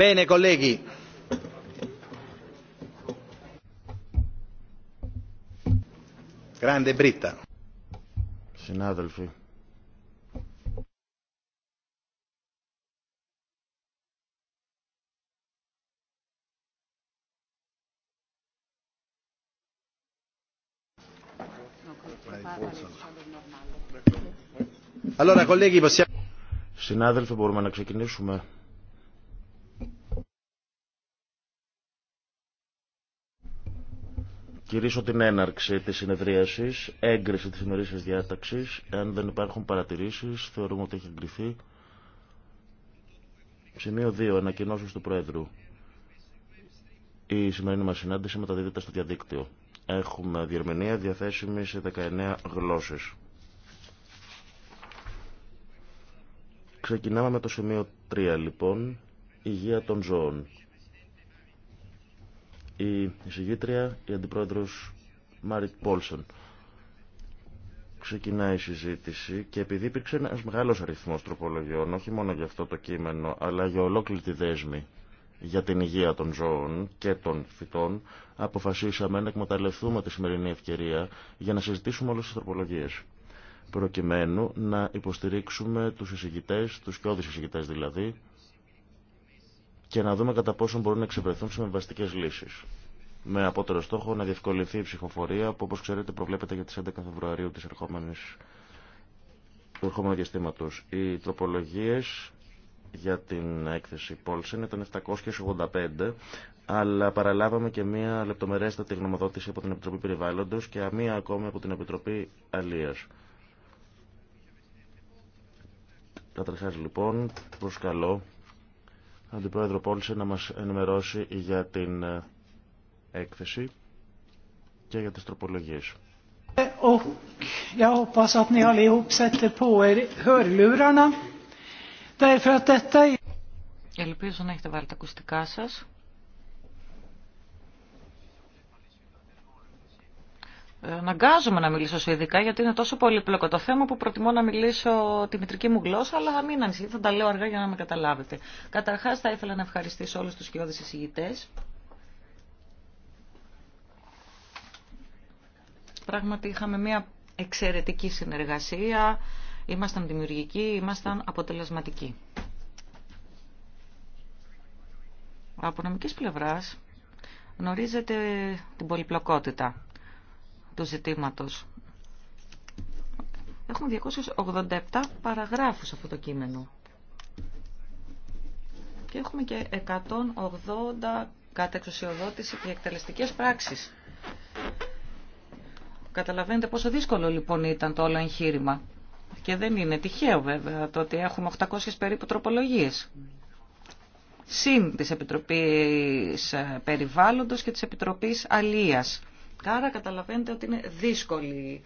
Bene, colleghi. Grande Britta. Συνάδελφοι. Allora, colleghi, possiamo... Συνάδελφοι, μπορούμε να ξεκινήσουμε. κηρύσω την έναρξη της συνεδρίασης, έγκριση της ημερήσιας διάταξης. Εάν δεν υπάρχουν παρατηρήσεις, θεωρούμε ότι έχει εγκριθεί. Σημείο 2. Ανακοινώσεις του Πρόεδρου. Η σημερινή μας συνάντηση μεταδίδεται στο διαδίκτυο. Έχουμε διερμηνία διαθέσιμη σε 19 γλώσσες. Ξεκινάμε με το σημείο 3, λοιπόν. Υγεία των ζώων η εισηγήτρια, η αντιπρόεδρος Μάριτ Πόλσον. Ξεκινάει η συζήτηση και επειδή υπήρξε ένα μεγάλο αριθμό τροπολογιών, όχι μόνο για αυτό το κείμενο, αλλά για ολόκληρη τη δέσμη για την υγεία των ζώων και των φυτών, αποφασίσαμε να εκμεταλλευτούμε τη σημερινή ευκαιρία για να συζητήσουμε όλε τι τροπολογίε. Προκειμένου να υποστηρίξουμε του εισηγητέ, του κοιόδη εισηγητέ δηλαδή, και να δούμε κατά πόσο μπορούν να εξυπηρεθούν συμβαστικέ λύσει. Με απότερο στόχο να διευκολυνθεί η ψηφοφορία που όπω ξέρετε προβλέπεται για τι 11 Φεβρουαρίου της ερχόμενης, του ερχόμενου διαστήματο. Οι τροπολογίε για την έκθεση Πόλσεν ήταν 785, αλλά παραλάβαμε και μία λεπτομερέστατη γνωμοδότηση από την Επιτροπή Περιβάλλοντο και μία ακόμη από την Επιτροπή Αλία. Καταρχά λοιπόν, προσκαλώ Αντιπρόεδρο Πόλση να μας ενημερώσει για την ε, έκθεση και για τις τροπολογίες. Ελπίζω να έχετε βάλει τα ακουστικά σας. Αναγκάζομαι να μιλήσω σου ειδικά γιατί είναι τόσο πολύπλοκο το θέμα που προτιμώ να μιλήσω τη μητρική μου γλώσσα, αλλά μην ανησυχείτε, θα τα λέω αργά για να με καταλάβετε. Καταρχάς θα ήθελα να ευχαριστήσω όλους τους κοιόδης εισηγητές. Πράγματι είχαμε μια εξαιρετική συνεργασία, ήμασταν δημιουργικοί, ήμασταν αποτελεσματικοί. Από νομικής πλευράς γνωρίζετε την πολυπλοκότητα του ζητήματος. Έχουμε 287 παραγράφους αυτού αυτό το κείμενο. Και έχουμε και 180 κατά εξουσιοδότηση και εκτελεστικές πράξεις. Καταλαβαίνετε πόσο δύσκολο λοιπόν ήταν το όλο εγχείρημα. Και δεν είναι τυχαίο βέβαια το ότι έχουμε 800 περίπου τροπολογίες. Συν της Επιτροπής ε, Περιβάλλοντος και της Επιτροπής Αλίας. Άρα καταλαβαίνετε ότι είναι δύσκολη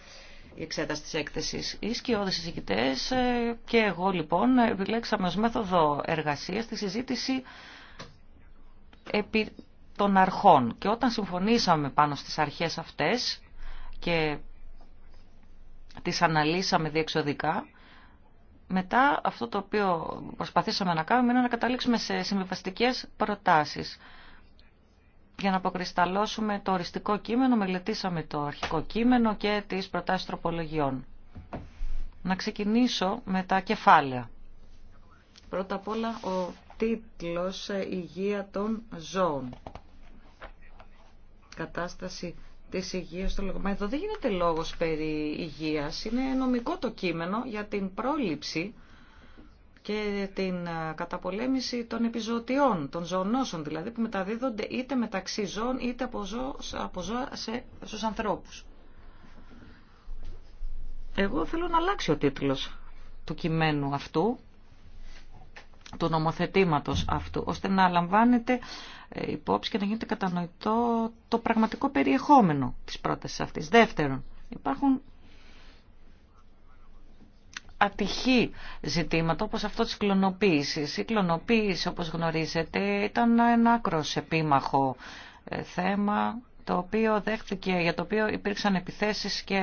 η εξέταση της έκθεσης. Οι σκιώδες συζητητές ε, και εγώ λοιπόν επιλέξαμε ως μέθοδο εργασίας τη συζήτηση επί των αρχών. Και όταν συμφωνήσαμε πάνω στις αρχές αυτές και τις αναλύσαμε διεξοδικά, μετά αυτό το οποίο προσπαθήσαμε να κάνουμε είναι να καταλήξουμε σε συμβιβαστικές προτάσεις για να αποκρισταλώσουμε το οριστικό κείμενο, μελετήσαμε το αρχικό κείμενο και τις προτάσεις τροπολογιών. Να ξεκινήσω με τα κεφάλαια. Πρώτα απ' όλα ο τίτλος ε, «Υγεία των ζώων». Κατάσταση της υγείας των Μα Εδώ δεν γίνεται λόγος περί υγείας. Είναι νομικό το κείμενο για την πρόληψη και την ε, καταπολέμηση των επιζωτιών, των ζωνώσεων δηλαδή που μεταδίδονται είτε μεταξύ ζώων είτε από, ζώα σε, στους ανθρώπους. Εγώ θέλω να αλλάξει ο τίτλος του κειμένου αυτού, του νομοθετήματος αυτού, ώστε να λαμβάνεται ε, υπόψη και να γίνεται κατανοητό το πραγματικό περιεχόμενο της πρότασης αυτής. Δεύτερον, υπάρχουν ατυχή ζητήματα όπως αυτό της κλωνοποίησης. Η κλωνοποίηση όπως γνωρίζετε ήταν ένα άκρο επίμαχο ε, θέμα το οποίο δέχτηκε, για το οποίο υπήρξαν επιθέσεις και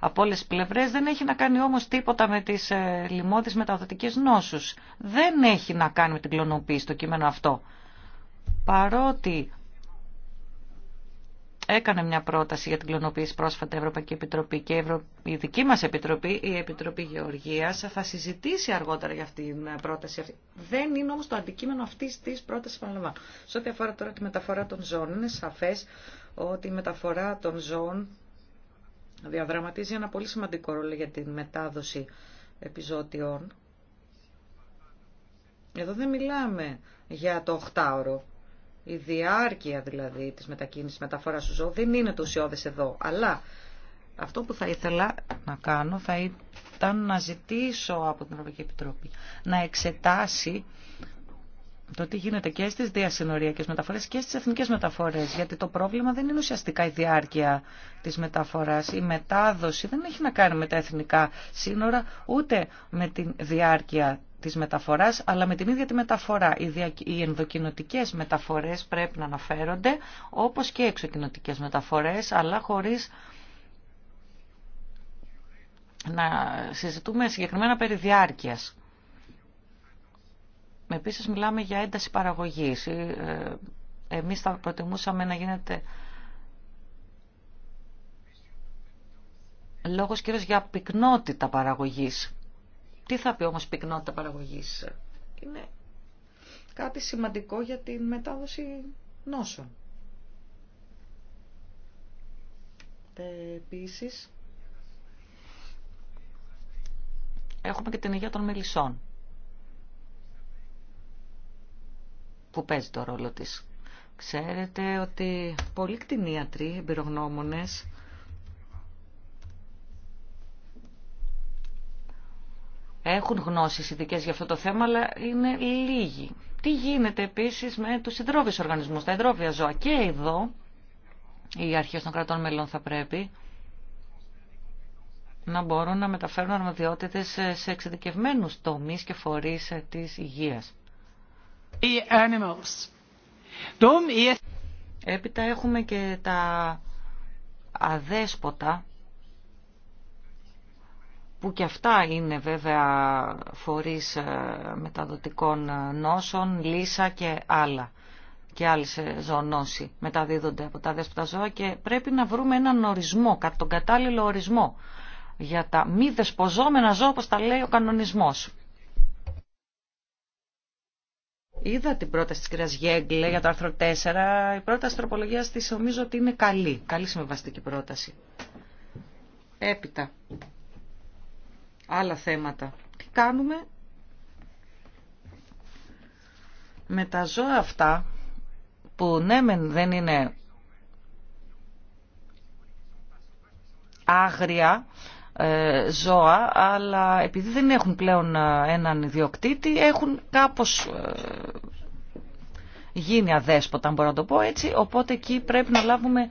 από όλες τις πλευρές, δεν έχει να κάνει όμως τίποτα με τις ε, λοιμώδεις μεταδοτικές νόσους. Δεν έχει να κάνει με την κλωνοποίηση το κείμενο αυτό. Παρότι έκανε μια πρόταση για την κλωνοποίηση πρόσφατα η Ευρωπαϊκή Επιτροπή και η δική μας Επιτροπή, η Επιτροπή Γεωργίας, θα συζητήσει αργότερα για αυτή την πρόταση. Δεν είναι όμως το αντικείμενο αυτής της πρότασης, παραλαμβάνω. Σε ό,τι αφορά τώρα τη μεταφορά των ζώων, είναι σαφές ότι η μεταφορά των ζώων διαδραματίζει ένα πολύ σημαντικό ρόλο για την μετάδοση επιζώτιων. Εδώ δεν μιλάμε για το 8 η διάρκεια δηλαδή της μετακίνησης μεταφοράς του ζώου δεν είναι το ουσιώδες εδώ. Αλλά αυτό που θα ήθελα να κάνω θα ήταν να ζητήσω από την Ευρωπαϊκή Επιτροπή να εξετάσει το τι γίνεται και στις διασυνοριακές μεταφορές και στις εθνικές μεταφορές, γιατί το πρόβλημα δεν είναι ουσιαστικά η διάρκεια της μεταφοράς. Η μετάδοση δεν έχει να κάνει με τα εθνικά σύνορα, ούτε με τη διάρκεια της μεταφοράς, αλλά με την ίδια τη μεταφορά. Οι ενδοκινοτικές μεταφορές πρέπει να αναφέρονται, όπως και οι μεταφορές, αλλά χωρίς να συζητούμε συγκεκριμένα περί διάρκειας. Επίσης μιλάμε για ένταση παραγωγής. Ε, εμείς θα προτιμούσαμε να γίνεται λόγος κυρίως για πυκνότητα παραγωγής τι θα πει όμως πυκνότητα παραγωγής. Είναι κάτι σημαντικό για την μετάδοση νόσων. Επίσης, έχουμε και την υγεία των μελισσών. Που παίζει το ρόλο της. Ξέρετε ότι πολλοί κτηνίατροι, εμπειρογνώμονες, έχουν γνώσεις ειδικέ για αυτό το θέμα, αλλά είναι λίγοι. Τι γίνεται επίσης με τους συντρόβιους οργανισμούς, τα εντρόβια ζώα. Και εδώ οι αρχές των κρατών μελών θα πρέπει να μπορούν να μεταφέρουν αρμοδιότητες σε εξειδικευμένους τομείς και φορείς της υγείας. Έπειτα έχουμε και τα αδέσποτα που και αυτά είναι βέβαια φορείς ε, μεταδοτικών ε, νόσων, λύσα και άλλα και άλλες ζωνώσει μεταδίδονται από τα δέσποτα ζώα και πρέπει να βρούμε έναν ορισμό, τον κατάλληλο ορισμό για τα μη δεσποζόμενα ζώα όπως τα λέει ο κανονισμός. Είδα την πρόταση της κυρίας Γέγκλε για το άρθρο 4. Η πρόταση τροπολογίας της νομίζω ότι είναι καλή. Καλή συμβαστική πρόταση. Έπειτα άλλα θέματα. Τι κάνουμε με τα ζώα αυτά που ναι μεν δεν είναι άγρια ε, ζώα, αλλά επειδή δεν έχουν πλέον ε, έναν ιδιοκτήτη, έχουν κάπως ε, γίνει αδέσποτα, αν μπορώ να το πω έτσι, οπότε εκεί πρέπει να λάβουμε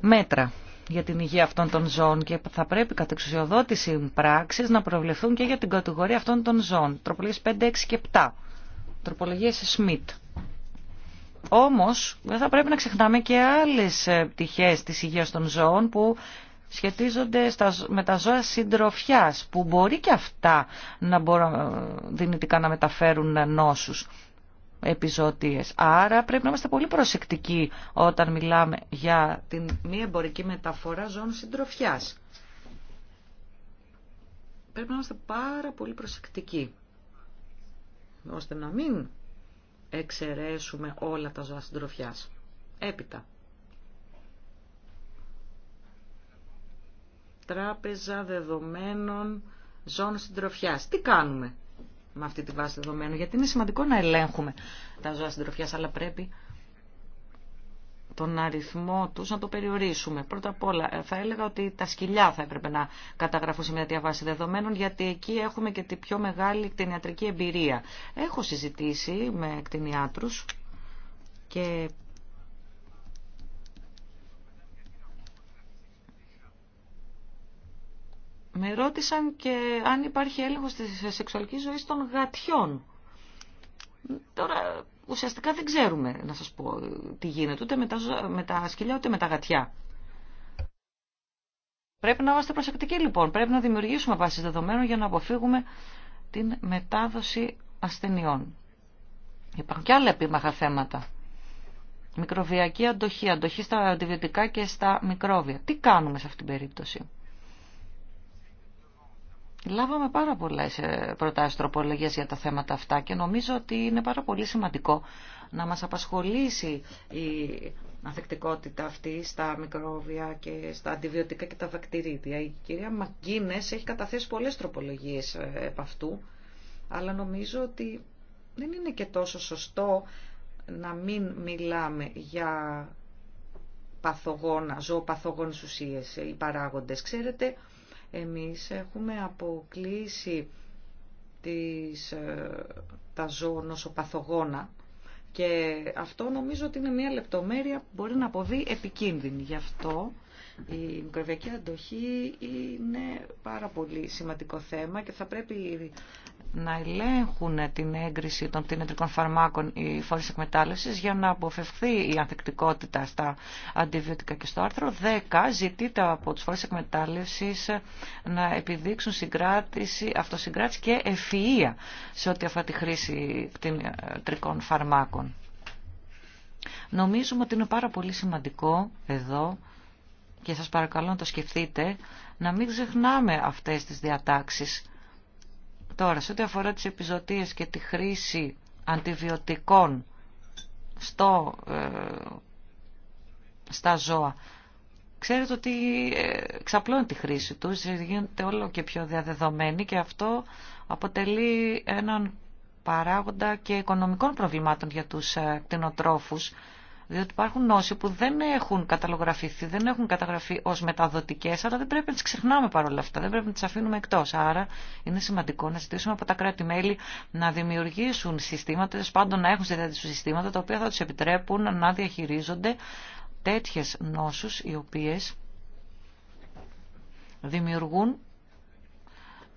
μέτρα για την υγεία αυτών των ζώων και θα πρέπει κατ' εξουσιοδότηση πράξεις να προβλεφθούν και για την κατηγορία αυτών των ζώων. Τροπολογίες 5, 6 και 7. Τροπολογίες Σμιτ. Όμως δεν θα πρέπει να ξεχνάμε και άλλες ε, πτυχές της υγείας των ζώων που σχετίζονται με τα ζώα συντροφιά, που μπορεί και αυτά να μπορούν ε, δυνητικά να μεταφέρουν νόσους επιζωτίες. Άρα πρέπει να είμαστε πολύ προσεκτικοί όταν μιλάμε για την μη εμπορική μεταφορά ζώνη συντροφιάς. Πρέπει να είμαστε πάρα πολύ προσεκτικοί ώστε να μην εξαιρέσουμε όλα τα ζώα συντροφιάς. Έπειτα. Τράπεζα δεδομένων ζώνη συντροφιάς. Τι κάνουμε με αυτή τη βάση δεδομένων, γιατί είναι σημαντικό να ελέγχουμε τα ζώα συντροφιά, αλλά πρέπει τον αριθμό τους να το περιορίσουμε. Πρώτα απ' όλα ε, θα έλεγα ότι τα σκυλιά θα έπρεπε να καταγραφούν σε μια διαβάση δεδομένων γιατί εκεί έχουμε και τη πιο μεγάλη κτηνιατρική εμπειρία. Έχω συζητήσει με κτηνιάτρους και Με ρώτησαν και αν υπάρχει έλεγχος της σεξουαλικής ζωής των γατιών. Τώρα ουσιαστικά δεν ξέρουμε να σας πω τι γίνεται ούτε με τα, με τα σκυλιά ούτε με τα γατιά. Πρέπει να είμαστε προσεκτικοί λοιπόν. Πρέπει να δημιουργήσουμε βάσεις δεδομένων για να αποφύγουμε την μετάδοση ασθενειών. Υπάρχουν και άλλα επίμαχα θέματα. Μικροβιακή αντοχή, αντοχή στα αντιβιωτικά και στα μικρόβια. Τι κάνουμε σε αυτήν την περίπτωση. Λάβαμε πάρα πολλές ε, προτάσεις τροπολογία για τα θέματα αυτά και νομίζω ότι είναι πάρα πολύ σημαντικό να μας απασχολήσει η ανθεκτικότητα αυτή στα μικρόβια και στα αντιβιωτικά και τα βακτηρίδια. Η κυρία Μαγκίνες έχει καταθέσει πολλές τροπολογίες από ε, αυτού, αλλά νομίζω ότι δεν είναι και τόσο σωστό να μην μιλάμε για παθογόνα, ζωοπαθογόνες ουσίες ή ε, παράγοντες. Ξέρετε, εμείς έχουμε αποκλείσει τις, ε, τα ζώα νοσοπαθογόνα και αυτό νομίζω ότι είναι μια λεπτομέρεια που μπορεί να αποβεί επικίνδυνη. Γι' αυτό η μικροβιακή αντοχή είναι πάρα πολύ σημαντικό θέμα και θα πρέπει να ελέγχουν την έγκριση των κτηνιατρικών φαρμάκων οι φορές εκμετάλλευσης για να αποφευθεί η ανθεκτικότητα στα αντιβιωτικά. Και στο άρθρο 10 ζητείται από τους φορές εκμετάλλευσης να επιδείξουν συγκράτηση, αυτοσυγκράτηση και ευφυΐα σε ό,τι αφορά τη χρήση κτηνιατρικών φαρμάκων. Νομίζουμε ότι είναι πάρα πολύ σημαντικό εδώ και σας παρακαλώ να το σκεφτείτε, να μην ξεχνάμε αυτές τις διατάξεις Τώρα, σε ό,τι αφορά τις επιζωτίες και τη χρήση αντιβιωτικών στο, ε, στα ζώα, ξέρετε ότι ε, ξαπλώνει τη χρήση τους, γίνεται όλο και πιο διαδεδομένη και αυτό αποτελεί έναν παράγοντα και οικονομικών προβλημάτων για τους ε, κτηνοτρόφους. Διότι υπάρχουν νόσοι που δεν έχουν καταλογραφηθεί, δεν έχουν καταγραφεί ω μεταδοτικέ, αλλά δεν πρέπει να τι ξεχνάμε παρόλα αυτά, δεν πρέπει να τι αφήνουμε εκτό. Άρα είναι σημαντικό να ζητήσουμε από τα κράτη-μέλη να δημιουργήσουν συστήματα, τέλο να έχουν στη συστήματα, τα οποία θα του επιτρέπουν να διαχειρίζονται τέτοιε νόσου, οι οποίε δημιουργούν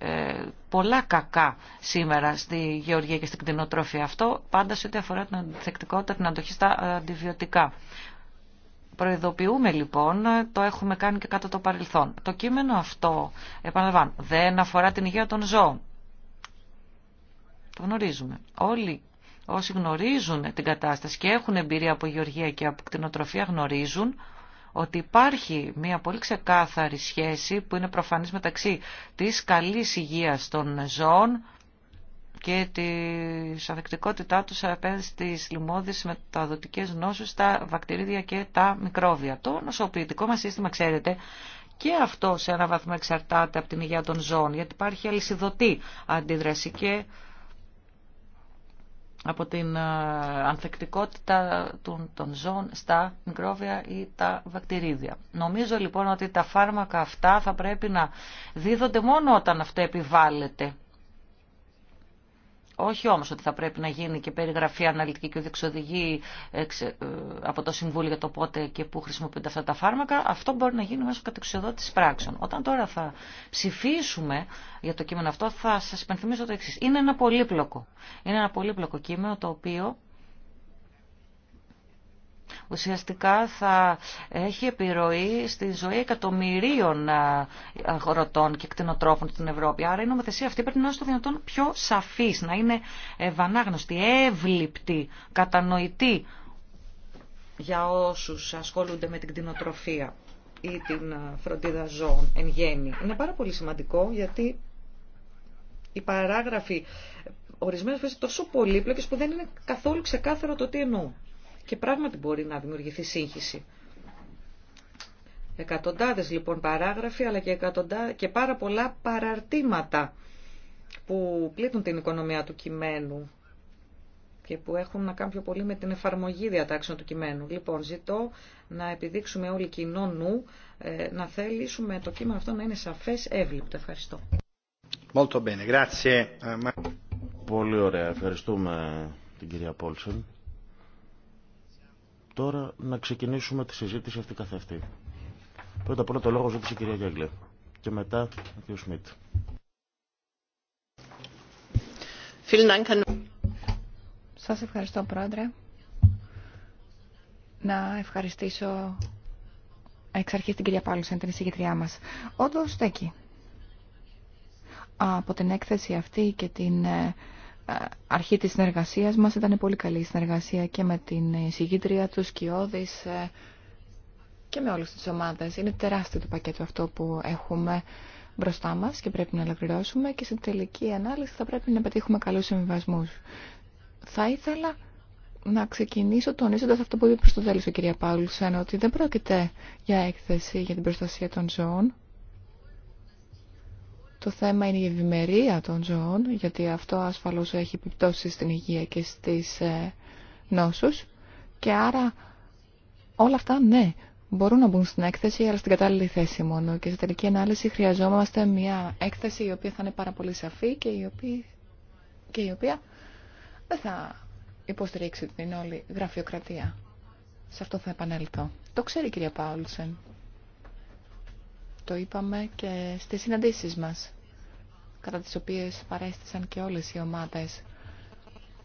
ε, πολλά κακά σήμερα στη γεωργία και στην κτηνοτρόφια. Αυτό πάντα σε ό,τι αφορά την αντιθεκτικότητα, την αντοχή στα αντιβιωτικά. Προειδοποιούμε λοιπόν, το έχουμε κάνει και κατά το παρελθόν. Το κείμενο αυτό, επαναλαμβάνω, δεν αφορά την υγεία των ζώων. Το γνωρίζουμε. Όλοι όσοι γνωρίζουν την κατάσταση και έχουν εμπειρία από γεωργία και από κτηνοτροφία γνωρίζουν ότι υπάρχει μια πολύ ξεκάθαρη σχέση που είναι προφανής μεταξύ της καλής υγείας των ζώων και της ανθεκτικότητά τους απέναντι στις λοιμώδεις μεταδοτικές νόσους, τα βακτηρίδια και τα μικρόβια. Το νοσοποιητικό μας σύστημα, ξέρετε, και αυτό σε ένα βαθμό εξαρτάται από την υγεία των ζώων, γιατί υπάρχει αλυσιδωτή αντίδραση και από την ε, ανθεκτικότητα των ζώων στα μικρόβια ή τα βακτηρίδια. Νομίζω λοιπόν ότι τα φάρμακα αυτά θα πρέπει να δίδονται μόνο όταν αυτό επιβάλλεται όχι όμως ότι θα πρέπει να γίνει και περιγραφή αναλυτική και διεξοδηγή ε, ε, από το Συμβούλιο για το πότε και πού χρησιμοποιούνται αυτά τα φάρμακα. Αυτό μπορεί να γίνει μέσω κατεξοδότηση πράξεων. Όταν τώρα θα ψηφίσουμε για το κείμενο αυτό θα σα υπενθυμίσω το εξή. Είναι ένα πολύπλοκο. Είναι ένα πολύπλοκο κείμενο το οποίο ουσιαστικά θα έχει επιρροή στη ζωή εκατομμυρίων αγροτών και κτηνοτρόφων στην Ευρώπη. Άρα η νομοθεσία αυτή πρέπει να είναι στο δυνατόν πιο σαφής, να είναι ευανάγνωστη, εύληπτη, κατανοητή για όσους ασχολούνται με την κτηνοτροφία ή την φροντίδα ζώων εν γέννη. Είναι πάρα πολύ σημαντικό γιατί οι παράγραφοι ε, ορισμένες φορές τόσο πολύπλοκες που δεν είναι καθόλου ξεκάθαρο το τι εννοούν και πράγματι μπορεί να δημιουργηθεί σύγχυση. Εκατοντάδες λοιπόν παράγραφοι αλλά και, εκατοντά... και πάρα πολλά παραρτήματα που πλήττουν την οικονομία του κειμένου και που έχουν να κάνουν πιο πολύ με την εφαρμογή διατάξεων του κειμένου. Λοιπόν, ζητώ να επιδείξουμε όλοι κοινό νου, ε, να θέλησουμε το κείμενο αυτό να είναι σαφές εύληπτο. Ευχαριστώ. Πολύ ωραία. Ευχαριστούμε την κυρία Πόλσον τώρα να ξεκινήσουμε τη συζήτηση αυτή καθ' αυτή. Πρώτα απ' όλα το λόγο ζήτησε η κυρία Γέγλε και μετά ο κ. Σμιτ. Σας ευχαριστώ πρόεδρε. Να ευχαριστήσω εξ αρχής την κυρία Πάλουσεν, την εισηγητριά μας. Όντως στέκει. Από την έκθεση αυτή και την ε, αρχή της συνεργασίας μας ήταν πολύ καλή η συνεργασία και με την εισηγήτρια του Σκιώδης ε, και με όλες τις ομάδες. Είναι τεράστιο το πακέτο αυτό που έχουμε μπροστά μας και πρέπει να ολοκληρώσουμε και στην τελική ανάλυση θα πρέπει να πετύχουμε καλούς συμβιβασμούς. Θα ήθελα να ξεκινήσω τονίζοντα αυτό που είπε προ το τέλο ο κ. Πάουλσεν, ότι δεν πρόκειται για έκθεση για την προστασία των ζώων, το θέμα είναι η ευημερία των ζώων, γιατί αυτό ασφαλώς έχει επιπτώσει στην υγεία και στις ε, νόσους. Και άρα όλα αυτά, ναι, μπορούν να μπουν στην έκθεση, αλλά στην κατάλληλη θέση μόνο. Και σε τελική ανάλυση χρειαζόμαστε μια έκθεση η οποία θα είναι πάρα πολύ σαφή και η οποία, και η οποία δεν θα υποστηρίξει την όλη γραφειοκρατία. Σε αυτό θα επανέλθω. Το ξέρει η κυρία Πάουλσεν. Το είπαμε και στις συναντήσεις μας, κατά τις οποίες παρέστησαν και όλες οι ομάδες.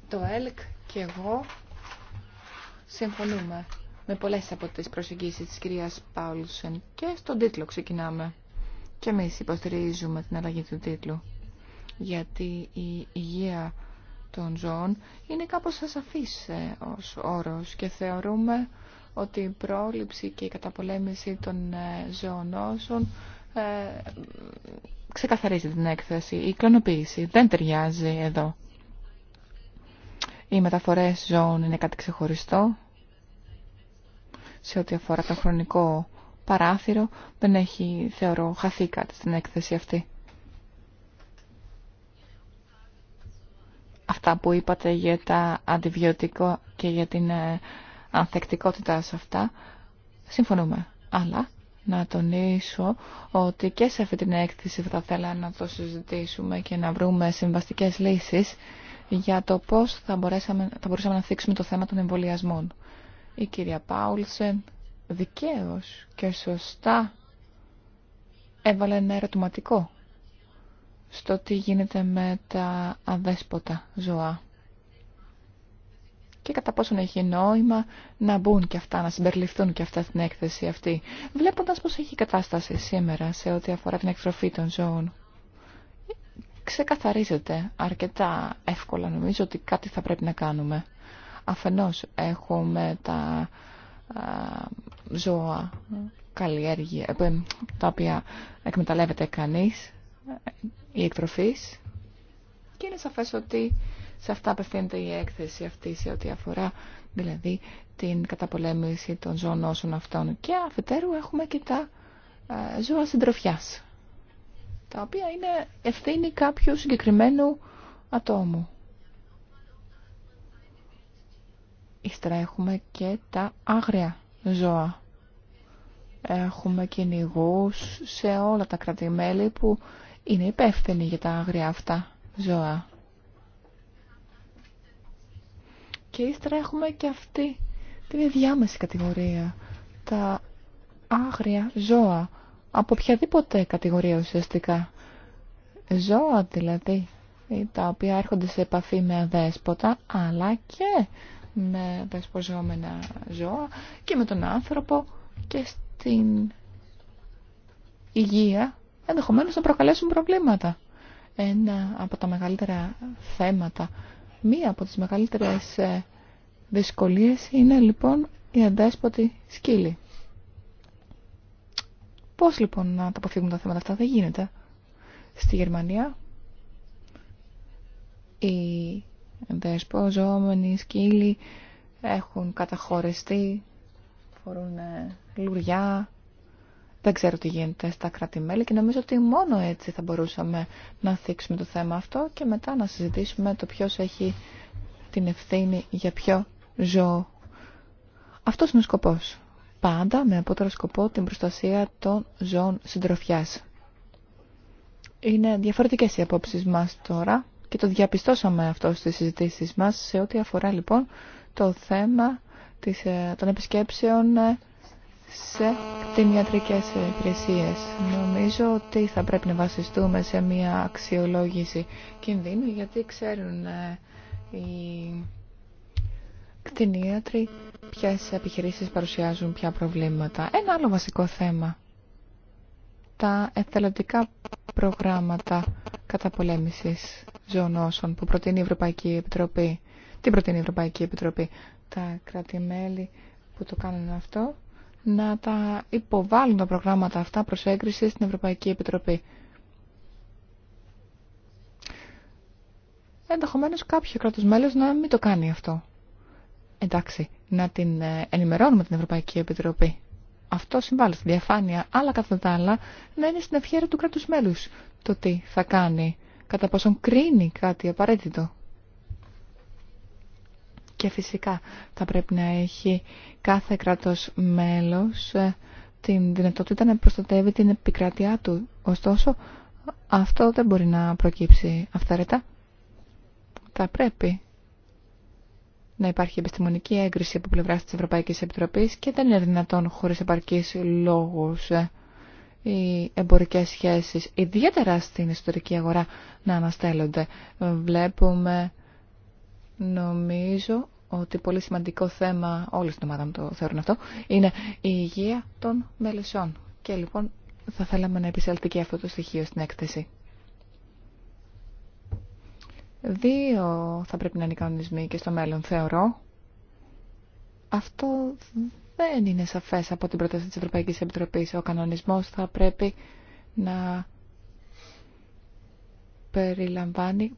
Το ΕΛΚ και εγώ συμφωνούμε με πολλές από τις προσεγγίσεις της κυρίας Πάουλσεν και στον τίτλο ξεκινάμε. Και εμείς υποστηρίζουμε την αλλαγή του τίτλου, γιατί η υγεία των ζώων είναι κάπως ασαφής ε, ως όρος και θεωρούμε ότι η πρόληψη και η καταπολέμηση των ε, ζωονόσων ε, ξεκαθαρίζει την έκθεση. Η κλωνοποίηση δεν ταιριάζει εδώ. Οι μεταφορές ζώων είναι κάτι ξεχωριστό σε ό,τι αφορά το χρονικό παράθυρο. Δεν έχει, θεωρώ, χαθεί κάτι στην έκθεση αυτή. Αυτά που είπατε για τα αντιβιώτικα και για την ε, ανθεκτικότητα σε αυτά, συμφωνούμε. Αλλά να τονίσω ότι και σε αυτή την έκθεση θα θέλα να το συζητήσουμε και να βρούμε συμβαστικές λύσεις για το πώς θα, θα μπορούσαμε να θίξουμε το θέμα των εμβολιασμών. Η κυρία Πάουλσεν δικαίως και σωστά έβαλε ένα ερωτηματικό στο τι γίνεται με τα αδέσποτα ζωά και κατά πόσον έχει νόημα να μπουν και αυτά, να συμπεριληφθούν και αυτά στην έκθεση αυτή, βλέποντας πώς έχει η κατάσταση σήμερα σε ό,τι αφορά την εκτροφή των ζώων. Ξεκαθαρίζεται αρκετά εύκολα νομίζω ότι κάτι θα πρέπει να κάνουμε. Αφενός έχουμε τα ζώα καλλιέργεια, ε, τα οποία εκμεταλλεύεται κανείς, ε, η εκτροφής και είναι σαφές ότι σε αυτά απευθύνεται η έκθεση αυτή σε ό,τι αφορά δηλαδή την καταπολέμηση των ζώων όσων αυτών. Και αφετέρου έχουμε και τα ε, ζώα συντροφιά, τα οποία είναι ευθύνη κάποιου συγκεκριμένου ατόμου. Ύστερα έχουμε και τα άγρια ζώα. Έχουμε κυνηγού σε όλα τα κρατημέλη που είναι υπεύθυνοι για τα άγρια αυτά ζώα. Και ύστερα έχουμε και αυτή την διάμεση κατηγορία. Τα άγρια ζώα. Από οποιαδήποτε κατηγορία ουσιαστικά. Ζώα δηλαδή, τα οποία έρχονται σε επαφή με αδέσποτα, αλλά και με δεσποζόμενα ζώα και με τον άνθρωπο και στην υγεία, ενδεχομένως να προκαλέσουν προβλήματα. Ένα από τα μεγαλύτερα θέματα Μία από τις μεγαλύτερες ε, δυσκολίες είναι λοιπόν η αντέσποτη σκύλη. Πώς λοιπόν να τα αποφύγουμε τα θέματα αυτά, δεν γίνεται. Στη Γερμανία οι δεσποζόμενοι σκύλοι έχουν καταχωριστεί, φορούν ε, λουριά, δεν ξέρω τι γίνεται στα κράτη-μέλη και νομίζω ότι μόνο έτσι θα μπορούσαμε να θίξουμε το θέμα αυτό και μετά να συζητήσουμε το ποιο έχει την ευθύνη για ποιο ζώο. Αυτός είναι ο σκοπός. Πάντα με απότερο σκοπό την προστασία των ζώων συντροφιά. Είναι διαφορετικέ οι απόψεις μας τώρα και το διαπιστώσαμε αυτό στι συζητήσει μα σε ό,τι αφορά λοιπόν το θέμα ε, των επισκέψεων ε, σε κτηνιατρικές υπηρεσίες. Νομίζω ότι θα πρέπει να βασιστούμε σε μια αξιολόγηση κινδύνου γιατί ξέρουν ε, οι κτηνίατροι ποιες επιχειρήσεις παρουσιάζουν ποια προβλήματα. Ένα άλλο βασικό θέμα. Τα εθελοντικά προγράμματα καταπολέμησης ζωονόσων που προτείνει η Ευρωπαϊκή Επιτροπή. Τι προτείνει η Ευρωπαϊκή Επιτροπή. Τα κρατη που το κάνουν αυτό να τα υποβάλουν τα προγράμματα αυτά προς έγκριση στην Ευρωπαϊκή Επιτροπή. Ενδεχομένως κάποιο κράτος μέλος να μην το κάνει αυτό. Εντάξει, να την ε, ενημερώνουμε την Ευρωπαϊκή Επιτροπή. Αυτό συμβάλλει στη διαφάνεια, αλλά κατά τα άλλα να είναι στην ευχαίρεια του κράτους μέλους το τι θα κάνει, κατά πόσον κρίνει κάτι απαραίτητο και φυσικά θα πρέπει να έχει κάθε κράτος μέλος ε, την δυνατότητα να προστατεύει την επικράτειά του. Ωστόσο, αυτό δεν μπορεί να προκύψει αυθαίρετα. Θα πρέπει να υπάρχει επιστημονική έγκριση από πλευράς της Ευρωπαϊκής Επιτροπής και δεν είναι δυνατόν χωρίς επαρκής λόγους ε, οι εμπορικές σχέσεις, ιδιαίτερα στην ιστορική αγορά, να αναστέλλονται. Βλέπουμε, νομίζω, ότι πολύ σημαντικό θέμα, όλη την ομάδα μου το θεωρούν αυτό, είναι η υγεία των μελισσών. Και λοιπόν θα θέλαμε να επισέλθει και αυτό το στοιχείο στην έκθεση. Δύο θα πρέπει να είναι οι κανονισμοί και στο μέλλον, θεωρώ. Αυτό δεν είναι σαφές από την πρόταση της Ευρωπαϊκής Επιτροπής. Ο κανονισμός θα πρέπει να περιλαμβάνει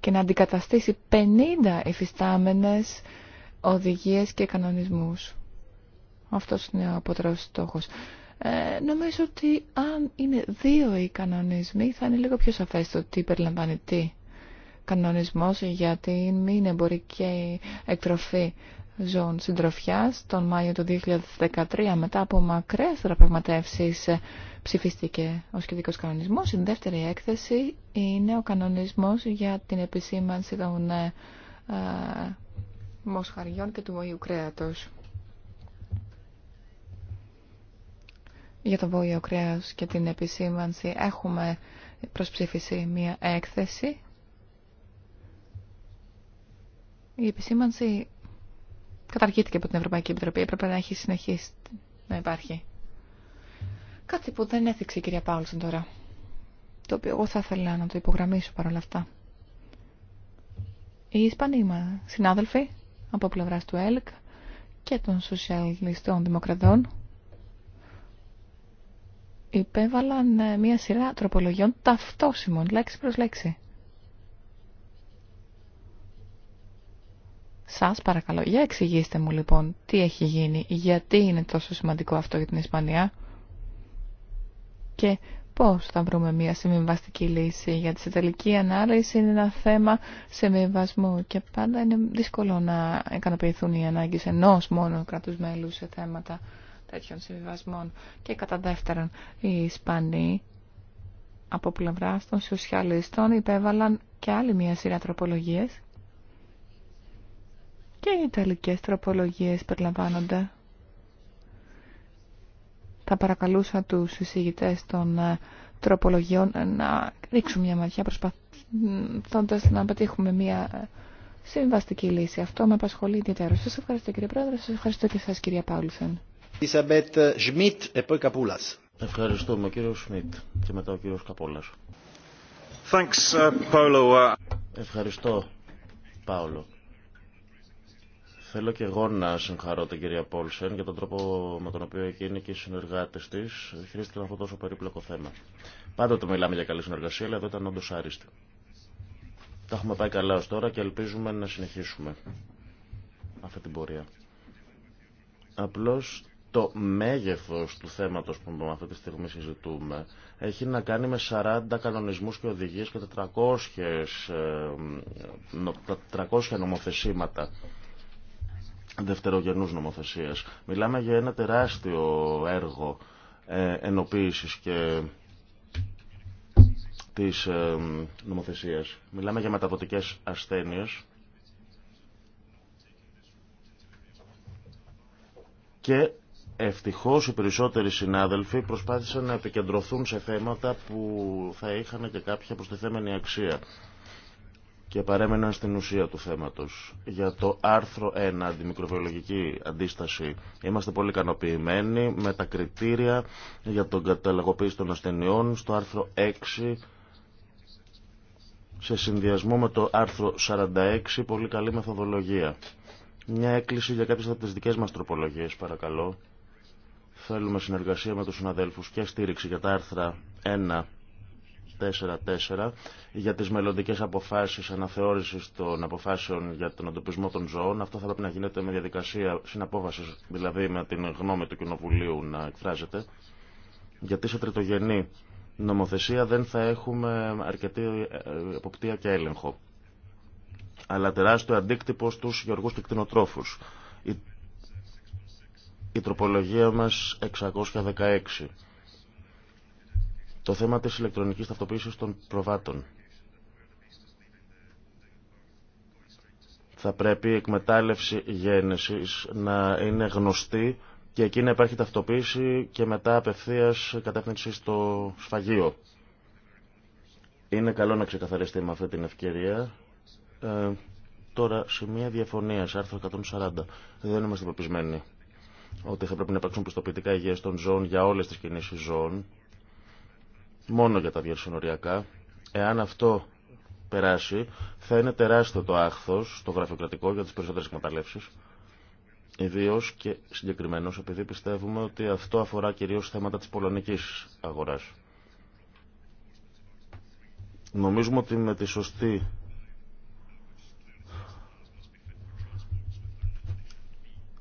και να αντικαταστήσει 50 υφιστάμενες οδηγίες και κανονισμούς. Αυτός είναι ο απότερος στόχος. Ε, νομίζω ότι αν είναι δύο οι κανονισμοί θα είναι λίγο πιο σαφές το τι περιλαμβάνει τι. Κανονισμός για την μην εμπορική εκτροφή ζώων συντροφιά. τον Μάιο του 2013 μετά από μακρές διαπραγματεύσεις ε, ψηφίστηκε ο σχετικό κανονισμό. Η δεύτερη έκθεση είναι ο κανονισμό για την επισήμανση των ε, ε μοσχαριών και του βοήου κρέατο. Για το βόλιο κρέα και την επισήμανση έχουμε προς μία έκθεση. Η επισήμανση καταργήθηκε από την Ευρωπαϊκή Επιτροπή. Έπρεπε να έχει συνεχίσει να υπάρχει. Κάτι που δεν έθιξε η κυρία Πάουλσον τώρα. Το οποίο εγώ θα ήθελα να το υπογραμμίσω παρόλα αυτά. Οι Ισπανοί μα συνάδελφοι από πλευρά του ΕΛΚ και των Σοσιαλιστών Δημοκρατών υπέβαλαν ε, μια σειρά τροπολογιών ταυτόσιμων, λέξη προς λέξη. Σας παρακαλώ, για εξηγήστε μου λοιπόν τι έχει γίνει, γιατί είναι τόσο σημαντικό αυτό για την Ισπανία και πώς θα βρούμε μια συμβιβαστική λύση, γιατί σε τελική ανάλυση είναι ένα θέμα συμβιβασμού και πάντα είναι δύσκολο να ικανοποιηθούν οι ανάγκες ενός μόνο κράτους μέλους σε θέματα τέτοιων συμβιβασμών. Και κατά δεύτερον, οι Ισπανοί από πλευρά των σοσιαλιστών υπέβαλαν και άλλη μια σειρά τροπολογίες και οι Ιταλικές τροπολογίες περιλαμβάνονται. Θα παρακαλούσα τους εισηγητές των ε, τροπολογιών ε, να ρίξουν μια ματιά προσπαθώντας να πετύχουμε μια ε, συμβαστική λύση. Αυτό με απασχολεί ιδιαίτερα. Σας ευχαριστώ κύριε Πρόεδρε, σας ευχαριστώ και σας κυρία Πάουλσεν. Ευχαριστούμε κύριο Σμιτ και μετά ο κύριος Καπόλας. Ευχαριστώ, Πάουλο. Θέλω και εγώ να συγχαρώ την κυρία Πόλσεν για τον τρόπο με τον οποίο εκείνη και οι συνεργάτε τη χειρίστηκαν αυτό τόσο περίπλοκο θέμα. Πάντοτε μιλάμε για καλή συνεργασία, αλλά εδώ ήταν όντω άριστη. Τα έχουμε πάει καλά ω τώρα και ελπίζουμε να συνεχίσουμε αυτή την πορεία. Απλώ το μέγεθο του θέματο που αυτή τη στιγμή συζητούμε έχει να κάνει με 40 κανονισμού και οδηγίε και 400, 400 νομοθεσίματα δευτερογενού νομοθεσίας. Μιλάμε για ένα τεράστιο έργο ε, ενοποίησης και της ε, νομοθεσίας. Μιλάμε για μεταδοτικές ασθένειες και ευτυχώς οι περισσότεροι συνάδελφοι προσπάθησαν να επικεντρωθούν σε θέματα που θα είχαν και κάποια προστιθέμενη αξία και παρέμεναν στην ουσία του θέματος. Για το άρθρο 1, αντιμικροβιολογική αντίσταση, είμαστε πολύ ικανοποιημένοι με τα κριτήρια για τον καταλαγοποίηση των ασθενειών στο άρθρο 6, σε συνδυασμό με το άρθρο 46, πολύ καλή μεθοδολογία. Μια έκκληση για κάποιες από τις δικές μας τροπολογίες, παρακαλώ. Θέλουμε συνεργασία με τους συναδέλφους και στήριξη για τα άρθρα 1 4 για τις μελλοντικέ αποφάσεις αναθεώρησης των αποφάσεων για τον αντοπισμό των ζώων. Αυτό θα πρέπει να γίνεται με διαδικασία συναπόφασης, δηλαδή με την γνώμη του Κοινοβουλίου να εκφράζεται. Γιατί σε τριτογενή νομοθεσία δεν θα έχουμε αρκετή ε, εποπτεία και έλεγχο. Αλλά τεράστιο αντίκτυπο στους γεωργού και κτηνοτρόφους. Η, η τροπολογία μας 616 το θέμα της ηλεκτρονικής ταυτοποίησης των προβάτων. Θα πρέπει η εκμετάλλευση γέννησης να είναι γνωστή και εκεί να υπάρχει ταυτοποίηση και μετά απευθείας κατεύθυνση στο σφαγείο. Είναι καλό να ξεκαθαριστεί με αυτή την ευκαιρία. Ε, τώρα, μια διαφωνία, άρθρο 140. Δεν είμαστε πεπισμένοι ότι θα πρέπει να υπάρξουν πιστοποιητικά υγεία των ζώων για όλες τις κινήσεις ζώων μόνο για τα διασυνοριακά. Εάν αυτό περάσει, θα είναι τεράστιο το άχθος, στο γραφειοκρατικό για τις περισσότερες εκμεταλλεύσεις. Ιδίω και συγκεκριμένως επειδή πιστεύουμε ότι αυτό αφορά κυρίως θέματα της πολωνικής αγοράς. Νομίζουμε ότι με τη σωστή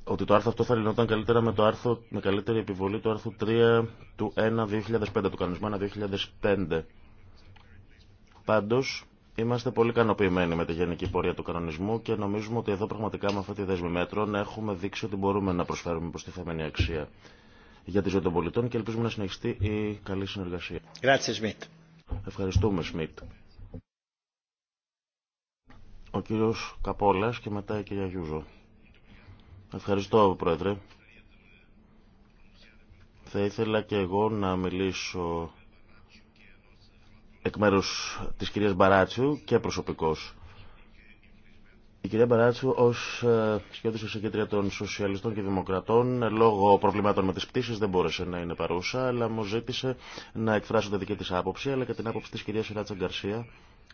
ότι το άρθρο αυτό θα λυνόταν καλύτερα με, το άρθρο, με καλύτερη επιβολή του άρθρου 3 του 1-2005, του κανονισμού 1-2005. Πάντως, είμαστε πολύ ικανοποιημένοι με τη γενική πορεία του κανονισμού και νομίζουμε ότι εδώ πραγματικά με αυτή τη δέσμη μέτρων έχουμε δείξει ότι μπορούμε να προσφέρουμε τη προστιθέμενη αξία για τη ζωή των πολιτών και ελπίζουμε να συνεχιστεί η καλή συνεργασία. Ευχαριστούμε, Σμιτ. Ο κύριος Καπόλας και μετά η κυρία Γιούζο. Ευχαριστώ, Πρόεδρε. Θα ήθελα και εγώ να μιλήσω εκ μέρους της κυρίας Μπαράτσου και προσωπικώς. Η κυρία Μπαράτσου ω ε, σχεδόν συγκέντρια των Σοσιαλιστών και Δημοκρατών λόγω προβλημάτων με τις πτήσει δεν μπόρεσε να είναι παρούσα, αλλά μου ζήτησε να εκφράσω τη δική της άποψη αλλά και την άποψη της κυρίας Ράτσα Γκαρσία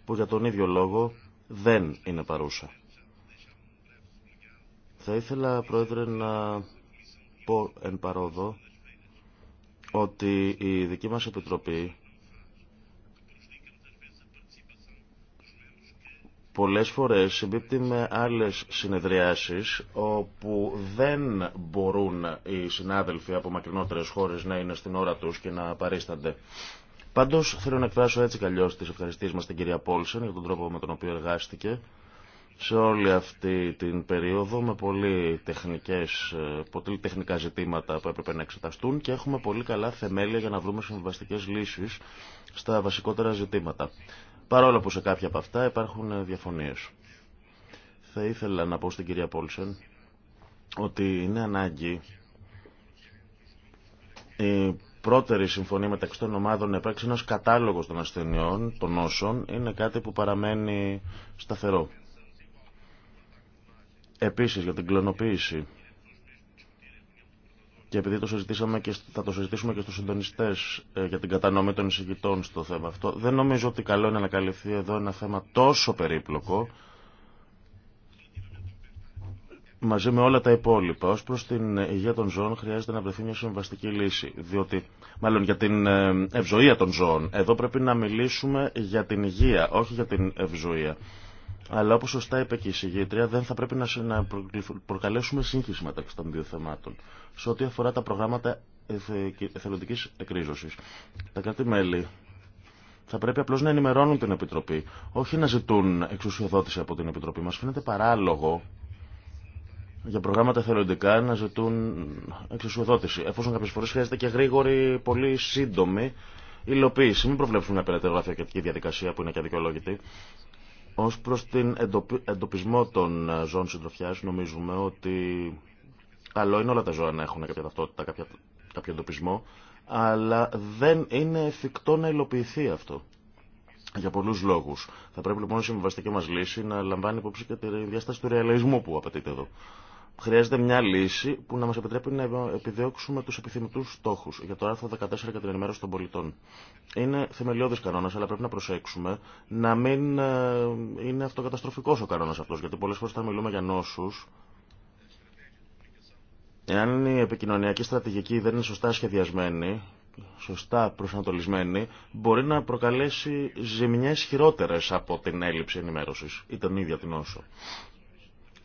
που για τον ίδιο λόγο δεν είναι παρούσα. Θα ήθελα, Πρόεδρε, να πω εν παρόδο ότι η δική μας Επιτροπή πολλές φορές συμπίπτει με άλλες συνεδριάσεις όπου δεν μπορούν οι συνάδελφοι από μακρινότερες χώρες να είναι στην ώρα τους και να παρίστανται. Πάντως θέλω να εκφράσω έτσι καλλιώς τις ευχαριστίες μας στην κυρία Πόλσεν για τον τρόπο με τον οποίο εργάστηκε σε όλη αυτή την περίοδο με πολύ, τεχνικές, ε, πολύ τεχνικά ζητήματα που έπρεπε να εξεταστούν και έχουμε πολύ καλά θεμέλια για να βρούμε συμβαστικές λύσεις στα βασικότερα ζητήματα. Παρόλο που σε κάποια από αυτά υπάρχουν ε, διαφωνίες. Θα ήθελα να πω στην κυρία Πόλσεν ότι είναι ανάγκη η πρώτερη συμφωνία μεταξύ των ομάδων να υπάρξει ένας κατάλογος των ασθενειών, των όσων, είναι κάτι που παραμένει σταθερό. Επίσης για την κλωνοποίηση και επειδή το συζητήσαμε και θα το συζητήσουμε και στους συντονιστές ε, για την κατανομή των εισηγητών στο θέμα αυτό, δεν νομίζω ότι καλό είναι να καλυφθεί εδώ ένα θέμα τόσο περίπλοκο μαζί με όλα τα υπόλοιπα. Ως προς την υγεία των ζώων χρειάζεται να βρεθεί μια συμβαστική λύση, διότι μάλλον για την ε, ευζοία των ζώων. Εδώ πρέπει να μιλήσουμε για την υγεία, όχι για την ευζοία. Αλλά όπως σωστά είπε και η συγγήτρια, δεν θα πρέπει να προκαλέσουμε σύγχυση μεταξύ των δύο θεμάτων. Σε ό,τι αφορά τα προγράμματα εθελοντικής εκρίζωσης. Τα κράτη-μέλη θα πρέπει απλώς να ενημερώνουν την Επιτροπή, όχι να ζητούν εξουσιοδότηση από την Επιτροπή. Μας φαίνεται παράλογο για προγράμματα εθελοντικά να ζητούν εξουσιοδότηση, εφόσον κάποιες φορές χρειάζεται και γρήγορη, πολύ σύντομη υλοποίηση. Μην προβλέψουμε μια περαιτέρω διαδικασία που είναι και αδικαιολόγητη. Ως προς την εντοπισμό των ε, ζώων συντροφιάς νομίζουμε ότι καλό είναι όλα τα ζώα να έχουν κάποια ταυτότητα, κάποια, κάποιο εντοπισμό, αλλά δεν είναι εφικτό να υλοποιηθεί αυτό. Για πολλούς λόγους. Θα πρέπει λοιπόν η συμβαστική μας λύση να λαμβάνει υπόψη και τη διάσταση του ρεαλισμού που απαιτείται εδώ. Χρειάζεται μια λύση που να μας επιτρέπει να επιδιώξουμε τους επιθυμητούς στόχους για το άρθρο 14 για την ενημέρωση των πολιτών. Είναι θεμελιώδης κανόνας, αλλά πρέπει να προσέξουμε να μην ε, είναι αυτοκαταστροφικός ο κανόνας αυτός, γιατί πολλές φορές θα μιλούμε για νόσους Εάν η επικοινωνιακή στρατηγική δεν είναι σωστά σχεδιασμένη, σωστά προσανατολισμένη, μπορεί να προκαλέσει ζημιές χειρότερες από την έλλειψη ενημέρωσης ή τον ίδιο την όσο.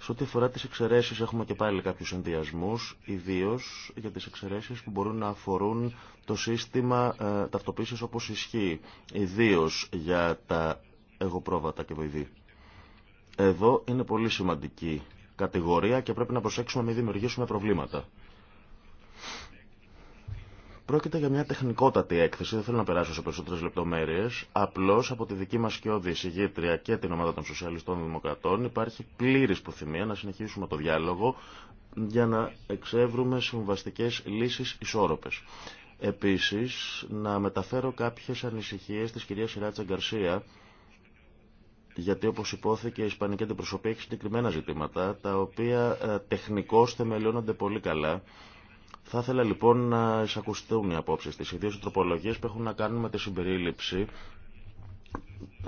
Σε ό,τι αφορά τις εξαιρέσεις έχουμε και πάλι κάποιους συνδυασμούς, ιδίως για τις εξαιρέσεις που μπορούν να αφορούν το σύστημα ε, ταυτοποίησης όπως ισχύει, ιδίως για τα εγωπρόβατα και βοηθή. Εδώ είναι πολύ σημαντική κατηγορία και πρέπει να προσέξουμε να μην δημιουργήσουμε προβλήματα. Πρόκειται για μια τεχνικότατη έκθεση, δεν θέλω να περάσω σε περισσότερε λεπτομέρειε. Απλώ από τη δική μα και όδη εισηγήτρια και την ομάδα των Σοσιαλιστών Δημοκρατών υπάρχει πλήρη προθυμία να συνεχίσουμε το διάλογο για να εξεύρουμε συμβαστικέ λύσει ισόρροπε. Επίση, να μεταφέρω κάποιε ανησυχίε τη κυρία Σιράτσα Γκαρσία, γιατί όπω υπόθηκε η Ισπανική Αντιπροσωπή έχει συγκεκριμένα ζητήματα, τα οποία ε, τεχνικώ θεμελιώνονται πολύ καλά θα ήθελα λοιπόν να εισακουστούν οι απόψεις της, ιδίως οι τροπολογίες που έχουν να κάνουν με τη συμπερίληψη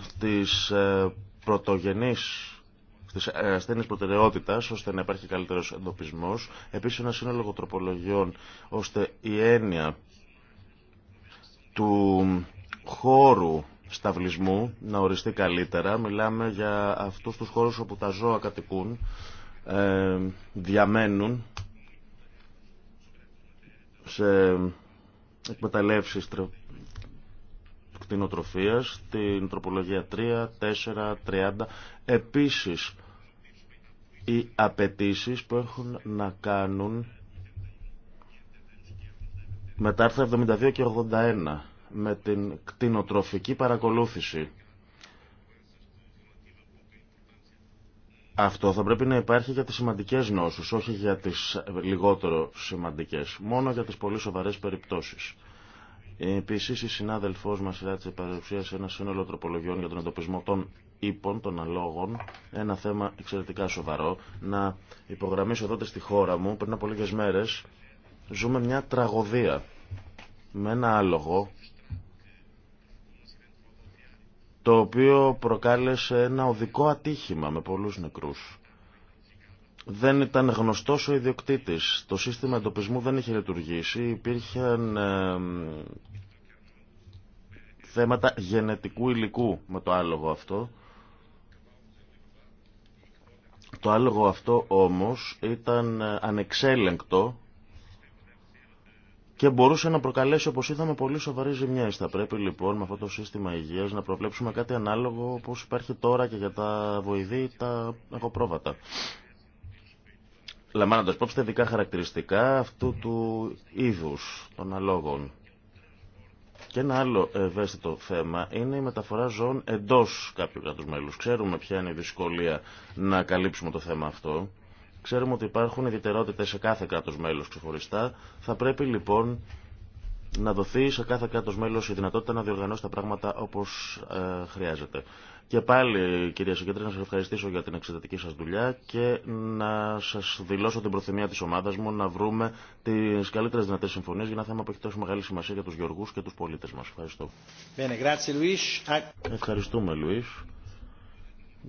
στις ε, πρωτογενής τη ε, ασθενή προτεραιότητα, ώστε να υπάρχει καλύτερο εντοπισμό. Επίση, ένα σύνολο τροπολογιών, ώστε η έννοια του χώρου σταυλισμού να οριστεί καλύτερα. Μιλάμε για αυτού του χώρου όπου τα ζώα κατοικούν, ε, διαμένουν σε εκμεταλλεύσεις κτηνοτροφίας, την τροπολογία 3, 4, 30. Επίσης, οι απαιτήσει που έχουν να κάνουν με τα άρθρα 72 και 81, με την κτηνοτροφική παρακολούθηση Αυτό θα πρέπει να υπάρχει για τις σημαντικές νόσους, όχι για τις λιγότερο σημαντικές, μόνο για τις πολύ σοβαρές περιπτώσεις. Επίσης, η συνάδελφός μας Ράτσε παρουσίασε ένα σύνολο τροπολογιών για τον εντοπισμό των ύπων, των αλόγων, ένα θέμα εξαιρετικά σοβαρό. Να υπογραμμίσω εδώ στη χώρα μου, πριν από λίγες μέρες, ζούμε μια τραγωδία με ένα άλογο το οποίο προκάλεσε ένα οδικό ατύχημα με πολλούς νεκρούς. Δεν ήταν γνωστός ο ιδιοκτήτης. Το σύστημα εντοπισμού δεν είχε λειτουργήσει. Υπήρχαν θέματα γενετικού υλικού με το άλογο αυτό. Το άλογο αυτό όμως ήταν ανεξέλεγκτο και μπορούσε να προκαλέσει, όπως είδαμε, πολύ σοβαρή ζημιέ. Θα πρέπει λοιπόν με αυτό το σύστημα υγείας να προβλέψουμε κάτι ανάλογο όπως υπάρχει τώρα και για τα βοηδή τα εγωπρόβατα. Λαμβάνοντα πρόψη τα ειδικά χαρακτηριστικά αυτού του είδους των αλόγων. Και ένα άλλο ευαίσθητο θέμα είναι η μεταφορά ζώων εντός κάποιου κράτους μέλους. Ξέρουμε ποια είναι η δυσκολία να καλύψουμε το θέμα αυτό. Ξέρουμε ότι υπάρχουν ιδιαιτερότητε σε κάθε κράτο μέλο ξεχωριστά. Θα πρέπει λοιπόν να δοθεί σε κάθε κράτο μέλο η δυνατότητα να διοργανώσει τα πράγματα όπω ε, χρειάζεται. Και πάλι, κυρία Συγκέντρη, να σα ευχαριστήσω για την εξαιρετική σα δουλειά και να σα δηλώσω την προθυμία τη ομάδα μου να βρούμε τι καλύτερε δυνατέ συμφωνίε για ένα θέμα που έχει τόσο μεγάλη σημασία για του γεωργού και του πολίτε μα. Ευχαριστώ. Ευχαριστούμε, Λουί.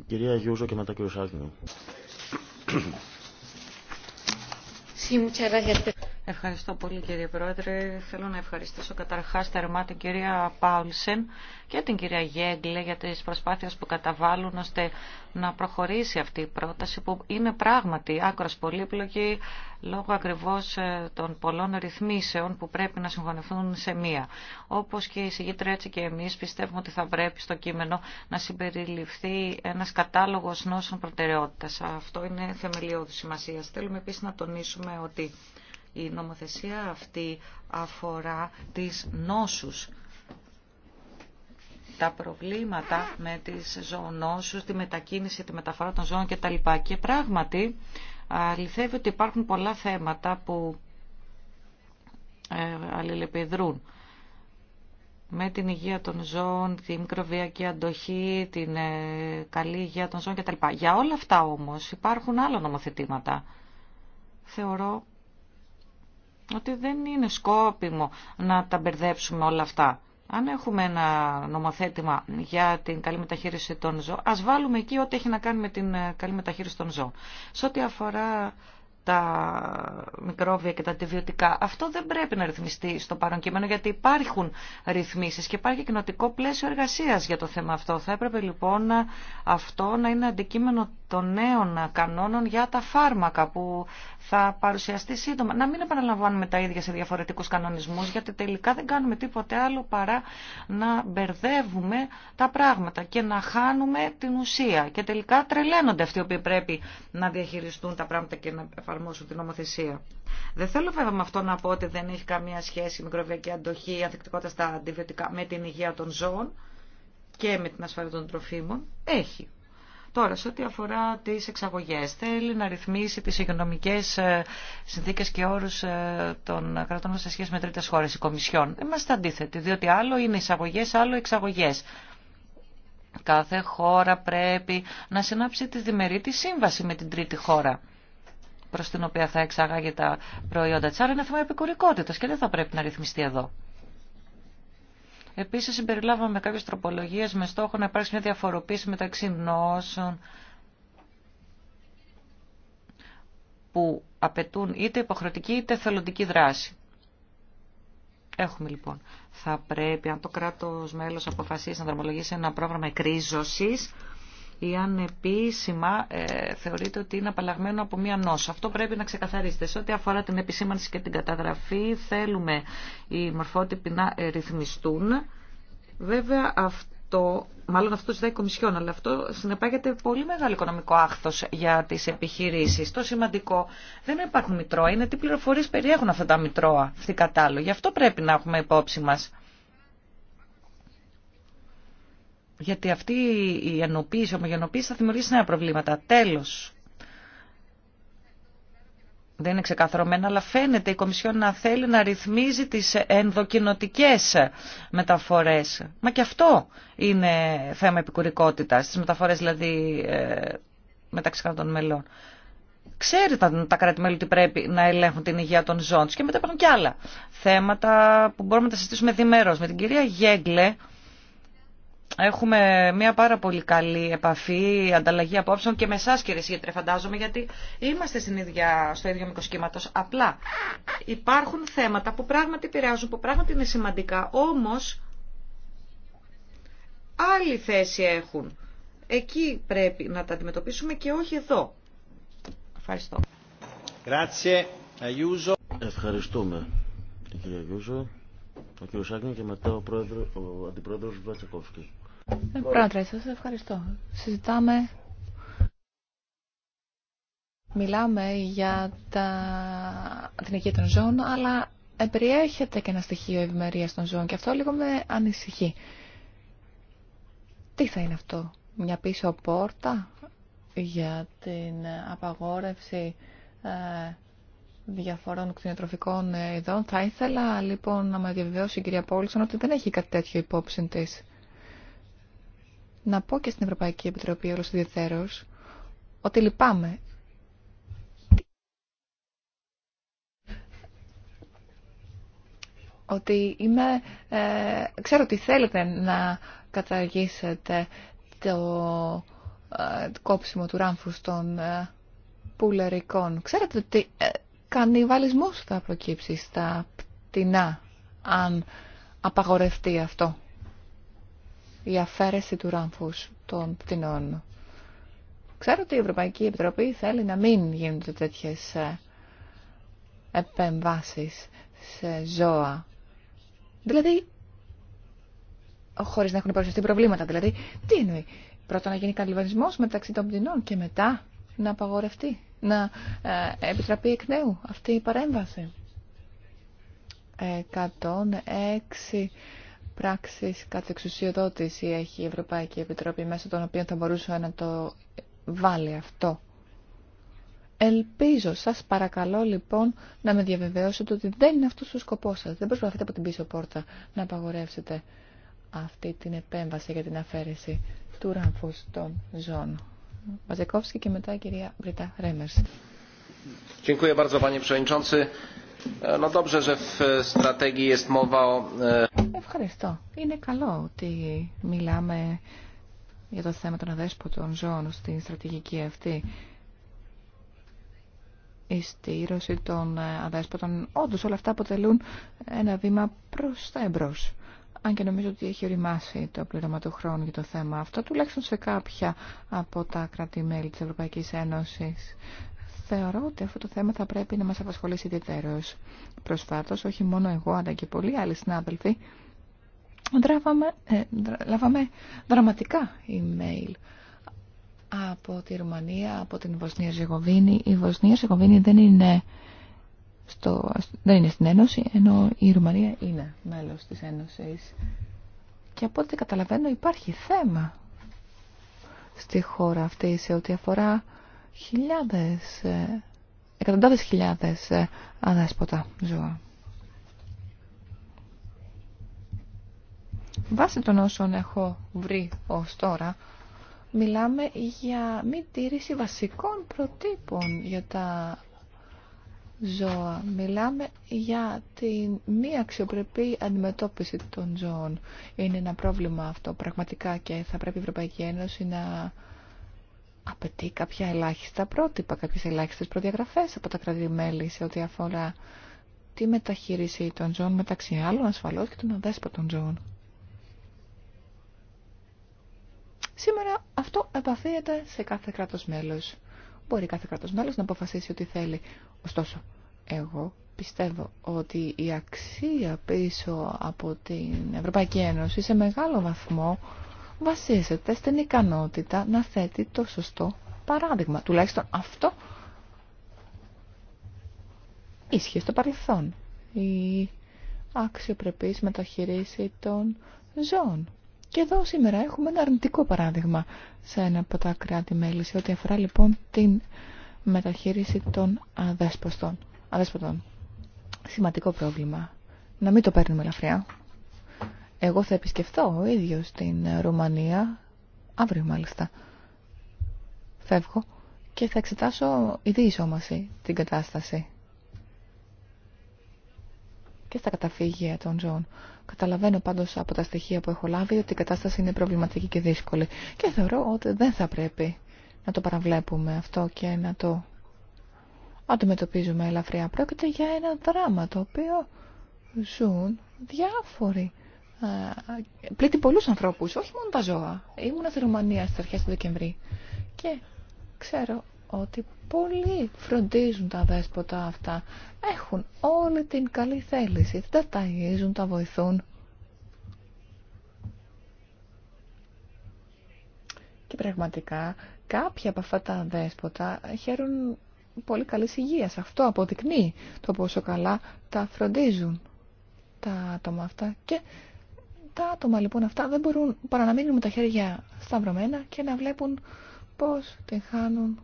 Κυρία Γιούζο και μετά κύριο Sí, muchas Ευχαριστώ πολύ κύριε Πρόεδρε. Θέλω να ευχαριστήσω καταρχάς θερμά την κυρία Πάουλσεν και την κυρία Γέγκλε για τις προσπάθειες που καταβάλουν ώστε να προχωρήσει αυτή η πρόταση που είναι πράγματι άκρος πολύπλοκη λόγω ακριβώς ε, των πολλών ρυθμίσεων που πρέπει να συγχωνευτούν σε μία. Όπως και η συγγήτρια έτσι και εμείς πιστεύουμε ότι θα πρέπει στο κείμενο να συμπεριληφθεί ένας κατάλογος νόσων προτεραιότητας. Αυτό είναι θεμελιώδη σημασία. Θέλουμε επίσης να τονίσουμε ότι η νομοθεσία αυτή αφορά τις νόσους τα προβλήματα με τις ζωονόσους, τη μετακίνηση, τη μεταφορά των ζώων κτλ. Και πράγματι αληθεύει ότι υπάρχουν πολλά θέματα που ε, αλληλεπιδρούν με την υγεία των ζώων, τη μικροβιακή αντοχή, την ε, καλή υγεία των ζώων κτλ. Για όλα αυτά όμως υπάρχουν άλλα νομοθετήματα. Θεωρώ ότι δεν είναι σκόπιμο να τα μπερδέψουμε όλα αυτά. Αν έχουμε ένα νομοθέτημα για την καλή μεταχείριση των ζώων, ας βάλουμε εκεί ό,τι έχει να κάνει με την ε, καλή μεταχείριση των ζώων. Σε ό,τι αφορά τα μικρόβια και τα αντιβιωτικά. Αυτό δεν πρέπει να ρυθμιστεί στο παρόν κείμενο γιατί υπάρχουν ρυθμίσεις και υπάρχει κοινοτικό πλαίσιο εργασίας για το θέμα αυτό. Θα έπρεπε λοιπόν αυτό να είναι αντικείμενο των νέων κανόνων για τα φάρμακα που θα παρουσιαστεί σύντομα. Να μην επαναλαμβάνουμε τα ίδια σε διαφορετικούς κανονισμούς, γιατί τελικά δεν κάνουμε τίποτε άλλο παρά να μπερδεύουμε τα πράγματα και να χάνουμε την ουσία. Και τελικά τρελαίνονται αυτοί οι οποίοι πρέπει να διαχειριστούν τα πράγματα και να εφαρμόσουν την νομοθεσία. Δεν θέλω βέβαια με αυτό να πω ότι δεν έχει καμία σχέση η μικροβιακή αντοχή, η ανθεκτικότητα στα αντιβιωτικά με την υγεία των ζώων και με την ασφάλεια των τροφίμων. Έχει. Τώρα, σε ό,τι αφορά τι εξαγωγέ, θέλει να ρυθμίσει τις οικονομικές ε, συνθήκες και όρου ε, των κρατών σε σχέση με τρίτε χώρε η Κομισιόν. Είμαστε αντίθετοι, διότι άλλο είναι εισαγωγέ, άλλο εξαγωγέ. Κάθε χώρα πρέπει να συνάψει τη διμερή τη σύμβαση με την τρίτη χώρα προς την οποία θα εξαγάγει τα προϊόντα της. Άρα είναι θέμα επικουρικότητας και δεν θα πρέπει να ρυθμιστεί εδώ. Επίσης συμπεριλάβαμε κάποιες τροπολογίες με στόχο να υπάρξει μια διαφοροποίηση μεταξύ νόσων που απαιτούν είτε υποχρεωτική είτε θελοντική δράση. Έχουμε λοιπόν. Θα πρέπει, αν το κράτος μέλο αποφασίσει να δρομολογήσει ένα πρόγραμμα εκρίζωση ή αν επίσημα ε, θεωρείται ότι είναι απαλλαγμένο από μία νόσο. Αυτό πρέπει να ξεκαθαρίσετε. Σε ό,τι αφορά την επισήμανση και την καταγραφή, θέλουμε οι μορφότυποι να ε, ρυθμιστούν. Βέβαια, αυτό, μάλλον αυτό ζητάει Κομισιόν, αλλά αυτό συνεπάγεται πολύ μεγάλο οικονομικό άχθο για τι επιχειρήσει. Το σημαντικό δεν υπάρχουν μητρώα, είναι τι πληροφορίε περιέχουν αυτά τα μητρώα, αυτή κατάλογη. Γι' αυτό πρέπει να έχουμε υπόψη μα. Γιατί αυτή η ενοποίηση, η ομογενοποίηση θα δημιουργήσει νέα προβλήματα. Τέλος, δεν είναι ξεκαθαρωμένα, αλλά φαίνεται η Κομισιόν να θέλει να ρυθμίζει τις ενδοκινοτικές μεταφορές. Μα και αυτό είναι θέμα επικουρικότητας, τις μεταφορές δηλαδή ε, μεταξύ κρατών μελών. Ξέρει τα, τα κράτη-μέλη ότι πρέπει να ελέγχουν την υγεία των ζώων τους και μετά υπάρχουν και άλλα θέματα που μπορούμε να τα συζητήσουμε διμέρως. Με την κυρία Γέγκλε Έχουμε μια πάρα πολύ καλή επαφή, ανταλλαγή απόψεων και με εσά κύριε Σίγητρε, φαντάζομαι γιατί είμαστε στην ίδια, στο ίδιο μικρό Απλά υπάρχουν θέματα που πράγματι επηρεάζουν, που πράγματι είναι σημαντικά, όμως άλλη θέση έχουν. Εκεί πρέπει να τα αντιμετωπίσουμε και όχι εδώ. Ευχαριστώ. Ευχαριστούμε κύριε Γιούζο, ο κύριος και μετά ο, ο αντιπρόεδρος Βατσακόφσκης. Ε, πρόεδρε, σα ευχαριστώ. Συζητάμε μιλάμε για τα... την υγεία των ζώων, αλλά περιέχεται και ένα στοιχείο ευημερία των ζώων και αυτό λίγο με ανησυχεί. Τι θα είναι αυτό, μια πίσω πόρτα για την απαγόρευση ε, διαφορών κτηνοτροφικών ειδών. Θα ήθελα λοιπόν να με διαβεβαιώσει η κυρία Πόλσον ότι δεν έχει κάτι τέτοιο υπόψη της να πω και στην Ευρωπαϊκή Επιτροπή όλος ιδιαίτερος ότι λυπάμαι. Ότι είμαι, ε, ξέρω ότι θέλετε να καταργήσετε το ε, κόψιμο του ράμφου των ε, πουλερικών. Ξέρετε ότι ε, κανιβαλισμός θα προκύψει στα πτηνά αν απαγορευτεί αυτό η αφαίρεση του ράμφου των πτηνών. Ξέρω ότι η Ευρωπαϊκή Επιτροπή θέλει να μην γίνονται τέτοιε ε, επεμβάσεις σε ζώα. Δηλαδή, Χωρί να έχουν παρουσιαστεί προβλήματα. Δηλαδή, τι εννοεί. Πρώτα να γίνει καλυβανισμός μεταξύ των πτηνών και μετά να απαγορευτεί, να ε, επιτραπεί εκ νέου αυτή η παρέμβαση. 106 πράξεις κάθε εξουσιοδότηση έχει η Ευρωπαϊκή Επιτροπή μέσω των οποίων θα μπορούσε να το βάλει αυτό. Ελπίζω, σας παρακαλώ λοιπόν να με διαβεβαιώσετε ότι δεν είναι αυτός ο σκοπός σας. Δεν προσπαθείτε από την πίσω πόρτα να απαγορεύσετε αυτή την επέμβαση για την αφαίρεση του ράμφου των ζών. Βαζεκόφσκι και μετά η κυρία Βρυτά Ρέμερς. E, Ευχαριστώ. Είναι καλό ότι μιλάμε για το θέμα των αδέσποτων ζώων στην στρατηγική αυτή. Η στήρωση των ε, αδέσποτων, όντω όλα αυτά αποτελούν ένα βήμα προς τα εμπρός. Αν και νομίζω ότι έχει οριμάσει το πλήρωμα του χρόνου για το θέμα αυτό, τουλάχιστον σε κάποια από τα κράτη-μέλη της Ευρωπαϊκής Ένωσης. Θεωρώ ότι αυτό το θέμα θα πρέπει να μας απασχολήσει ιδιαίτερως. Προσφάτως, όχι μόνο εγώ, αλλά και πολλοί άλλοι συνάδελφοι, ε, λάβαμε δραματικά email από τη Ρουμανία, από την Βοσνία Ζεγοβίνη. Η Βοσνία Ζεγοβίνη δεν είναι, στο, δεν είναι στην Ένωση, ενώ η Ρουμανία είναι μέλος της Ένωσης. Και από ό,τι καταλαβαίνω υπάρχει θέμα στη χώρα αυτή σε ό,τι αφορά χιλιάδες, ε, εκατοντάδες χιλιάδες ε, αδέσποτα ζώα. Βάσει των όσων έχω βρει ως τώρα, μιλάμε για μη τήρηση βασικών προτύπων για τα ζώα. Μιλάμε για την μη αξιοπρεπή αντιμετώπιση των ζώων. Είναι ένα πρόβλημα αυτό πραγματικά και θα πρέπει η Ευρωπαϊκή Ένωση να απαιτεί κάποια ελάχιστα πρότυπα, κάποιες ελάχιστες προδιαγραφές από τα κρατημέλη σε ό,τι αφορά τη μεταχείριση των ζώων μεταξύ άλλων ασφαλώς και των αδέσποτων ζώων. Σήμερα αυτό επαφίεται σε κάθε κράτος μέλος. Μπορεί κάθε κράτος μέλος να αποφασίσει ό,τι θέλει. Ωστόσο, εγώ πιστεύω ότι η αξία πίσω από την Ευρωπαϊκή Ένωση σε μεγάλο βαθμό βασίζεται στην ικανότητα να θέτει το σωστό παράδειγμα. Τουλάχιστον αυτό ίσχυε στο παρελθόν. Η αξιοπρεπής μεταχειρίση των ζώων. Και εδώ σήμερα έχουμε ένα αρνητικό παράδειγμα σε ένα από τα κράτη-μέλη σε ό,τι αφορά λοιπόν την μεταχείριση των αδέσποτων. Σημαντικό πρόβλημα. Να μην το παίρνουμε ελαφριά. Εγώ θα επισκεφθώ ο ίδιος στην ε, Ρουμανία, αύριο μάλιστα. Φεύγω και θα εξετάσω η διεισόμαση την κατάσταση και στα καταφύγια των ζώων. Καταλαβαίνω πάντως από τα στοιχεία που έχω λάβει ότι η κατάσταση είναι προβληματική και δύσκολη και θεωρώ ότι δεν θα πρέπει να το παραβλέπουμε αυτό και να το αντιμετωπίζουμε ελαφριά. Πρόκειται για ένα δράμα το οποίο ζουν διάφοροι ε, πλήττει πολλούς ανθρώπους, όχι μόνο τα ζώα. Ήμουν στη Ρουμανία στις αρχές του Δεκεμβρίου και ξέρω ότι πολλοί φροντίζουν τα δέσποτα αυτά. Έχουν όλη την καλή θέληση, τα ταΐζουν, τα βοηθούν. Και πραγματικά κάποια από αυτά τα δέσποτα χαίρουν πολύ καλή υγεία. Αυτό αποδεικνύει το πόσο καλά τα φροντίζουν τα άτομα αυτά και τα άτομα λοιπόν αυτά δεν μπορούν παρά να μείνουν με τα χέρια σταυρωμένα και να βλέπουν πώς την χάνουν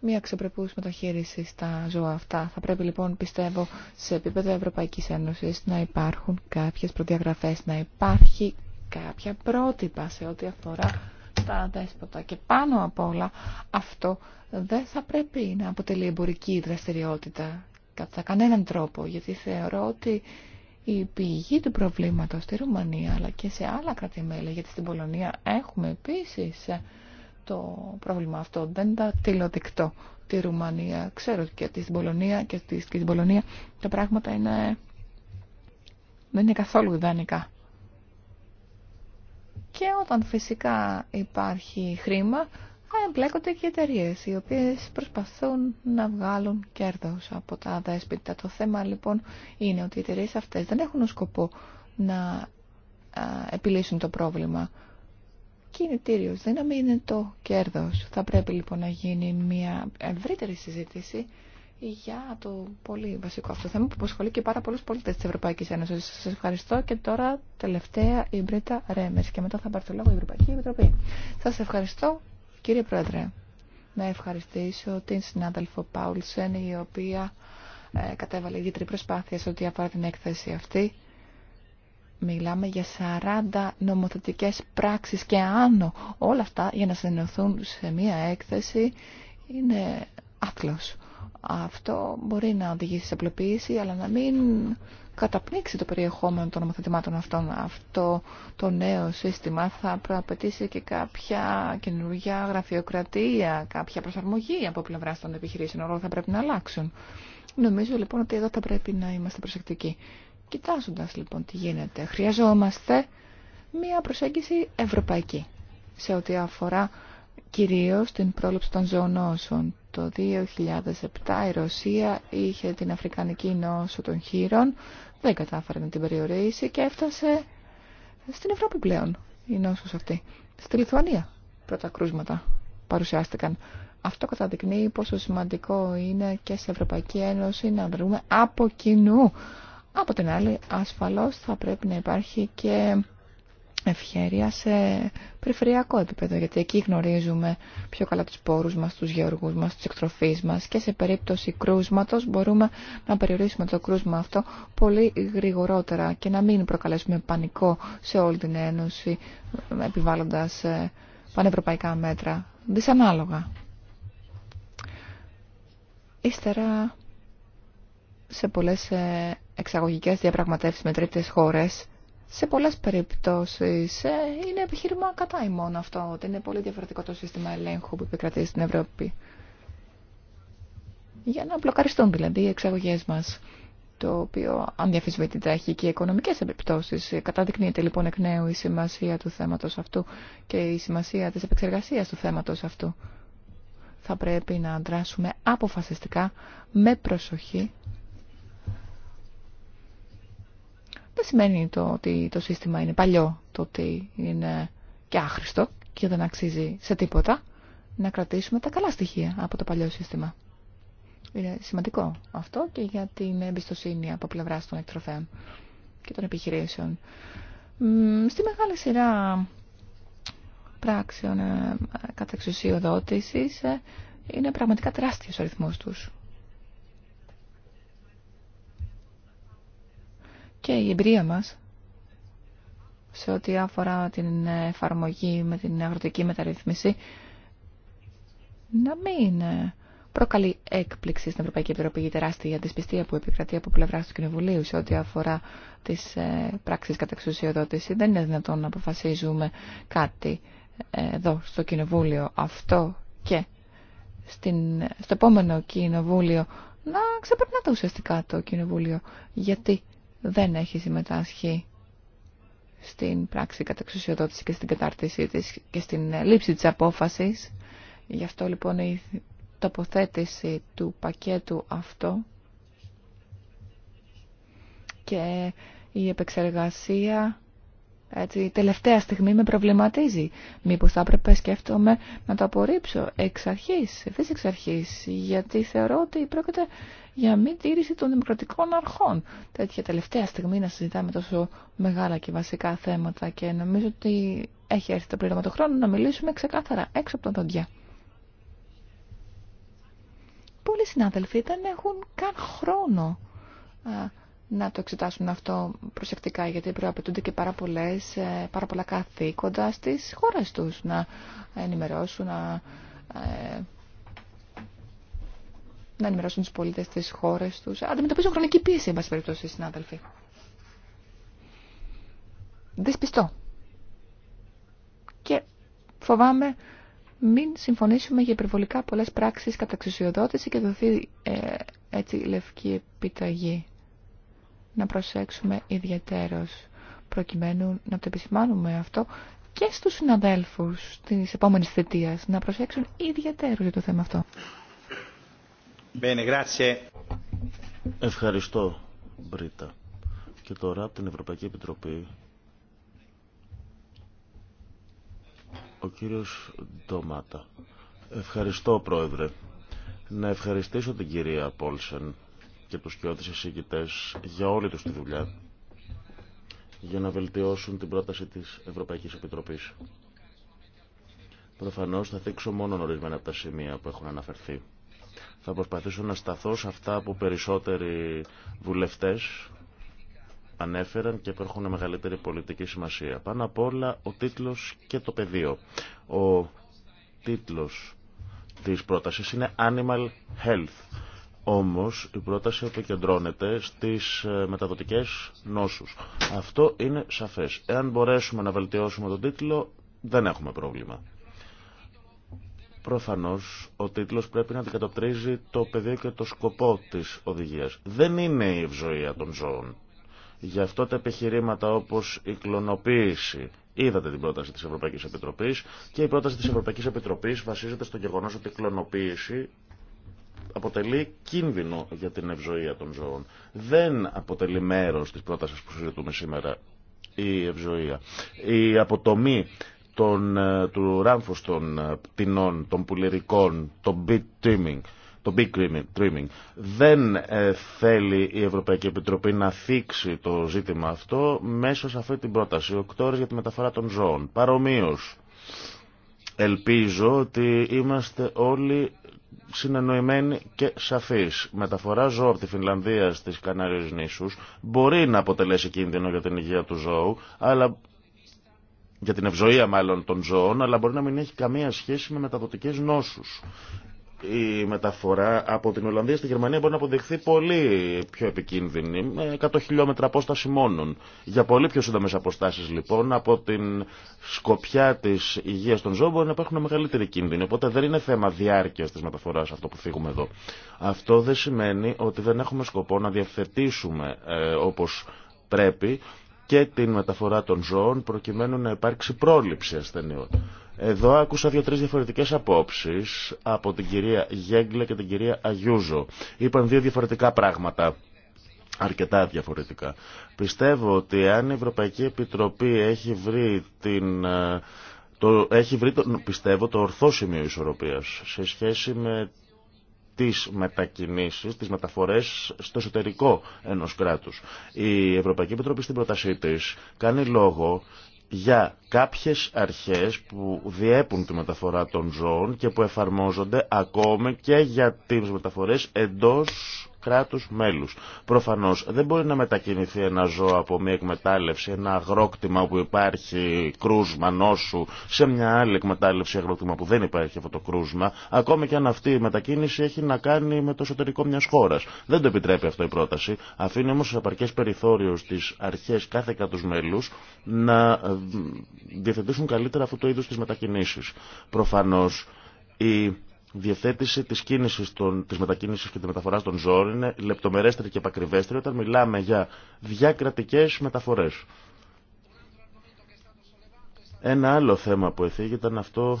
μια ξεπρεπούς μεταχείριση στα ζώα αυτά. Θα πρέπει λοιπόν, πιστεύω, σε επίπεδο Ευρωπαϊκής Ένωσης να υπάρχουν κάποιες προδιαγραφές, να υπάρχει κάποια πρότυπα σε ό,τι αφορά τα δέσποτα. Και πάνω απ' όλα αυτό δεν θα πρέπει να αποτελεί εμπορική δραστηριότητα κατά κανέναν τρόπο, γιατί θεωρώ ότι η πηγή του προβλήματος στη Ρουμανία αλλά και σε άλλα κρατημέλη, γιατί στην Πολωνία έχουμε επίσης το πρόβλημα αυτό. Δεν τα τηλεοδεικτώ τη Ρουμανία. Ξέρω και ότι στην Πολωνία και, και στην Πολωνία τα πράγματα είναι... δεν είναι καθόλου ιδανικά. Και όταν φυσικά υπάρχει χρήμα, εμπλέκονται και εταιρείε οι οποίε προσπαθούν να βγάλουν κέρδο από τα Δέσπιτα. Το θέμα λοιπόν είναι ότι οι εταιρείε αυτέ δεν έχουν σκοπό να επιλύσουν το πρόβλημα. Κινητήριο δύναμη είναι το κέρδο. Θα πρέπει λοιπόν να γίνει μια ευρύτερη συζήτηση για το πολύ βασικό αυτό θέμα που απασχολεί και πάρα πολλού πολίτε τη Ευρωπαϊκή Ένωση. Σα ευχαριστώ και τώρα τελευταία η Μπρίτα Ρέμες και μετά θα πάρει το λόγο η Ευρωπαϊκή Επιτροπή. Σα ευχαριστώ Κύριε Πρόεδρε, να ευχαριστήσω την συνάδελφο Πάουλσεν, η οποία ε, κατέβαλε ιδιαίτερη προσπάθεια σε ό,τι αφορά την έκθεση αυτή. Μιλάμε για 40 νομοθετικές πράξεις και άνω. Όλα αυτά για να συνενωθούν σε μία έκθεση είναι άθλος. Αυτό μπορεί να οδηγήσει σε απλοποίηση, αλλά να μην καταπνίξει το περιεχόμενο των νομοθετημάτων αυτών. Αυτό το νέο σύστημα θα προαπαιτήσει και κάποια καινούργια γραφειοκρατία, κάποια προσαρμογή από πλευρά των επιχειρήσεων. Όλα θα πρέπει να αλλάξουν. Νομίζω λοιπόν ότι εδώ θα πρέπει να είμαστε προσεκτικοί. Κοιτάζοντα λοιπόν τι γίνεται, χρειαζόμαστε μία προσέγγιση ευρωπαϊκή σε ό,τι αφορά κυρίως την πρόληψη των ζωονόσων, το 2007 η Ρωσία είχε την Αφρικανική νόσο των χείρων, δεν κατάφερε να την περιορίσει και έφτασε στην Ευρώπη πλέον η νόσος αυτή. Στη Λιθουανία πρώτα κρούσματα παρουσιάστηκαν. Αυτό καταδεικνύει πόσο σημαντικό είναι και σε Ευρωπαϊκή Ένωση να βρούμε από κοινού. Από την άλλη, ασφαλώς θα πρέπει να υπάρχει και ευχέρεια σε περιφερειακό επίπεδο, γιατί εκεί γνωρίζουμε πιο καλά τους πόρους μας, τους γεωργούς μας, τους εκτροφείς μας και σε περίπτωση κρούσματος μπορούμε να περιορίσουμε το κρούσμα αυτό πολύ γρηγορότερα και να μην προκαλέσουμε πανικό σε όλη την Ένωση ε, επιβάλλοντας ε, πανευρωπαϊκά μέτρα, δυσανάλογα. Ύστερα σε πολλές ε, εξαγωγικές διαπραγματεύσεις με τρίτες χώρες σε πολλές περιπτώσεις ε, είναι επιχείρημα κατά ημών αυτό, ότι είναι πολύ διαφορετικό το σύστημα ελέγχου που επικρατεί στην Ευρώπη. Για να μπλοκαριστούν δηλαδή οι εξαγωγές μας, το οποίο την έχει και οι οικονομικές επιπτώσεις. Καταδεικνύεται λοιπόν εκ νέου η σημασία του θέματος αυτού και η σημασία της επεξεργασίας του θέματος αυτού. Θα πρέπει να δράσουμε αποφασιστικά, με προσοχή, δεν σημαίνει το ότι το σύστημα είναι παλιό, το ότι είναι και άχρηστο και δεν αξίζει σε τίποτα. Να κρατήσουμε τα καλά στοιχεία από το παλιό σύστημα. Είναι σημαντικό αυτό και για την εμπιστοσύνη από πλευρά των εκτροφέων και των επιχειρήσεων. Στη μεγάλη σειρά πράξεων ε, κατά ε, είναι πραγματικά τεράστιος ο αριθμός τους. Και η εμπειρία μας σε ό,τι αφορά την εφαρμογή με την αγροτική μεταρρύθμιση να μην προκαλεί έκπληξη στην Ευρωπαϊκή Επιτροπή για τεράστια δυσπιστία που επικρατεί από πλευρά του Κοινοβουλίου σε ό,τι αφορά τι ε, πράξει κατά εξουσιοδότηση. Δεν είναι δυνατόν να αποφασίζουμε κάτι ε, εδώ στο Κοινοβούλιο αυτό και στην, στο επόμενο Κοινοβούλιο να ξεπερνάτε ουσιαστικά το Κοινοβούλιο. Γιατί δεν έχει συμμετάσχει στην πράξη καταξουσιοδότηση και στην κατάρτισή της και στην ε, λήψη της απόφασης. Γι' αυτό λοιπόν η τοποθέτηση του πακέτου αυτό και η επεξεργασία έτσι, τελευταία στιγμή με προβληματίζει. Μήπως θα έπρεπε σκέφτομαι να το απορρίψω εξ αρχής, ευθύ εξ αρχής, γιατί θεωρώ ότι πρόκειται για μη τήρηση των δημοκρατικών αρχών. Τέτοια τελευταία στιγμή να συζητάμε τόσο μεγάλα και βασικά θέματα και νομίζω ότι έχει έρθει το πλήρωμα του χρόνου να μιλήσουμε ξεκάθαρα έξω από τα δόντια. Πολλοί συνάδελφοι δεν έχουν καν χρόνο να το εξετάσουν αυτό προσεκτικά γιατί προαπαιτούνται και πάρα, πολλές, ε, πάρα πολλά καθήκοντα στις χώρες τους να ενημερώσουν, να, ε, να ενημερώσουν τους πολίτες στις χώρες τους. Αντιμετωπίζουν χρονική πίεση, εν πάση περιπτώσει, συνάδελφοι. Δυσπιστώ. Και φοβάμαι μην συμφωνήσουμε για υπερβολικά πολλές πράξεις κατά και δοθεί ε, έτσι λευκή επιταγή να προσέξουμε ιδιαίτερος προκειμένου να το επισημάνουμε αυτό και στους συναδέλφους της επόμενης θετίας να προσέξουν ιδιαίτερο για το θέμα αυτό. Ευχαριστώ, Μπρίτα. Και τώρα από την Ευρωπαϊκή Επιτροπή ο κύριος Ντομάτα. Ευχαριστώ, Πρόεδρε. Να ευχαριστήσω την κυρία Πόλσεν και τους κοιότητες εισηγητές για όλη τους τη δουλειά για να βελτιώσουν την πρόταση της Ευρωπαϊκής Επιτροπής. Προφανώς θα δείξω μόνο ορισμένα από τα σημεία που έχουν αναφερθεί. Θα προσπαθήσω να σταθώ σε αυτά που περισσότεροι βουλευτές ανέφεραν και που έχουν μεγαλύτερη πολιτική σημασία. Πάνω απ' όλα ο τίτλος και το πεδίο. Ο τίτλος της πρόταση είναι Animal Health όμως η πρόταση επικεντρώνεται στις ε, μεταδοτικές νόσους. Αυτό είναι σαφές. Εάν μπορέσουμε να βελτιώσουμε τον τίτλο, δεν έχουμε πρόβλημα. Προφανώς ο τίτλος πρέπει να αντικατοπτρίζει το πεδίο και το σκοπό της οδηγίας. Δεν είναι η ευζοία των ζώων. Γι' αυτό τα επιχειρήματα όπως η κλωνοποίηση, είδατε την πρόταση της Ευρωπαϊκής Επιτροπής και η πρόταση της Ευρωπαϊκής Επιτροπής βασίζεται στο γεγονός ότι η κλωνοποίηση αποτελεί κίνδυνο για την ευζοία των ζώων. Δεν αποτελεί μέρος της πρότασης που συζητούμε σήμερα η ευζοία. Η αποτομή των, ε, του ράμφους των ε, πτηνών, των πουλερικών, των big trimming, το big trimming. Δεν ε, θέλει η Ευρωπαϊκή Επιτροπή να θίξει το ζήτημα αυτό μέσω σε αυτή την πρόταση. Οκτώρες για τη μεταφορά των ζώων. Παρομοίως, Ελπίζω ότι είμαστε όλοι συνεννοημένοι και σαφείς. Μεταφορά ζώου από τη Φινλανδία στις Κανάριες νήσους μπορεί να αποτελέσει κίνδυνο για την υγεία του ζώου, αλλά για την ευζοία μάλλον των ζώων, αλλά μπορεί να μην έχει καμία σχέση με μεταδοτικές νόσους η μεταφορά από την Ολλανδία στη Γερμανία μπορεί να αποδειχθεί πολύ πιο επικίνδυνη, με 100 χιλιόμετρα απόσταση μόνον. Για πολύ πιο σύντομε αποστάσει λοιπόν από την σκοπιά τη υγεία των ζώων μπορεί να υπάρχουν μεγαλύτερη κίνδυνη. Οπότε δεν είναι θέμα διάρκεια τη μεταφορά αυτό που φύγουμε εδώ. Αυτό δεν σημαίνει ότι δεν έχουμε σκοπό να διευθετήσουμε ε, όπω πρέπει και την μεταφορά των ζώων προκειμένου να υπάρξει πρόληψη ασθενειών. Εδώ άκουσα δύο-τρει διαφορετικές απόψεις από την κυρία Γέγκλε και την κυρία Αγιούζο. Είπαν δύο διαφορετικά πράγματα αρκετά διαφορετικά. Πιστεύω ότι αν η Ευρωπαϊκή Επιτροπή έχει βρει την... Ε, το, έχει βρει, το, πιστεύω, το ορθό σημείο ισορροπίας σε σχέση με τις μετακινήσεις, τις μεταφορές στο εσωτερικό ενός κράτους. Η Ευρωπαϊκή Επιτροπή στην πρότασή της κάνει λόγο για κάποιες αρχές που διέπουν τη μεταφορά των ζώων και που εφαρμόζονται ακόμη και για τις μεταφορές εντός κράτους μέλους. Προφανώς δεν μπορεί να μετακινηθεί ένα ζώο από μια εκμετάλλευση, ένα αγρόκτημα που υπάρχει κρούσμα νόσου σε μια άλλη εκμετάλλευση αγρόκτημα που δεν υπάρχει αυτό το κρούσμα, ακόμη και αν αυτή η μετακίνηση έχει να κάνει με το εσωτερικό μιας χώρας. Δεν το επιτρέπει αυτό η πρόταση. Αφήνει όμως σε απαρκές περιθώριο στις αρχές κάθε κράτους μέλους να ε, διαθετήσουν καλύτερα αυτό το είδους της μετακινήσεις. Προφανώς η διευθέτηση της, κίνησης μετακίνησης και της μεταφοράς των ζώων είναι λεπτομερέστερη και επακριβέστερη όταν μιλάμε για διακρατικές μεταφορές. Ένα άλλο θέμα που εθίγει ήταν αυτό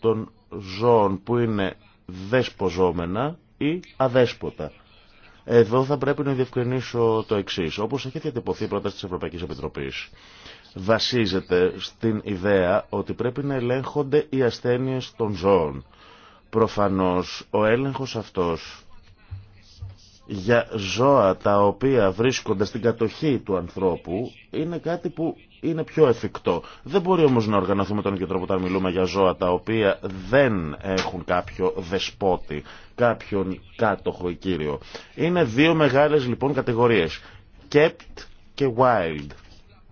των ζώων που είναι δεσποζόμενα ή αδέσποτα. Εδώ θα πρέπει να διευκρινίσω το εξή. Όπω έχει διατυπωθεί η πρόταση τη Ευρωπαϊκή Επιτροπή, βασίζεται στην ιδέα ότι πρέπει να ελέγχονται οι ασθένειε των ζώων. Προφανώς ο έλεγχος αυτός για ζώα τα οποία βρίσκονται στην κατοχή του ανθρώπου είναι κάτι που είναι πιο εφικτό. Δεν μπορεί όμως να οργανωθούμε τον ίδιο τρόπο όταν μιλούμε για ζώα τα οποία δεν έχουν κάποιο δεσπότη, κάποιον κάτοχο ή κύριο. Είναι δύο μεγάλες λοιπόν κατηγορίες. Kept και wild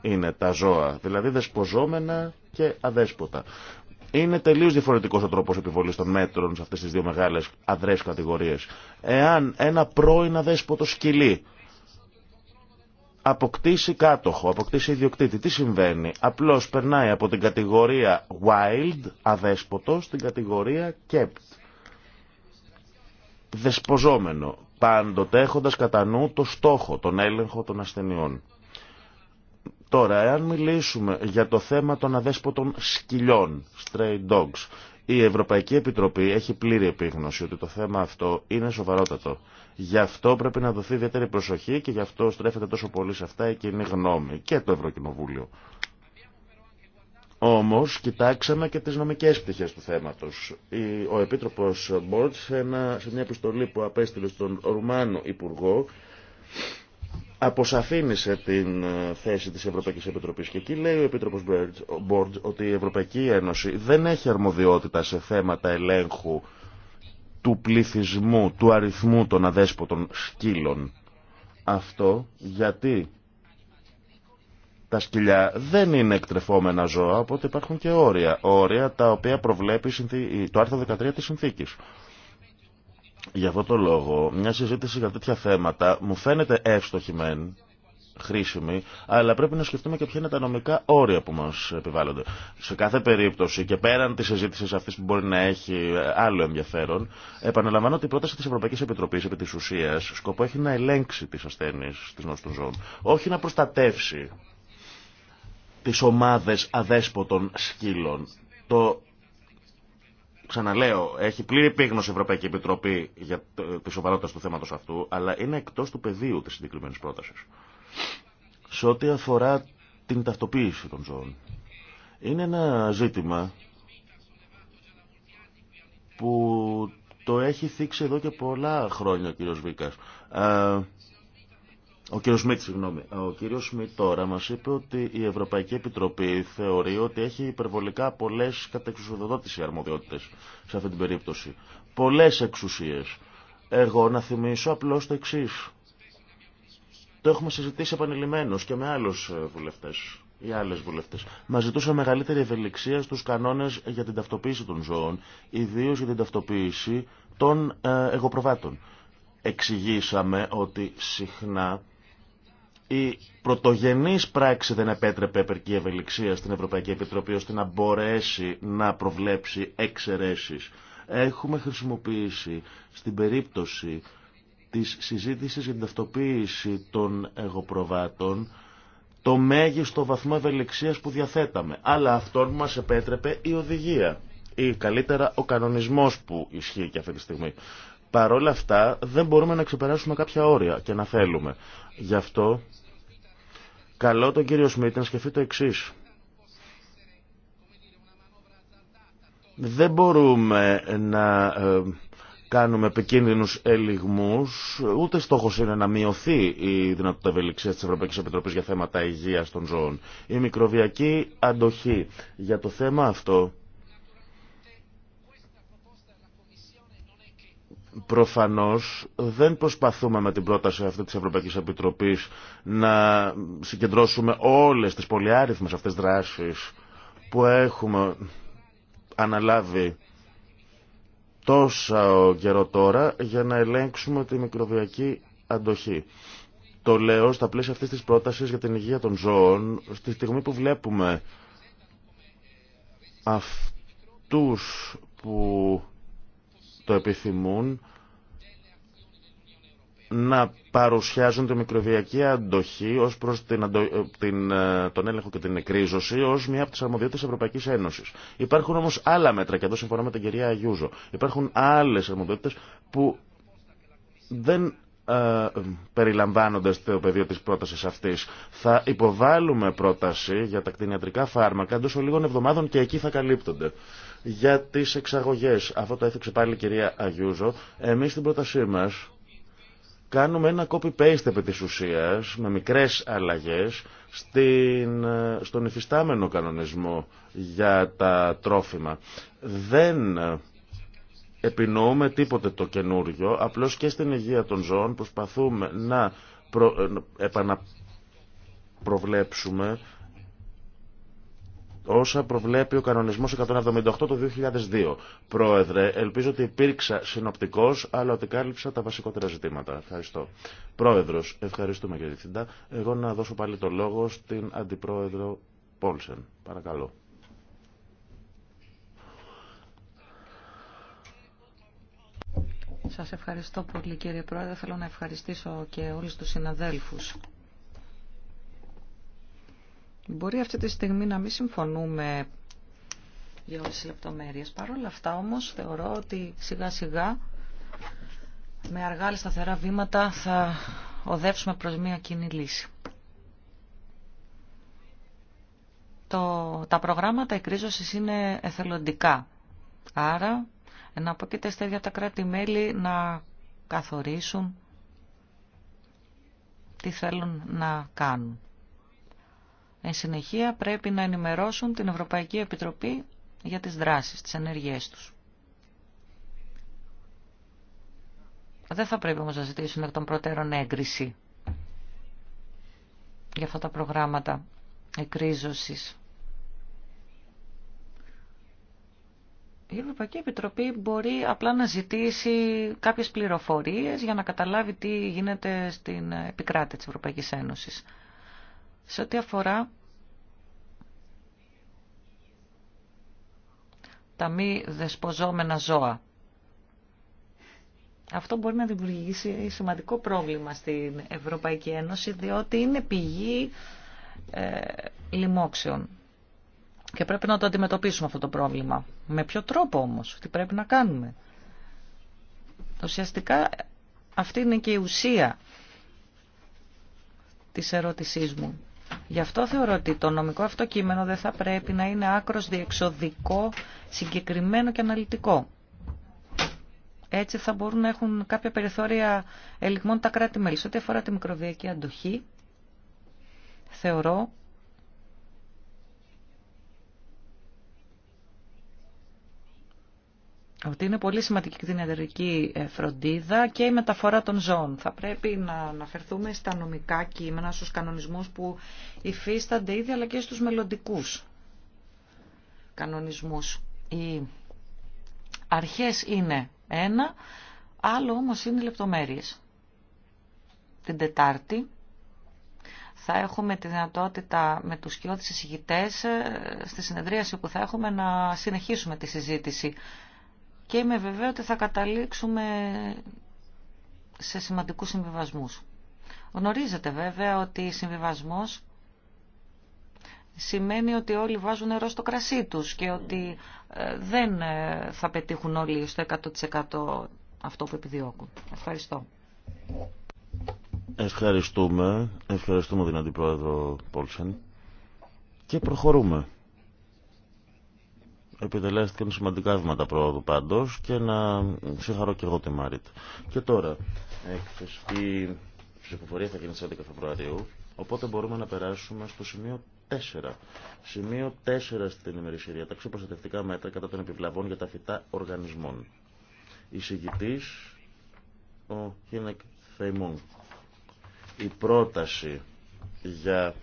είναι τα ζώα, δηλαδή δεσποζόμενα και αδέσποτα. Είναι τελείω διαφορετικό ο τρόπο επιβολή των μέτρων σε αυτέ τι δύο μεγάλε αδρέ κατηγορίε. Εάν ένα πρώην αδέσποτο σκυλί αποκτήσει κάτοχο, αποκτήσει ιδιοκτήτη, τι συμβαίνει. Απλώ περνάει από την κατηγορία wild, αδέσποτο, στην κατηγορία kept. Δεσποζόμενο. Πάντοτε έχοντα κατά νου το στόχο, τον έλεγχο των ασθενειών. Τώρα, εάν μιλήσουμε για το θέμα των αδέσποτων σκυλιών, stray dogs, η Ευρωπαϊκή Επιτροπή έχει πλήρη επίγνωση ότι το θέμα αυτό είναι σοβαρότατο. Γι' αυτό πρέπει να δοθεί ιδιαίτερη προσοχή και γι' αυτό στρέφεται τόσο πολύ σε αυτά η κοινή γνώμη και το Ευρωκοινοβούλιο. Όμως κοιτάξαμε και τις νομικές πτυχές του θέματος. Ο Επίτροπος Μπόρτ σε μια επιστολή που απέστειλε στον Ρουμάνο Υπουργό αποσαφήνισε την ε, θέση της Ευρωπαϊκής Επιτροπής και εκεί λέει ο Επίτροπος Μπορτ ότι η Ευρωπαϊκή Ένωση δεν έχει αρμοδιότητα σε θέματα ελέγχου του πληθυσμού, του αριθμού των αδέσποτων σκύλων. Αυτό γιατί τα σκυλιά δεν είναι εκτρεφόμενα ζώα, οπότε υπάρχουν και όρια. Όρια τα οποία προβλέπει το άρθρο 13 της συνθήκης. Για αυτό το λόγο, μια συζήτηση για τέτοια θέματα μου φαίνεται εύστοχη μεν, χρήσιμη, αλλά πρέπει να σκεφτούμε και ποια είναι τα νομικά όρια που μα επιβάλλονται. Σε κάθε περίπτωση και πέραν τη συζήτηση αυτή που μπορεί να έχει ε, άλλο ενδιαφέρον, επαναλαμβάνω ότι η πρόταση τη Ευρωπαϊκή Επιτροπή επί τη ουσία σκοπό έχει να ελέγξει τι ασθένειε τη νόση των ζώων, όχι να προστατεύσει τι ομάδε αδέσποτων σκύλων. Το Ξαναλέω, έχει πλήρη επίγνωση η Ευρωπαϊκή Επιτροπή για τη σοβαρότητα του θέματο αυτού, αλλά είναι εκτός του πεδίου της συγκεκριμένη πρόταση. Σε ό,τι αφορά την ταυτοποίηση των ζώων. Είναι ένα ζήτημα που το έχει θίξει εδώ και πολλά χρόνια ο κ. Βίκας. Ο κύριος Σμιτ, τώρα μας είπε ότι η Ευρωπαϊκή Επιτροπή θεωρεί ότι έχει υπερβολικά πολλές κατεξουσιοδότηση αρμοδιότητες σε αυτή την περίπτωση. Πολλές εξουσίες. Εγώ να θυμίσω απλώς το εξή. Το έχουμε συζητήσει επανειλημμένως και με άλλους ε, βουλευτές ή άλλες βουλευτές. Μα ζητούσαν μεγαλύτερη ευελιξία στους κανόνες για την ταυτοποίηση των ζώων, ιδίω για την ταυτοποίηση των ε, εγωπροβάτων. Εξηγήσαμε ότι συχνά η πρωτογενής πράξη δεν επέτρεπε επερκή ευελιξία στην Ευρωπαϊκή Επιτροπή ώστε να μπορέσει να προβλέψει εξαιρέσεις. Έχουμε χρησιμοποιήσει στην περίπτωση της συζήτησης για την ταυτοποίηση των εγωπροβάτων το μέγιστο βαθμό ευελιξίας που διαθέταμε. Αλλά αυτόν μας επέτρεπε η οδηγία ή καλύτερα ο κανονισμός που ισχύει και αυτή τη στιγμή. Παρ' όλα αυτά δεν μπορούμε να ξεπεράσουμε κάποια όρια και να θέλουμε. Γι' αυτό καλό τον κύριο Σμίτ να σκεφτεί το εξή. Δεν μπορούμε να ε, κάνουμε επικίνδυνους ελιγμούς, ούτε στόχος είναι να μειωθεί η δυνατότητα ευελιξίας της Ευρωπαϊκής Επιτροπής για θέματα υγείας των ζώων. Η μικροβιακή αντοχή για το θέμα αυτό Προφανώς δεν προσπαθούμε με την πρόταση αυτή της Ευρωπαϊκής Επιτροπής να συγκεντρώσουμε όλες τις πολυάριθμες αυτές δράσεις που έχουμε αναλάβει τόσα καιρό τώρα για να ελέγξουμε τη μικροβιακή αντοχή. Το λέω στα πλαίσια αυτής της πρότασης για την υγεία των ζώων, στη στιγμή που βλέπουμε αυτούς που το επιθυμούν να παρουσιάζουν τη μικροβιακή αντοχή ως προς την, ε, ε, τον έλεγχο και την εκρίζωση ως μια από τις αρμοδιότητες Ευρωπαϊκής Ένωσης. Υπάρχουν όμως άλλα μέτρα και εδώ συμφωνώ με την κυρία Αγιούζο. Υπάρχουν άλλες αρμοδιότητες που δεν ε, περιλαμβάνονται στο πεδίο της πρότασης αυτής. Θα υποβάλουμε πρόταση για τα κτηνιατρικά φάρμακα εντός λίγων εβδομάδων και εκεί θα καλύπτονται. Για τις εξαγωγές, αυτό το έθιξε πάλι η κυρία Αγιούζο, εμείς στην πρότασή μας κάνουμε ένα copy-paste επί της ουσίας, με μικρές αλλαγές, στον υφιστάμενο κανονισμό για τα τρόφιμα. Δεν επινοούμε τίποτε το καινούριο, απλώς και στην υγεία των ζώων προσπαθούμε να προ, ε, επαναπροβλέψουμε όσα προβλέπει ο κανονισμός 178 το 2002. Πρόεδρε, ελπίζω ότι υπήρξα συνοπτικός, αλλά ότι κάλυψα τα βασικότερα ζητήματα. Ευχαριστώ. Πρόεδρος, ευχαριστούμε κύριε Διευθυντά. Εγώ να δώσω πάλι το λόγο στην Αντιπρόεδρο Πόλσεν. Παρακαλώ. Σας ευχαριστώ πολύ κύριε Πρόεδρε. Θέλω να ευχαριστήσω και όλους τους συναδέλφους. Μπορεί αυτή τη στιγμή να μην συμφωνούμε για όλες τις λεπτομέρειες. Παρ' όλα αυτά όμως θεωρώ ότι σιγά σιγά με αργά αλλά σταθερά βήματα θα οδεύσουμε προς μια κοινή λύση. Το, τα προγράμματα εκρίζωσης είναι εθελοντικά. Άρα, να πω και ίδια τα κράτη-μέλη να καθορίσουν τι θέλουν να κάνουν. Εν συνεχεία πρέπει να ενημερώσουν την Ευρωπαϊκή Επιτροπή για τις δράσεις, τις ενεργειές τους. Δεν θα πρέπει όμως να ζητήσουν εκ των προτέρων έγκριση για αυτά τα προγράμματα εκρίζωσης. Η Ευρωπαϊκή Επιτροπή μπορεί απλά να ζητήσει κάποιες πληροφορίες για να καταλάβει τι γίνεται στην επικράτη της Ευρωπαϊκής Ένωσης σε ό,τι αφορά τα μη δεσποζόμενα ζώα. Αυτό μπορεί να δημιουργήσει σημαντικό πρόβλημα στην Ευρωπαϊκή Ένωση, διότι είναι πηγή ε, λοιμόξεων. Και πρέπει να το αντιμετωπίσουμε αυτό το πρόβλημα. Με ποιο τρόπο όμως, τι πρέπει να κάνουμε. Ουσιαστικά αυτή είναι και η ουσία της ερώτησής μου. Γι' αυτό θεωρώ ότι το νομικό αυτό κείμενο δεν θα πρέπει να είναι άκρος διεξοδικό, συγκεκριμένο και αναλυτικό. Έτσι θα μπορούν να έχουν κάποια περιθώρια ελιγμών τα κράτη-μέλη. Σε ό,τι αφορά τη μικροβιακή αντοχή, θεωρώ ότι είναι πολύ σημαντική την ιατρική ε, φροντίδα και η μεταφορά των ζώων. Θα πρέπει να αναφερθούμε στα νομικά κείμενα, στους κανονισμούς που υφίστανται ήδη, αλλά και στους μελλοντικού κανονισμούς. Οι αρχές είναι ένα, άλλο όμως είναι οι λεπτομέρειες. Την Τετάρτη θα έχουμε τη δυνατότητα με τους κοιότητες εισηγητές ε, στη συνεδρίαση που θα έχουμε να συνεχίσουμε τη συζήτηση και είμαι βεβαίω ότι θα καταλήξουμε σε σημαντικούς συμβιβασμούς. Γνωρίζετε βέβαια ότι συμβιβασμός σημαίνει ότι όλοι βάζουν νερό στο κρασί τους και ότι ε, δεν ε, θα πετύχουν όλοι στο 100% αυτό που επιδιώκουν. Ευχαριστώ. Ευχαριστούμε. Ευχαριστούμε την Αντιπρόεδρο Πόλσεν. Και προχωρούμε επιτελέστηκαν σημαντικά βήματα πρόοδου πάντως και να συγχαρώ και εγώ τη Μάριτ. Και τώρα, η ψηφοφορία θα γίνει στις 11 Φεβρουαρίου, οπότε μπορούμε να περάσουμε στο σημείο 4. Σημείο 4 στην ημερησία διάταξη, προστατευτικά μέτρα κατά των επιβλαβών για τα φυτά οργανισμών. Εισηγητής, ο Χίνεκ Θεϊμούν. Η πρόταση για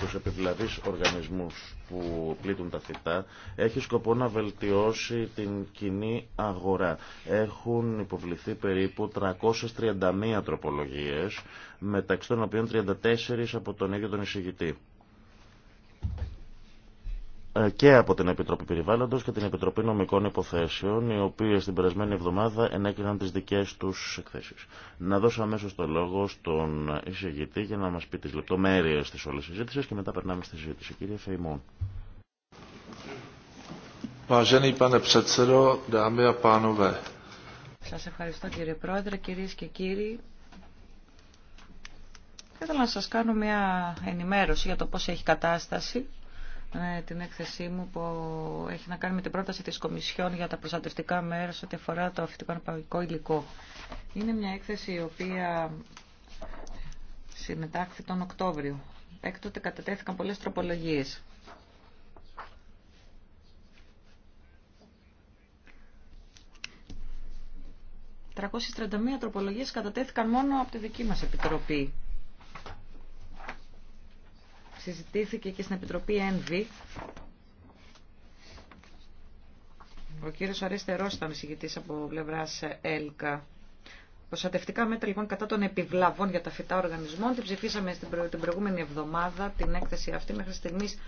τους επιβλαβείς οργανισμούς που πλήττουν τα φυτά έχει σκοπό να βελτιώσει την κοινή αγορά. Έχουν υποβληθεί περίπου 331 τροπολογίες μεταξύ των οποίων 34 από τον ίδιο τον εισηγητή. Ε, και από την Επιτροπή Περιβάλλοντος και την Επιτροπή Νομικών Υποθέσεων, οι οποίες την περασμένη εβδομάδα ενέκριναν τις δικές τους εκθέσεις. Να δώσω αμέσως το λόγο στον εισηγητή για να μας πει τις λεπτομέρειες της όλης συζήτησης και μετά περνάμε στη συζήτηση. Κύριε Φεϊμόν. Σας ευχαριστώ κύριε Πρόεδρε, κυρίες και κύριοι. Θα ήθελα να σας κάνω μια ενημέρωση για το πώς έχει κατάσταση ναι, την έκθεσή μου που έχει να κάνει με την πρόταση της Κομισιόν για τα προστατευτικά μέρα ό,τι αφορά το αφητικό αναπαραγωγικό υλικό. Είναι μια έκθεση η οποία συνετάχθη τον Οκτώβριο. Έκτοτε κατατέθηκαν πολλές τροπολογίες. ...331 τροπολογίες κατατέθηκαν μόνο από τη δική μας Επιτροπή συζητήθηκε και στην Επιτροπή ΕΝΒΗ. Ο κύριος Αρέστερός ήταν συγκητή από πλευράς ΕΛΚΑ. Προστατευτικά μέτρα λοιπόν κατά των επιβλαβών για τα φυτά οργανισμών. Την ψηφίσαμε στην την προηγούμενη εβδομάδα, την έκθεση αυτή μέχρι στιγμής.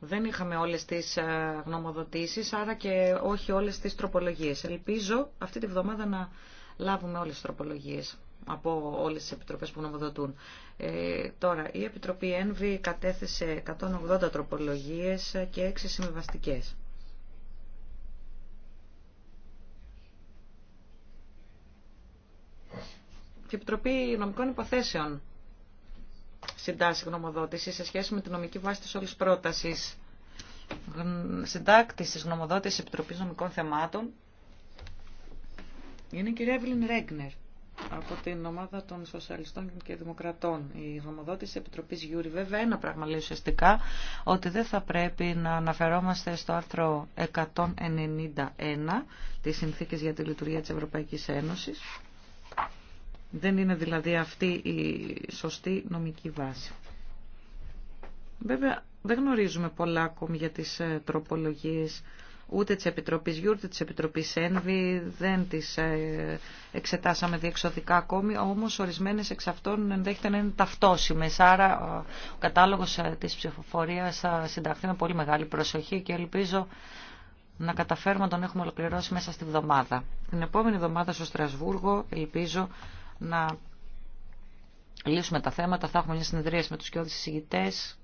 Δεν είχαμε όλες τις ε, γνωμοδοτήσεις, άρα και όχι όλες τις τροπολογίες. Ελπίζω αυτή τη βδομάδα να λάβουμε όλες τις τροπολογίες από όλες τις επιτροπές που νομοδοτούν. Ε, τώρα, η Επιτροπή ΕΝΒΗ κατέθεσε 180 τροπολογίες και 6 συμβιβαστικές. Η Επιτροπή Νομικών Υποθέσεων συντάσσει γνωμοδότηση σε σχέση με τη νομική βάση της όλης πρότασης. Συντάκτης της γνωμοδότησης Επιτροπής Νομικών Θεμάτων είναι η κυρία Εύλιν Ρέγκνερ από την ομάδα των Σοσιαλιστών και Δημοκρατών. Η γνωμοδότηση τη Επιτροπή Γιούρη, βέβαια, ένα πράγμα λέει ουσιαστικά, ότι δεν θα πρέπει να αναφερόμαστε στο άρθρο 191 τη Συνθήκη για τη Λειτουργία τη Ευρωπαϊκή Ένωση. Δεν είναι δηλαδή αυτή η σωστή νομική βάση. Βέβαια, δεν γνωρίζουμε πολλά ακόμη για τις ε, τροπολογίες ούτε της Επιτροπής γιου ούτε της Επιτροπής Ένβη, δεν τις ε, εξετάσαμε διεξοδικά ακόμη, όμως ορισμένες εξ αυτών ενδέχεται να είναι ταυτόσιμες. Άρα ο κατάλογος ε, της ψηφοφορίας θα συνταχθεί με πολύ μεγάλη προσοχή και ελπίζω να καταφέρουμε να τον έχουμε ολοκληρώσει μέσα στη βδομάδα. Την επόμενη εβδομάδα στο Στρασβούργο ελπίζω να λύσουμε τα θέματα, θα έχουμε μια συνεδρίαση με τους κοιόδης συζητητές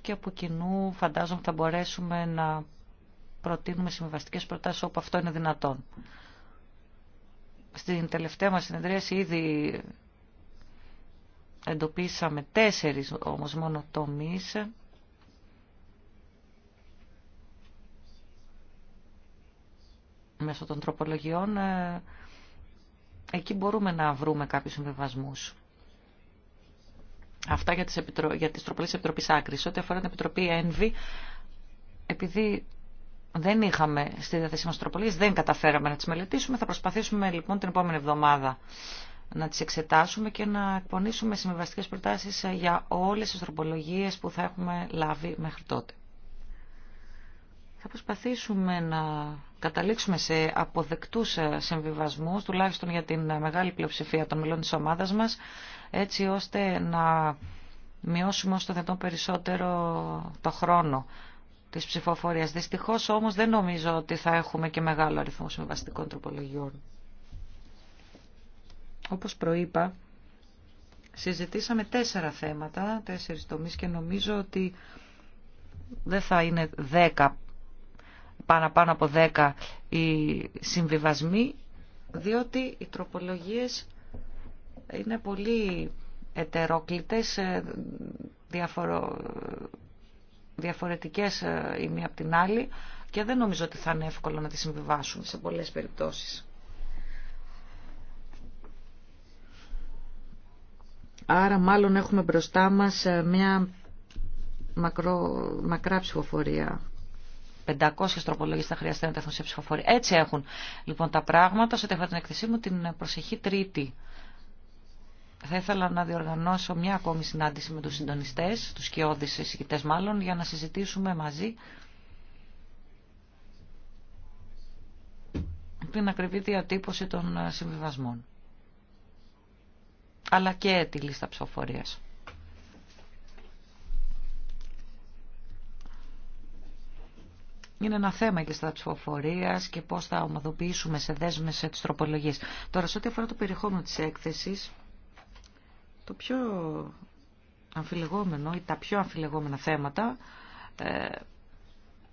και από κοινού φαντάζομαι θα μπορέσουμε να προτείνουμε συμβαστικές προτάσεις όπου αυτό είναι δυνατόν. Στην τελευταία μας συνεδρίαση ήδη εντοπίσαμε τέσσερις όμως μόνο τομείς μέσω των τροπολογιών ε, εκεί μπορούμε να βρούμε κάποιους συμβιβασμούς. Αυτά για τις, επιτρο... για τις τροπολίες Επιτροπής Άκρης. Ό,τι αφορά την Επιτροπή ΕΝΒΗ, επειδή δεν είχαμε στη διάθεσή μας τροπολογίες, δεν καταφέραμε να τις μελετήσουμε. Θα προσπαθήσουμε λοιπόν την επόμενη εβδομάδα να τις εξετάσουμε και να εκπονήσουμε συμβιβαστικές προτάσεις για όλες τις τροπολογίες που θα έχουμε λάβει μέχρι τότε. Θα προσπαθήσουμε να καταλήξουμε σε αποδεκτούς συμβιβασμούς, τουλάχιστον για την μεγάλη πλειοψηφία των μελών της ομάδας μας, έτσι ώστε να μειώσουμε όσο το περισσότερο το χρόνο της ψηφοφορίας. Δυστυχώς όμως δεν νομίζω ότι θα έχουμε και μεγάλο αριθμό συμβαστικών τροπολογιών. Όπως προείπα, συζητήσαμε τέσσερα θέματα, τέσσερις τομείς και νομίζω ότι δεν θα είναι δέκα, πάνω πάνω από δέκα οι συμβιβασμοί, διότι οι τροπολογίες είναι πολύ ετερόκλητες, ε, διαφορο διαφορετικές ε, η μία από την άλλη και δεν νομίζω ότι θα είναι εύκολο να τις συμβιβάσουμε σε πολλές περιπτώσεις. Άρα μάλλον έχουμε μπροστά μας ε, μια μακρό, μακρά ψηφοφορία. 500 τροπολογίε θα χρειαστεί να τεθούν σε ψηφοφορία. Έτσι έχουν λοιπόν τα πράγματα. Σε τεχνά την εκθεσή μου την προσεχή Τρίτη θα ήθελα να διοργανώσω μια ακόμη συνάντηση με τους συντονιστές, τους σκιώδεις εισηγητές μάλλον, για να συζητήσουμε μαζί την ακριβή διατύπωση των ε, συμβιβασμών. Αλλά και τη λίστα ψηφοφορίας. Είναι ένα θέμα η λίστα ψηφοφορία και πώς θα ομαδοποιήσουμε σε δέσμε τι τροπολογίε. Τώρα, σε ό,τι αφορά το περιεχόμενο της έκθεσης, το πιο αμφιλεγόμενο ή τα πιο αμφιλεγόμενα θέματα ε,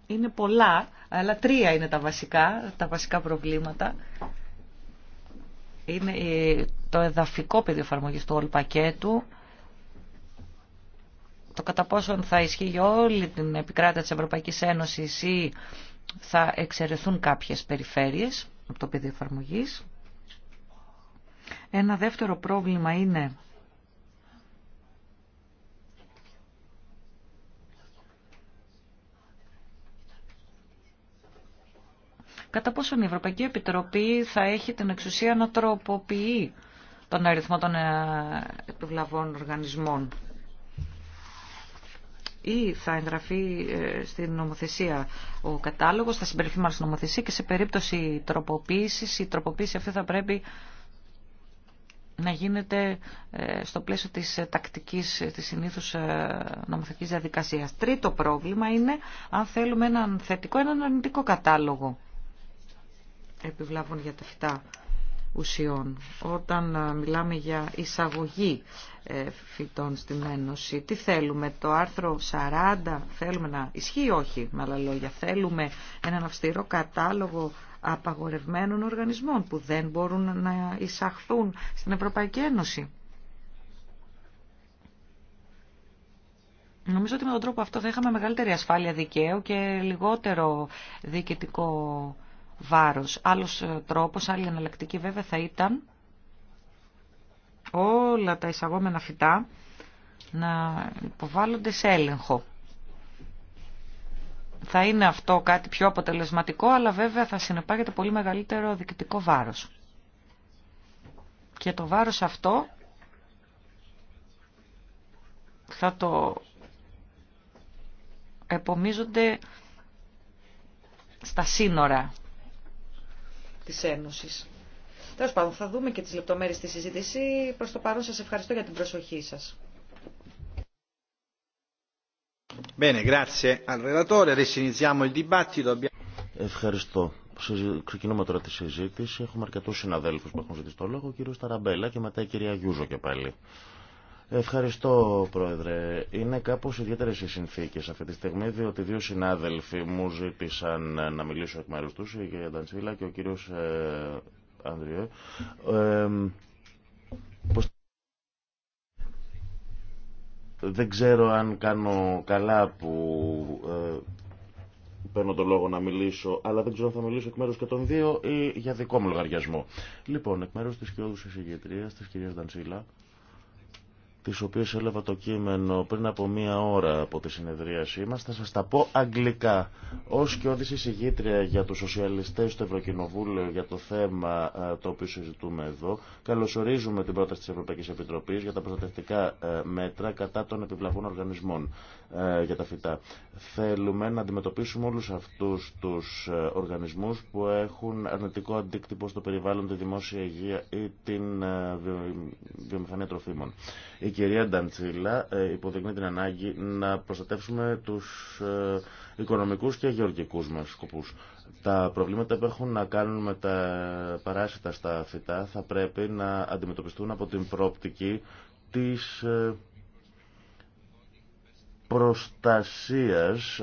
είναι πολλά, αλλά τρία είναι τα βασικά, τα βασικά προβλήματα. Είναι ε, το εδαφικό πεδίο εφαρμογή του όλου πακέτου, το κατά πόσον θα ισχύει για όλη την επικράτεια της Ευρωπαϊκής Ένωσης ή θα εξαιρεθούν κάποιες περιφέρειες από το πεδίο εφαρμογή. Ένα δεύτερο πρόβλημα είναι κατά πόσον η Ευρωπαϊκή Επιτροπή θα έχει την εξουσία να τροποποιεί τον αριθμό των ε, επιβλαβών οργανισμών ή θα εγγραφεί ε, στην νομοθεσία ο κατάλογος, θα συμπεριφθεί μάλλον στην νομοθεσία και σε περίπτωση τροποποίησης, η τροποποίηση αυτή θα πρέπει να γίνεται ε, στο πλαίσιο της τακτικής, της συνήθους νομοθετικής διαδικασίας. Τρίτο πρόβλημα είναι αν θέλουμε έναν θετικό έναν αρνητικό κατάλογο επιβλάβων για τα φυτά ουσιών. Όταν ε, μιλάμε για εισαγωγή ε, φυτών στην Ένωση, τι θέλουμε, το άρθρο 40, θέλουμε να ισχύει όχι, με άλλα λόγια, θέλουμε έναν αυστηρό κατάλογο απαγορευμένων οργανισμών που δεν μπορούν να εισαχθούν στην Ευρωπαϊκή Ένωση. Νομίζω ότι με τον τρόπο αυτό θα είχαμε μεγαλύτερη ασφάλεια δικαίου και λιγότερο διοικητικό βάρος. Άλλος ε, τρόπος, άλλη εναλλακτική βέβαια θα ήταν όλα τα εισαγόμενα φυτά να υποβάλλονται σε έλεγχο. Θα είναι αυτό κάτι πιο αποτελεσματικό, αλλά βέβαια θα συνεπάγεται πολύ μεγαλύτερο διοικητικό βάρος. Και το βάρος αυτό θα το επομίζονται στα σύνορα της Ένωσης. Τέλος πάντων, θα δούμε και τις λεπτομέρειες τη συζήτηση. Προς το παρόν σας ευχαριστώ για την προσοχή σας. Ευχαριστώ. Ξεκινούμε τώρα τη συζήτηση. Έχουμε αρκετού συναδέλφου που έχουν ζητήσει το λόγο. Ο κύριο Ταραμπέλα και μετά η κυρία Γιούζο και πάλι. Ευχαριστώ, Πρόεδρε. Είναι κάπω ιδιαίτερε οι συνθήκε αυτή τη στιγμή, διότι δύο συνάδελφοι μου ζήτησαν ε, να μιλήσω εκ μέρου του, η κυρία Ντανσίλα και ο κύριο ε, Ανδριέ. Δεν ξέρω αν κάνω καλά που ε, παίρνω το λόγο να μιλήσω, αλλά δεν ξέρω αν θα μιλήσω εκ μέρου και των δύο ή για δικό μου λογαριασμό. Λοιπόν, εκ μέρου τη τη κυρία Ντανσίλα, τις οποίε έλαβα το κείμενο πριν από μία ώρα από τη συνεδρίασή μας, θα σας τα πω αγγλικά. Ως και όδηση συγγήτρια για τους σοσιαλιστές στο Ευρωκοινοβούλιο για το θέμα ε, το οποίο συζητούμε εδώ, καλωσορίζουμε την πρόταση τη Ευρωπαϊκής Επιτροπής για τα προστατευτικά ε, μέτρα κατά των επιβλαβών οργανισμών ε, για τα φυτά. Θέλουμε να αντιμετωπίσουμε όλους αυτούς τους οργανισμούς που έχουν αρνητικό αντίκτυπο στο περιβάλλον, τη δημόσια υγεία ή την βιομηχανία τροφίμων. Η κυρία Νταντσίλα ε, υποδεικνύει την ανάγκη να προστατεύσουμε τους ε, οικονομικούς και γεωργικούς μας σκοπούς. Τα προβλήματα που έχουν να κάνουν με τα παράσιτα στα φυτά θα πρέπει να αντιμετωπιστούν από την πρόπτικη της ε, προστασίας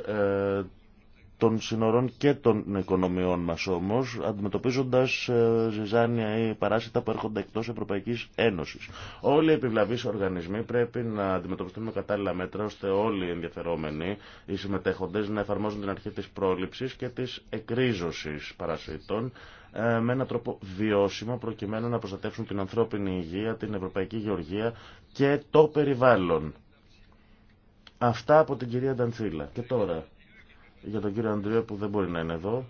των σύνορων και των οικονομιών μας όμω, αντιμετωπίζοντας ε, ζυζάνια ή παράσιτα που έρχονται εκτό Ευρωπαϊκής Ένωσης. Όλοι οι επιβλαβείς οργανισμοί πρέπει να αντιμετωπιστούν με κατάλληλα μέτρα, ώστε όλοι οι ενδιαφερόμενοι, οι συμμετέχοντες, να εφαρμόζουν την αρχή της πρόληψης και της εκρίζωσης παρασίτων, ε, με έναν τρόπο βιώσιμο προκειμένου να προστατεύσουν την ανθρώπινη υγεία, την ευρωπαϊκή γεωργία και το περιβάλλον. Αυτά από την κυρία Νταντσίλα. Και τώρα για τον κύριο Αντρίο που δεν μπορεί να είναι εδώ,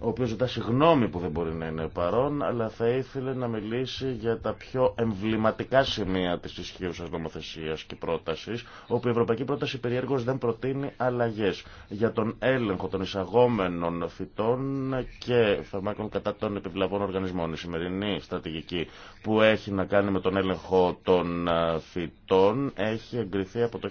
ο οποίος ζητά συγγνώμη που δεν μπορεί να είναι παρόν, αλλά θα ήθελε να μιλήσει για τα πιο εμβληματικά σημεία της σας νομοθεσίας και πρότασης, όπου η Ευρωπαϊκή Πρόταση περιέργως δεν προτείνει αλλαγές για τον έλεγχο των εισαγόμενων φυτών και φαρμάκων κατά των επιβλαβών οργανισμών. Η σημερινή στρατηγική που έχει να κάνει με τον έλεγχο των ε, φυτών, ετών έχει εγκριθεί από το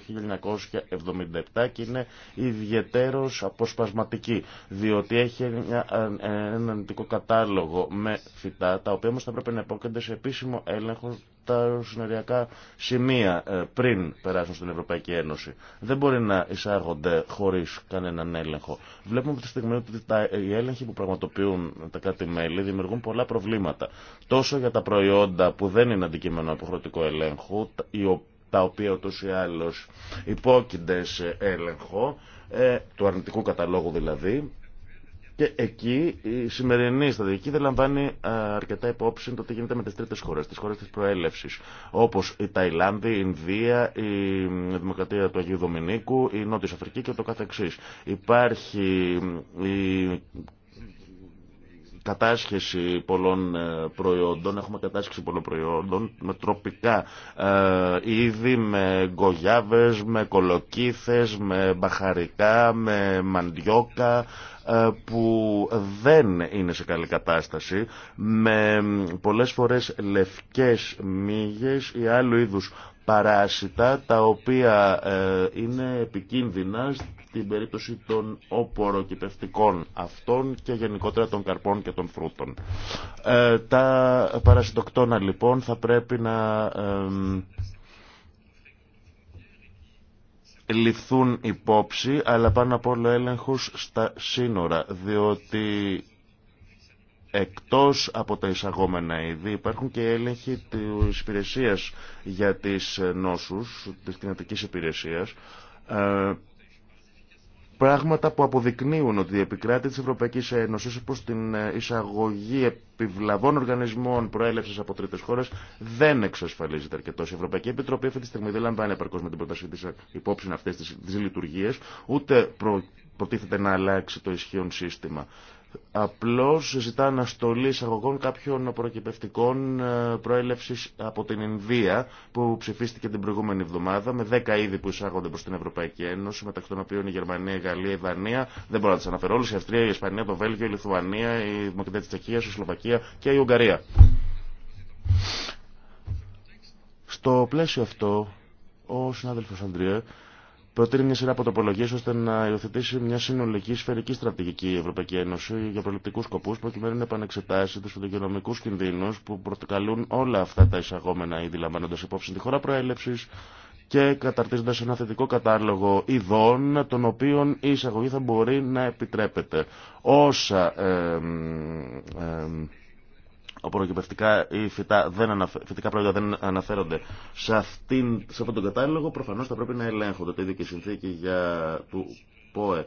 1977 και είναι ιδιαιτέρως αποσπασματική, διότι έχει έναν αντικό κατάλογο με φυτά, τα οποία όμως θα πρέπει να υπόκεινται σε επίσημο έλεγχο τα συνοριακά σημεία ε, πριν περάσουν στην Ευρωπαϊκή Ένωση. Δεν μπορεί να εισάγονται χωρί κανέναν έλεγχο. Βλέπουμε αυτή τη στιγμή ότι οι έλεγχοι που πραγματοποιούν τα κράτη-μέλη δημιουργούν πολλά προβλήματα. Τόσο για τα προϊόντα που δεν είναι αντικείμενο αποχρεωτικού ελέγχου, τα οποία ούτω ή άλλω υπόκεινται σε έλεγχο, ε, του αρνητικού καταλόγου δηλαδή, και εκεί η σημερινή στρατηγική δεν λαμβάνει ε, αρκετά υπόψη το τι γίνεται με τι τρίτε χώρε, τι χώρε τη προέλευση. Όπω η Ταϊλάνδη, η Ινδία, η Δημοκρατία του Αγίου Δομινίκου, η Νότια Αφρική και το καθεξή. Υπάρχει ε, η κατάσχεση πολλών ε, προϊόντων, έχουμε κατάσχεση πολλών προϊόντων με τροπικά είδη, με γκογιάβες, με κολοκύθες, με μπαχαρικά, με μαντιόκα, ε, που δεν είναι σε καλή κατάσταση με πολλές φορές λευκές μύγες ή άλλου είδους παράσιτα τα οποία ε, είναι επικίνδυνα στην περίπτωση των οποροκυπευτικών αυτών και γενικότερα των καρπών και των φρούτων. Ε, τα παρασιτοκτόνα λοιπόν θα πρέπει να ληφθούν υπόψη, αλλά πάνω απ' όλο έλεγχος στα σύνορα, διότι εκτός από τα εισαγόμενα είδη υπάρχουν και έλεγχοι της υπηρεσίας για τις νόσους, της κοινωτικής υπηρεσίας, ε, Πράγματα που αποδεικνύουν ότι η επικράτη της Ευρωπαϊκής Ένωσης προς την ε, εισαγωγή επιβλαβών οργανισμών προέλευσης από τρίτες χώρες δεν εξασφαλίζεται αρκετός. Η Ευρωπαϊκή Επιτροπή αυτή τη στιγμή δεν λαμβάνει επαρκώς με την πρότασή της ε, υπόψη αυτές τις, λειτουργίε, ούτε προτίθεται να αλλάξει το ισχύον σύστημα. Απλώς ζητά αναστολή εισαγωγών κάποιων προκυπευτικών ε, προέλευσης από την Ινδία που ψηφίστηκε την προηγούμενη εβδομάδα με 10 είδη που εισάγονται προς την Ευρωπαϊκή Ένωση μεταξύ των οποίων η Γερμανία, η Γαλλία, η Δανία, δεν μπορώ να τις αναφέρω όλες, η Αυστρία, η Ισπανία, το Βέλγιο, η Λιθουανία, η Δημοκρατία της Τσεχίας, η Σλοβακία και η Ουγγαρία. Στο πλαίσιο αυτό, ο συνάδελφος Αντριέ, προτείνει μια σειρά από ώστε να υιοθετήσει μια συνολική σφαιρική στρατηγική η Ευρωπαϊκή Ένωση για προληπτικού σκοπού, προκειμένου να επανεξετάσει του φυτογενομικού κινδύνου που προκαλούν όλα αυτά τα εισαγόμενα ήδη λαμβάνοντα υπόψη τη χώρα προέλευση και καταρτίζοντα ένα θετικό κατάλογο ειδών, των οποίων η εισαγωγή θα μπορεί να επιτρέπεται. Όσα απορροκυπευτικά ή φυτά, δεν αναφε... φυτικά προϊόντα δεν αναφέρονται σε, αυτήν, σε αυτόν τον κατάλογο, προφανώς θα πρέπει να ελέγχονται. Το ίδιο και συνθήκη για... του ΠΟΕ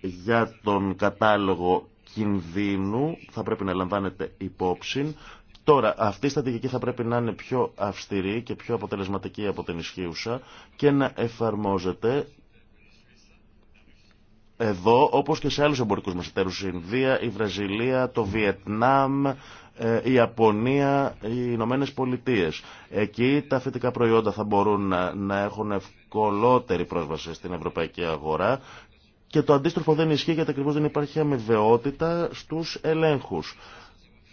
για τον κατάλογο κινδύνου θα πρέπει να λαμβάνεται υπόψη. Τώρα, αυτή η στρατηγική θα πρέπει να είναι πιο αυστηρή και πιο αποτελεσματική από την ισχύουσα και να εφαρμόζεται εδώ, όπως και σε άλλους εμπορικούς μας εταίρους, η Ινδία, η Βραζιλία, το Βιετνάμ, ε, η Ιαπωνία, οι Ηνωμένε Πολιτείε. Εκεί τα φυτικά προϊόντα θα μπορούν να έχουν ευκολότερη πρόσβαση στην ευρωπαϊκή αγορά και το αντίστροφο δεν ισχύει γιατί ακριβώ δεν υπάρχει αμοιβαιότητα στους ελέγχους.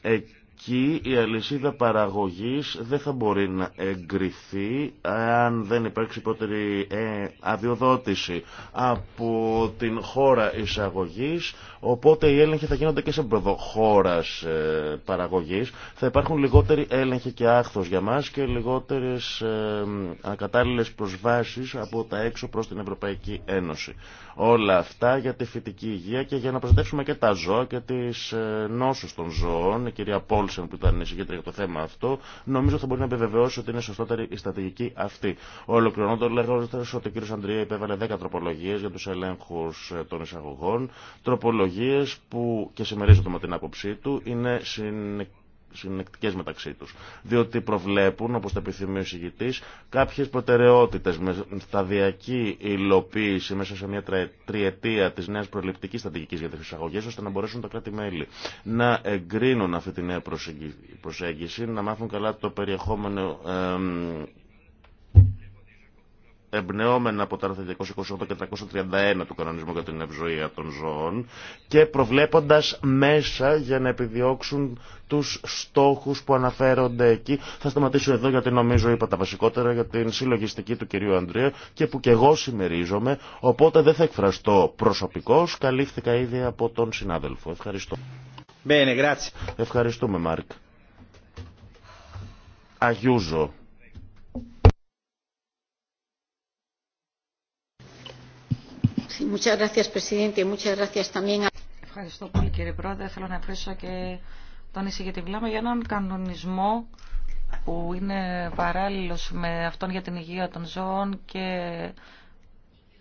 Εκεί η αλυσίδα παραγωγής δεν θα μπορεί να εγκριθεί αν δεν υπάρξει πρώτερη ε, αδειοδότηση από την χώρα εισαγωγής Οπότε οι έλεγχοι θα γίνονται και σε επίπεδο χώρα ε, παραγωγή. Θα υπάρχουν λιγότεροι έλεγχοι και άχθο για μα και λιγότερε ε, ακατάλληλε προσβάσει από τα έξω προ την Ευρωπαϊκή Ένωση. Όλα αυτά για τη φυτική υγεία και για να προστατεύσουμε και τα ζώα και τι ε, νόσου των ζώων. Η κυρία Πόλσεν που ήταν εισηγήτρια για το θέμα αυτό, νομίζω θα μπορεί να επιβεβαιώσει ότι είναι σωστότερη η στρατηγική αυτή. Ολοκληρώνοντα λέγοντα ότι ο κύριο Αντρία υπέβαλε 10 τροπολογίε για του ελέγχου ε, των εισαγωγών, που και συμμερίζονται με την άποψή του είναι συνεκτικές μεταξύ τους. Διότι προβλέπουν, όπως το επιθυμεί ο συγητής, κάποιες προτεραιότητες με σταδιακή υλοποίηση μέσα σε μια τριετία της νέας προληπτικής στρατηγικής για τις εισαγωγές, ώστε να μπορέσουν τα κράτη-μέλη να εγκρίνουν αυτή τη νέα προσέγγιση, να μάθουν καλά το περιεχόμενο εμπνεόμενα από τα άρθρα 228 και 331 του κανονισμού για την ευζοία των ζώων και προβλέποντας μέσα για να επιδιώξουν τους στόχους που αναφέρονται εκεί. Θα σταματήσω εδώ γιατί νομίζω είπα τα βασικότερα για την συλλογιστική του κυρίου Ανδρέα και που και εγώ συμμερίζομαι, οπότε δεν θα εκφραστώ προσωπικώς, καλύφθηκα ήδη από τον συνάδελφο. Ευχαριστώ. Bene, Ευχαριστούμε Μάρκ. Αγιούζο. Ευχαριστώ πολύ κύριε Πρόεδρε. Θέλω να ευχαριστήσω και τον εισηγητή Βλάμα για έναν κανονισμό που είναι παράλληλος με αυτόν για την υγεία των ζώων και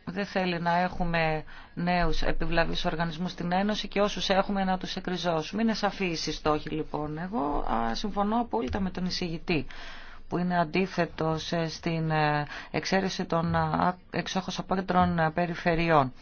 δεν θέλει να έχουμε νέους επιβλαβείς οργανισμούς στην Ένωση και όσους έχουμε να τους εκριζώσουμε. Είναι σαφή η συστόχη λοιπόν. Εγώ συμφωνώ απόλυτα με τον εισηγητή που είναι αντίθετο ε, στην ε, εξαίρεση των ε, εξόχως απόκεντρων περιφερειών.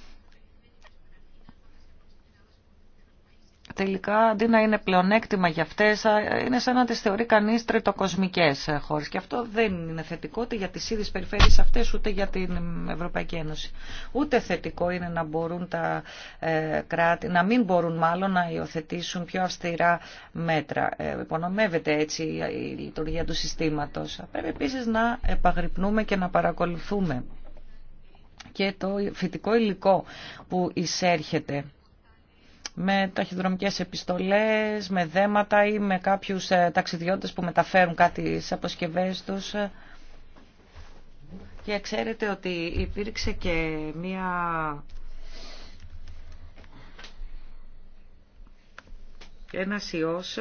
τελικά αντί να είναι πλεονέκτημα για αυτές, είναι σαν να τις θεωρεί κανείς τριτοκοσμικές ε, χώρες. Και αυτό δεν είναι θετικό ούτε για τις ίδιες περιφέρειες αυτές, ούτε για την Ευρωπαϊκή Ένωση. Ούτε θετικό είναι να μπορούν τα ε, κράτη, να μην μπορούν μάλλον να υιοθετήσουν πιο αυστηρά μέτρα. Ε, υπονομεύεται έτσι η λειτουργία του συστήματος. Πρέπει επίσης να επαγρυπνούμε και να παρακολουθούμε και το φυτικό υλικό που εισέρχεται με ταχυδρομικές επιστολές, με δέματα ή με κάποιους ε, ταξιδιώτες που μεταφέρουν κάτι στις αποσκευές τους. Και ξέρετε ότι υπήρξε και μία ένας ιός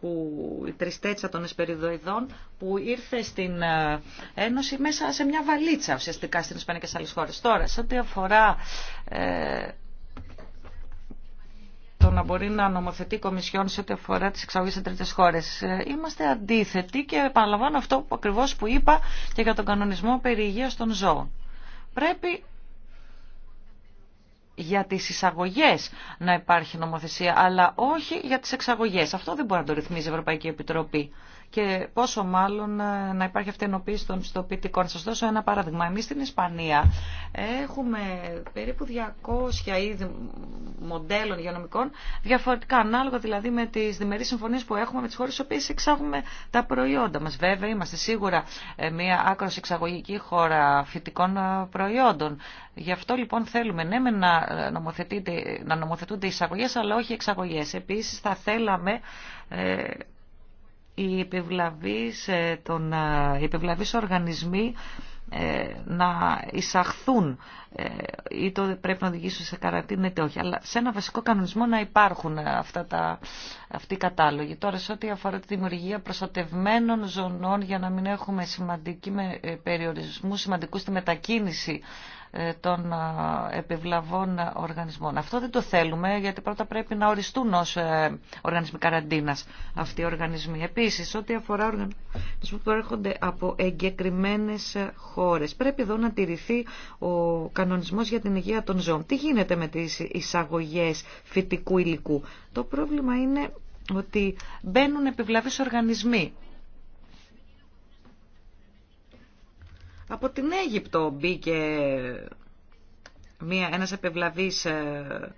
που η τριστέτσα των εσπεριδοειδών που ήρθε στην ε, Ένωση μέσα σε μια βαλίτσα ουσιαστικά στην Ισπανία και σε άλλες χώρες. Τώρα, σε ό,τι αφορά ε, το να μπορεί να νομοθετεί Κομισιόν σε ό,τι αφορά τι εξαγωγέ σε τρίτε χώρε. Ε, είμαστε αντίθετοι και επαναλαμβάνω αυτό που ακριβώ που είπα και για τον κανονισμό περί υγείας των ζώων. Πρέπει για τις εισαγωγές να υπάρχει νομοθεσία, αλλά όχι για τις εξαγωγές. Αυτό δεν μπορεί να το ρυθμίζει η Ευρωπαϊκή Επιτροπή και πόσο μάλλον ε, να υπάρχει αυτή των πιστοποιητικών. Σα δώσω ένα παράδειγμα. εμεί στην Ισπανία έχουμε περίπου 200 είδη μοντέλων υγειονομικών διαφορετικά, ανάλογα δηλαδή με τι διμερεί συμφωνίε που έχουμε με τι χώρε στι οποίε εξάγουμε τα προϊόντα μα. Βέβαια είμαστε σίγουρα ε, μια άκρο εξαγωγική χώρα φυτικών ε, προϊόντων. Γι' αυτό λοιπόν θέλουμε ναι να, να νομοθετούνται εισαγωγέ, αλλά όχι εξαγωγέ. Επίση θα θέλαμε οι επιβλαβείς, ε, τον, ε, οι επιβλαβείς οργανισμοί ε, να εισαχθούν ή το πρέπει να οδηγήσουν σε καρατίνα είτε όχι. Αλλά σε ένα βασικό κανονισμό να υπάρχουν αυτά τα, αυτοί οι κατάλογοι. Τώρα σε ό,τι αφορά τη δημιουργία προστατευμένων ζωνών για να μην έχουμε σημαντικοί περιορισμού σημαντικού στη μετακίνηση ε, των ε, επιβλαβών οργανισμών. Αυτό δεν το θέλουμε γιατί πρώτα πρέπει να οριστούν ως ε, οργανισμοί καραντίνας αυτοί οι οργανισμοί. Επίσης, ό,τι αφορά οργανισμούς που προέρχονται από εγκεκριμένες χώρες, πρέπει εδώ να τηρηθεί ο κανονισμός για την υγεία των ζώων. Τι γίνεται με τις εισαγωγές φυτικού υλικού. Το πρόβλημα είναι ότι μπαίνουν επιβλαβείς οργανισμοί Από την Αίγυπτο μπήκε μια, ένας επευλαβής ε,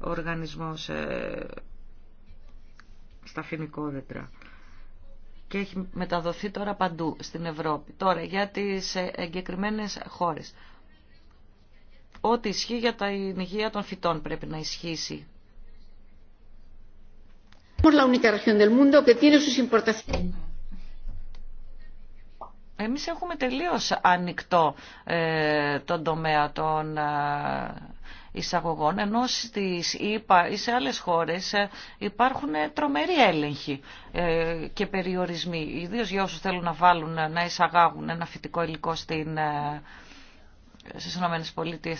οργανισμός ε, στα φινικόδετρα και έχει μεταδοθεί τώρα παντού στην Ευρώπη. Τώρα για τις ε, εγκεκριμένε χώρες. Ό,τι ισχύει για την υγεία των φυτών πρέπει να ισχύσει. Εμείς έχουμε τελείως ανοιχτό ε, τον τομέα των ε, εισαγωγών, ενώ στις ίπα, ή σε άλλες χώρες ε, υπάρχουν τρομεροί έλεγχοι ε, και περιορισμοί, ιδίως για όσους θέλουν να βάλουν, να εισαγάγουν ένα φυτικό υλικό στην στις Ηνωμένες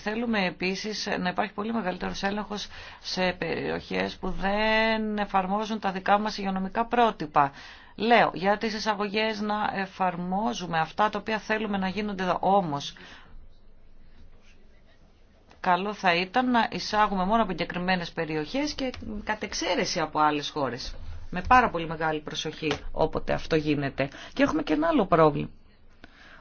Θέλουμε επίσης να υπάρχει πολύ μεγαλύτερος έλεγχος σε περιοχές που δεν εφαρμόζουν τα δικά μας υγειονομικά πρότυπα. Λέω για τις εισαγωγές να εφαρμόζουμε αυτά τα οποία θέλουμε να γίνονται εδώ. Όμως, καλό θα ήταν να εισάγουμε μόνο από εγκεκριμένες περιοχές και κατ' εξαίρεση από άλλες χώρες. Με πάρα πολύ μεγάλη προσοχή όποτε αυτό γίνεται. Και έχουμε και ένα άλλο πρόβλημα.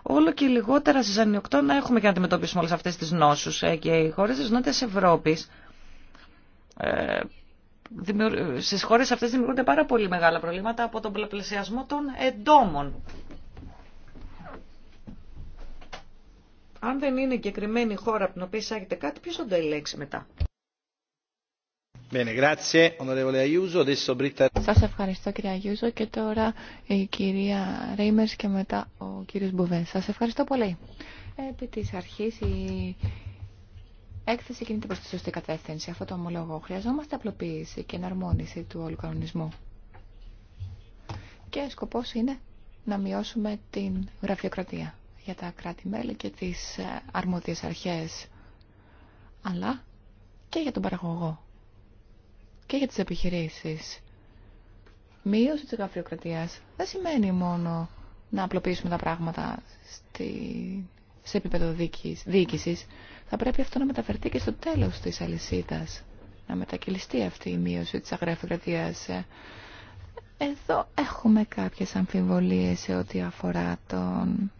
Όλο και λιγότερα ζυζανιοκτώνα έχουμε για να αντιμετωπίσουμε όλες αυτές τις νόσους. Ε, και οι χώρες της Νότιας Ευρώπης ε, στις χώρες αυτές δημιουργούνται πάρα πολύ μεγάλα προβλήματα από τον πλαπλασιασμό των εντόμων. Αν δεν είναι εγκεκριμένη η χώρα από την οποία εισάγεται κάτι, ποιος θα το ελέγξει μετά. Σας ευχαριστώ κυρία Αγιούζο και τώρα η κυρία Ρέιμερς και μετά ο κύριος Μπουβέ. Σας ευχαριστώ πολύ. Επί της αρχής η έκθεση κινείται προ τη σωστή κατεύθυνση. Αυτό το ομολόγο. Χρειαζόμαστε απλοποίηση και εναρμόνιση του όλου κανονισμού. Και σκοπός είναι να μειώσουμε την γραφειοκρατία για τα κράτη-μέλη και τις ε, αρμόδιες αρχές. Αλλά και για τον παραγωγό. Και για τις επιχειρήσεις. Μείωση της γραφειοκρατίας δεν σημαίνει μόνο να απλοποιήσουμε τα πράγματα στη... σε επίπεδο διοίκησης θα πρέπει αυτό να μεταφερθεί και στο τέλος της αλυσίδας. Να μετακυλιστεί αυτή η μείωση της αγραφικρατίας. Εδώ έχουμε κάποιες αμφιβολίες σε ό,τι αφορά τον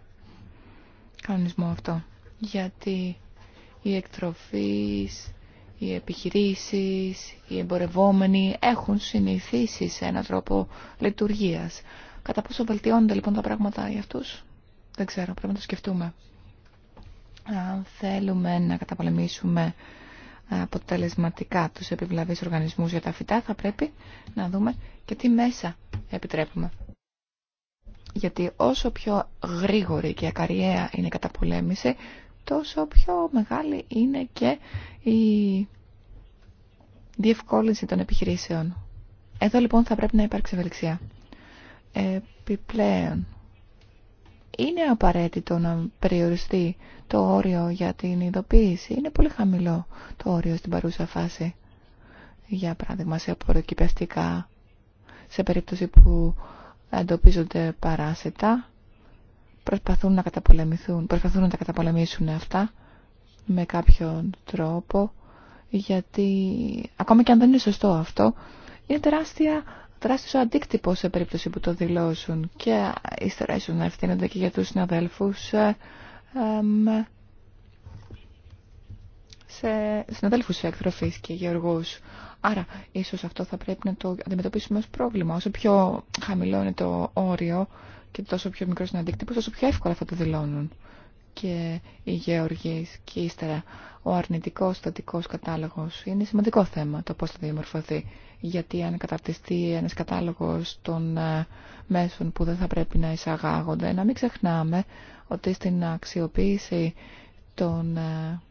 κανονισμό αυτό. Γιατί οι εκτροφείς, οι επιχειρήσεις, οι εμπορευόμενοι έχουν συνηθίσει σε έναν τρόπο λειτουργίας. Κατά πόσο βελτιώνονται λοιπόν τα πράγματα για αυτούς, δεν ξέρω, πρέπει να το σκεφτούμε. Αν θέλουμε να καταπολεμήσουμε αποτελεσματικά τους επιβλαβείς οργανισμούς για τα φυτά, θα πρέπει να δούμε και τι μέσα επιτρέπουμε. Γιατί όσο πιο γρήγορη και ακαριέα είναι η καταπολέμηση, τόσο πιο μεγάλη είναι και η διευκόλυνση των επιχειρήσεων. Εδώ λοιπόν θα πρέπει να υπάρξει ευελιξία. Επιπλέον, είναι απαραίτητο να περιοριστεί το όριο για την ειδοποίηση. Είναι πολύ χαμηλό το όριο στην παρούσα φάση. Για παράδειγμα σε απορροκυπιαστικά, σε περίπτωση που εντοπίζονται παράσιτα, προσπαθούν να καταπολεμηθούν, προσπαθούν να τα καταπολεμήσουν αυτά με κάποιον τρόπο, γιατί ακόμα και αν δεν είναι σωστό αυτό, είναι τεράστια δράστησε ο αντίκτυπος σε περίπτωση που το δηλώσουν και ύστερα ίσως να ευθύνονται και για τους συναδέλφους ε, σε συναδέλφους εκτροφής και γεωργούς. Άρα, ίσως αυτό θα πρέπει να το αντιμετωπίσουμε ως πρόβλημα. Όσο πιο χαμηλό είναι το όριο και τόσο πιο μικρό είναι ο αντίκτυπος, τόσο πιο εύκολα θα το δηλώνουν και η γεωργείς και ύστερα ο αρνητικός στατικός κατάλογος είναι σημαντικό θέμα το πώς θα διαμορφωθεί γιατί αν καταρτιστεί ένας κατάλογος των ε, μέσων που δεν θα πρέπει να εισαγάγονται να μην ξεχνάμε ότι στην αξιοποίηση των ε,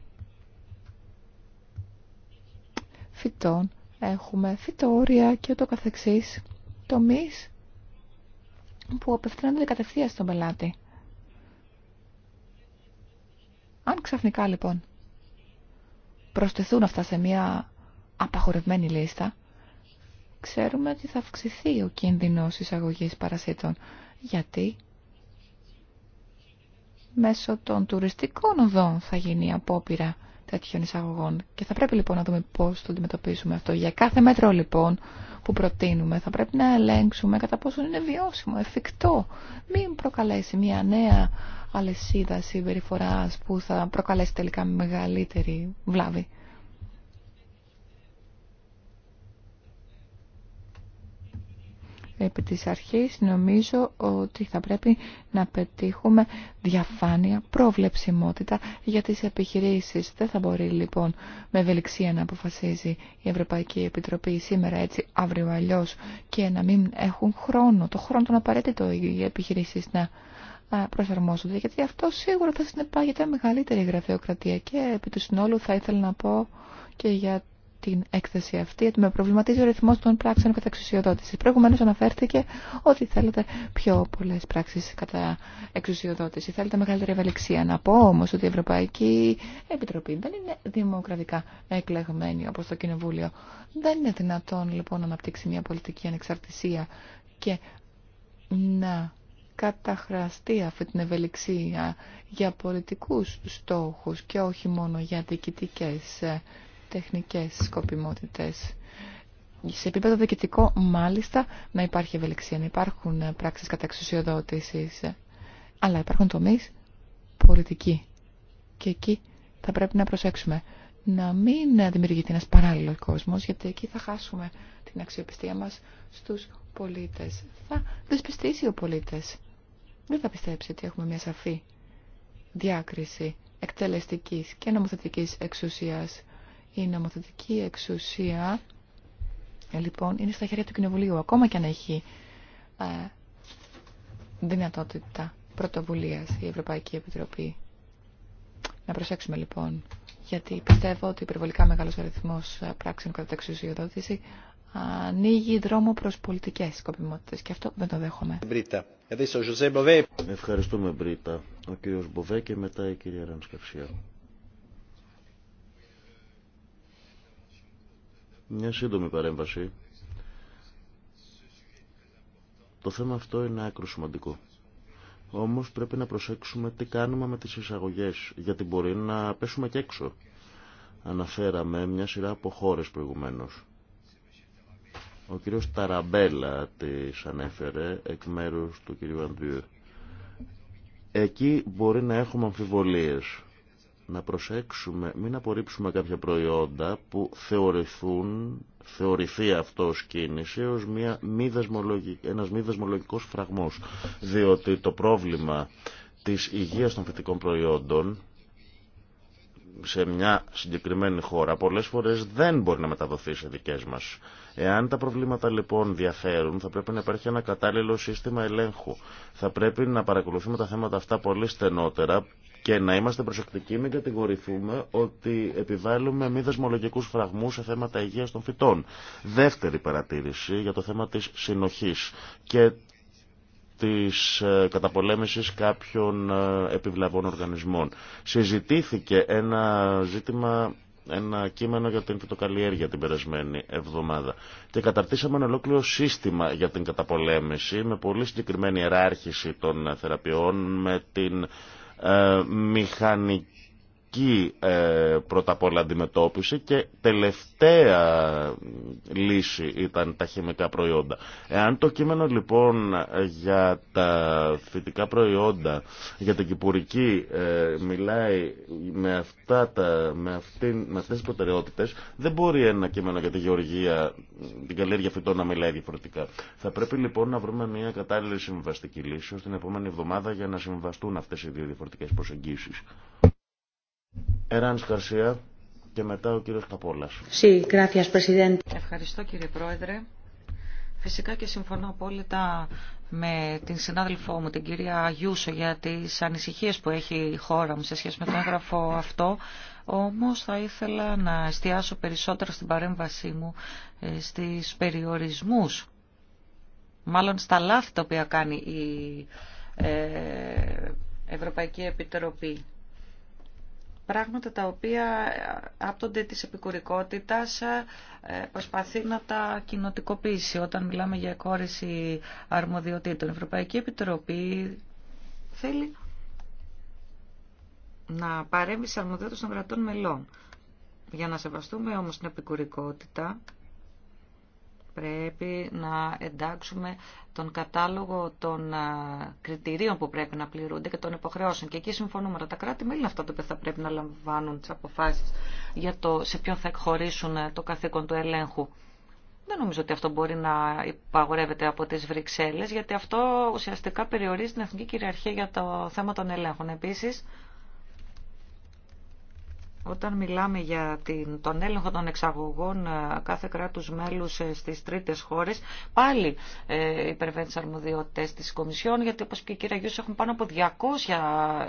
φυτών έχουμε φυτόρια και ούτω καθεξής τομείς που απευθύνονται κατευθείαν στον πελάτη αν ξαφνικά λοιπόν προσθεθούν αυτά σε μια απαγορευμένη λίστα, ξέρουμε ότι θα αυξηθεί ο κίνδυνος εισαγωγής παρασίτων. Γιατί μέσω των τουριστικών οδών θα γίνει απόπειρα τέτοιων εισαγωγών. Και θα πρέπει λοιπόν να δούμε πώς το αντιμετωπίσουμε αυτό. Για κάθε μέτρο λοιπόν που προτείνουμε θα πρέπει να ελέγξουμε κατά πόσο είναι βιώσιμο, εφικτό. Μην προκαλέσει μια νέα αλυσίδα συμπεριφορά που θα προκαλέσει τελικά μεγαλύτερη βλάβη. Επί της αρχής νομίζω ότι θα πρέπει να πετύχουμε διαφάνεια, προβλεψιμότητα για τις επιχειρήσεις. Δεν θα μπορεί λοιπόν με ευελιξία να αποφασίζει η Ευρωπαϊκή Επιτροπή σήμερα έτσι, αύριο αλλιώ και να μην έχουν χρόνο, το χρόνο τον απαραίτητο οι επιχειρήσεις να προσαρμόζονται. Γιατί αυτό σίγουρα θα συνεπάγεται μεγαλύτερη γραφειοκρατία και επί του συνόλου θα ήθελα να πω και για την έκθεση αυτή, γιατί με προβληματίζει ο ρυθμό των πράξεων κατά εξουσιοδότηση. Προηγουμένως αναφέρθηκε ότι θέλετε πιο πολλές πράξεις κατά εξουσιοδότηση. Θέλετε μεγαλύτερη ευελιξία. Να πω όμως ότι η Ευρωπαϊκή Επιτροπή δεν είναι δημοκρατικά εκλεγμένη όπως το Κοινοβούλιο. Δεν είναι δυνατόν λοιπόν να αναπτύξει μια πολιτική ανεξαρτησία και να καταχραστεί αυτή την ευελιξία για πολιτικούς στόχους και όχι μόνο για διοικητικές τεχνικές σκοπιμότητες. Σε επίπεδο διοικητικό, μάλιστα, να υπάρχει ευελιξία, να υπάρχουν ε, πράξεις κατά εξουσιοδότησης. Αλλά υπάρχουν τομείς πολιτικοί. Και εκεί θα πρέπει να προσέξουμε να μην ε, δημιουργείται ένας παράλληλος κόσμος, γιατί εκεί θα χάσουμε την αξιοπιστία μας στους πολίτες. Θα δεσπιστήσει ο πολίτης. Δεν θα πιστέψει ότι έχουμε μια σαφή διάκριση εκτελεστικής και νομοθετικής εξουσίας η νομοθετική εξουσία, ε, λοιπόν, είναι στα χέρια του Κοινοβουλίου, ακόμα και αν έχει ε, δυνατότητα πρωτοβουλίας η Ευρωπαϊκή Επιτροπή. Να προσέξουμε, λοιπόν, γιατί πιστεύω ότι υπερβολικά μεγάλος αριθμός ε, πράξεων κατά εξουσιοδότηση ανοίγει δρόμο προς πολιτικές σκοπιμότητες και αυτό δεν το δέχομαι. Ευχαριστούμε Μπρίτα. Ο κύριος Μποβέ και μετά η κυρία Μια σύντομη παρέμβαση. Το θέμα αυτό είναι άκρο σημαντικό. Όμως πρέπει να προσέξουμε τι κάνουμε με τις εισαγωγές, γιατί μπορεί να πέσουμε και έξω. Αναφέραμε μια σειρά από χώρες προηγουμένως. Ο κύριος Ταραμπέλα τις ανέφερε εκ μέρους του κύριου Αντρίου. Εκεί μπορεί να έχουμε αμφιβολίες να προσέξουμε, μην απορρίψουμε κάποια προϊόντα που θεωρηθούν, θεωρηθεί αυτό ως κίνηση ως μια μη ένας μη φραγμός. Διότι το πρόβλημα της υγείας των φυτικών προϊόντων σε μια συγκεκριμένη χώρα πολλές φορές δεν μπορεί να μεταδοθεί σε δικές μας. Εάν τα προβλήματα λοιπόν διαφέρουν θα πρέπει να υπάρχει ένα κατάλληλο σύστημα ελέγχου. Θα πρέπει να παρακολουθούμε τα θέματα αυτά πολύ στενότερα και να είμαστε προσεκτικοί μην κατηγορηθούμε ότι επιβάλλουμε μη δεσμολογικού φραγμούς σε θέματα υγείας των φυτών. Δεύτερη παρατήρηση για το θέμα της συνοχή και της ε, καταπολέμησης κάποιων ε, επιβλαβών οργανισμών. Συζητήθηκε ένα ζήτημα ένα κείμενο για την φυτοκαλλιέργεια την περασμένη εβδομάδα. Και καταρτήσαμε ένα ολόκληρο σύστημα για την καταπολέμηση με πολύ συγκεκριμένη εράρχηση των θεραπείων, με την ε, μηχανική ε, πρώτα απ' όλα αντιμετώπιση και τελευταία λύση ήταν τα χημικά προϊόντα. Εάν το κείμενο λοιπόν για τα φυτικά προϊόντα, για την κυπουρική ε, μιλάει με, αυτά τα, με, αυτές τις προτεραιότητες, δεν μπορεί ένα κείμενο για τη γεωργία, την καλλιέργεια φυτών να μιλάει διαφορετικά. Θα πρέπει λοιπόν να βρούμε μια κατάλληλη συμβαστική λύση ώστε την επόμενη εβδομάδα για να συμβαστούν αυτές οι δύο διαφορετικές προσεγγίσεις και μετά ο κύριος Καπόλας. Ευχαριστώ κύριε Πρόεδρε. Φυσικά και συμφωνώ απόλυτα με την συνάδελφό μου, την κυρία Γιούσο, για τις ανησυχίες που έχει η χώρα μου σε σχέση με το έγγραφο αυτό. Όμως θα ήθελα να εστιάσω περισσότερο στην παρέμβασή μου ε, στις περιορισμούς, μάλλον στα λάθη τα οποία κάνει η ε, Ευρωπαϊκή Επιτροπή πράγματα τα οποία άπτονται της επικουρικότητας ε, προσπαθεί να τα κοινοτικοποιήσει όταν μιλάμε για κόρηση αρμοδιοτήτων. Η Ευρωπαϊκή Επιτροπή θέλει να παρέμβει σε αρμοδιότητα των κρατών μελών. Για να σεβαστούμε όμως την επικουρικότητα πρέπει να εντάξουμε τον κατάλογο των ε, κριτηρίων που πρέπει να πληρούνται και των υποχρεώσεων. Και εκεί συμφωνούμε ότι τα κράτη-μέλη είναι αυτά τα οποία θα πρέπει να λαμβάνουν τι αποφάσει για το σε ποιον θα εκχωρήσουν ε, το καθήκον του ελέγχου. Δεν νομίζω ότι αυτό μπορεί να υπαγορεύεται από τις Βρυξέλλες, γιατί αυτό ουσιαστικά περιορίζει την εθνική κυριαρχία για το θέμα των ελέγχων. Επίσης, όταν μιλάμε για την, τον έλεγχο των εξαγωγών ε, κάθε κράτους μέλους ε, στις τρίτες χώρες, πάλι ε, υπερβαίνει τις αρμοδιότητες της Κομισιόν, γιατί όπως και η κυρία Γιούς έχουν πάνω από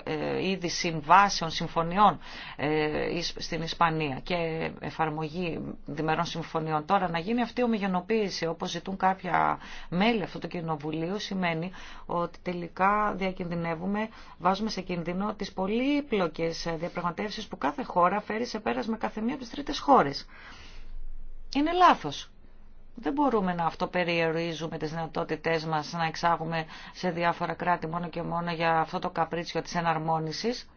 200 ε, είδη συμβάσεων, συμφωνιών ε, στην Ισπανία και εφαρμογή διμερών συμφωνιών. Τώρα να γίνει αυτή η ομιγενοποίηση όπως ζητούν κάποια μέλη αυτού του κοινοβουλίου σημαίνει ότι τελικά διακινδυνεύουμε, βάζουμε σε κίνδυνο τις πολύπλοκες διαπραγματεύσεις που κάθε χώρα χώρα φέρει σε με καθεμία από τις τρίτες χώρες. Είναι λάθος. Δεν μπορούμε να αυτοπεριορίζουμε τις δυνατότητές μας να εξάγουμε σε διάφορα κράτη μόνο και μόνο για αυτό το καπρίτσιο της εναρμόνισης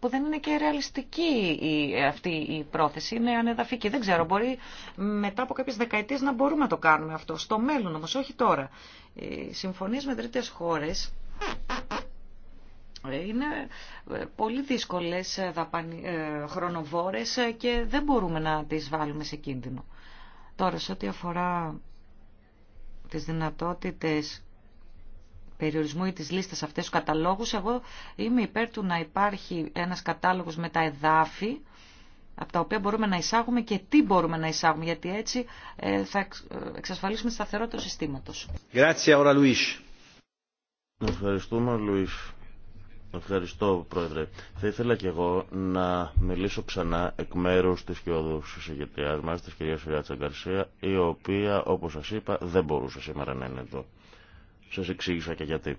που δεν είναι και ρεαλιστική η, αυτή η πρόθεση, είναι ανεδαφική. Δεν ξέρω, μπορεί μετά από κάποιες δεκαετίες να μπορούμε να το κάνουμε αυτό. Στο μέλλον όμως, όχι τώρα. Ε, συμφωνίες με τρίτες χώρες είναι ε, πολύ δύσκολες ε, δαπανι... Ε, χρονοβόρες και δεν μπορούμε να τις βάλουμε σε κίνδυνο. Τώρα, σε ό,τι αφορά τις δυνατότητες περιορισμού ή τις λίστες αυτές του καταλόγου, εγώ είμαι υπέρ του να υπάρχει ένας κατάλογος με τα εδάφη, από τα οποία μπορούμε να εισάγουμε και τι μπορούμε να εισάγουμε, γιατί έτσι θα εξασφαλίσουμε τη σταθερότητα του συστήματος. Ευχαριστούμε, Λουίς. Ευχαριστώ, Πρόεδρε. Θα ήθελα και εγώ να μιλήσω ξανά εκ μέρου τη κοιόδουσης συγγετριά μα, τη κυρία Φιλιάτσα Γκαρσία, η οποία, όπω σα είπα, δεν μπορούσε σήμερα να είναι εδώ. Σα εξήγησα και γιατί.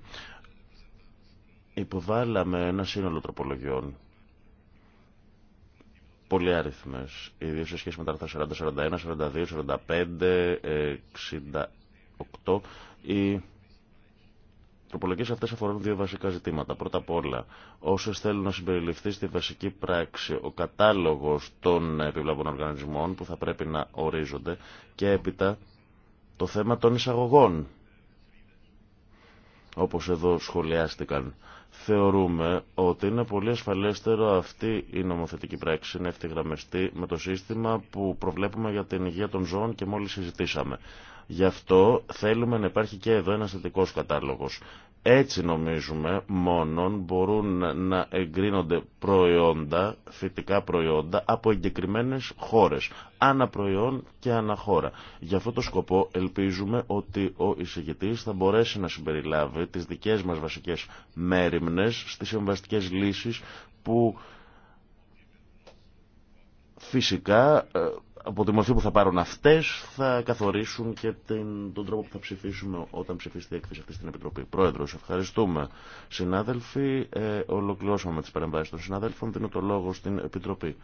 Υποβάλαμε ένα σύνολο τροπολογιών. Πολύ αριθμέ, ιδίω σε σχέση με τα άρθρα 40, 41, 42, 45, 68. Η τροπολογίε αυτέ αφορούν δύο βασικά ζητήματα. Πρώτα απ' όλα, όσε θέλουν να συμπεριληφθεί στη βασική πράξη ο κατάλογος των επιβλαβών οργανισμών που θα πρέπει να ορίζονται και έπειτα το θέμα των εισαγωγών, όπως εδώ σχολιάστηκαν. Θεωρούμε ότι είναι πολύ ασφαλέστερο αυτή η νομοθετική πράξη να ευθυγραμμιστεί με το σύστημα που προβλέπουμε για την υγεία των ζώων και μόλι συζητήσαμε. Γι' αυτό θέλουμε να υπάρχει και εδώ ένας θετικός κατάλογος. Έτσι νομίζουμε μόνον μπορούν να εγκρίνονται προϊόντα, φυτικά προϊόντα από εγκεκριμένε χώρες, Άνα προϊόν και άνα χώρα. Γι' αυτό το σκοπό ελπίζουμε ότι ο εισηγητής θα μπορέσει να συμπεριλάβει τις δικές μας βασικές μέρημνες στις συμβαστικές λύσεις που φυσικά ε, από τη μορφή που θα πάρουν αυτέ θα καθορίσουν και την, τον τρόπο που θα ψηφίσουμε όταν ψηφίσει η έκθεση αυτή στην Επιτροπή. Πρόεδρος, ευχαριστούμε. Συνάδελφοι, ε, ολοκληρώσαμε τις παρεμβάσεις των συναδέλφων. Δίνω το λόγο στην Επιτροπή.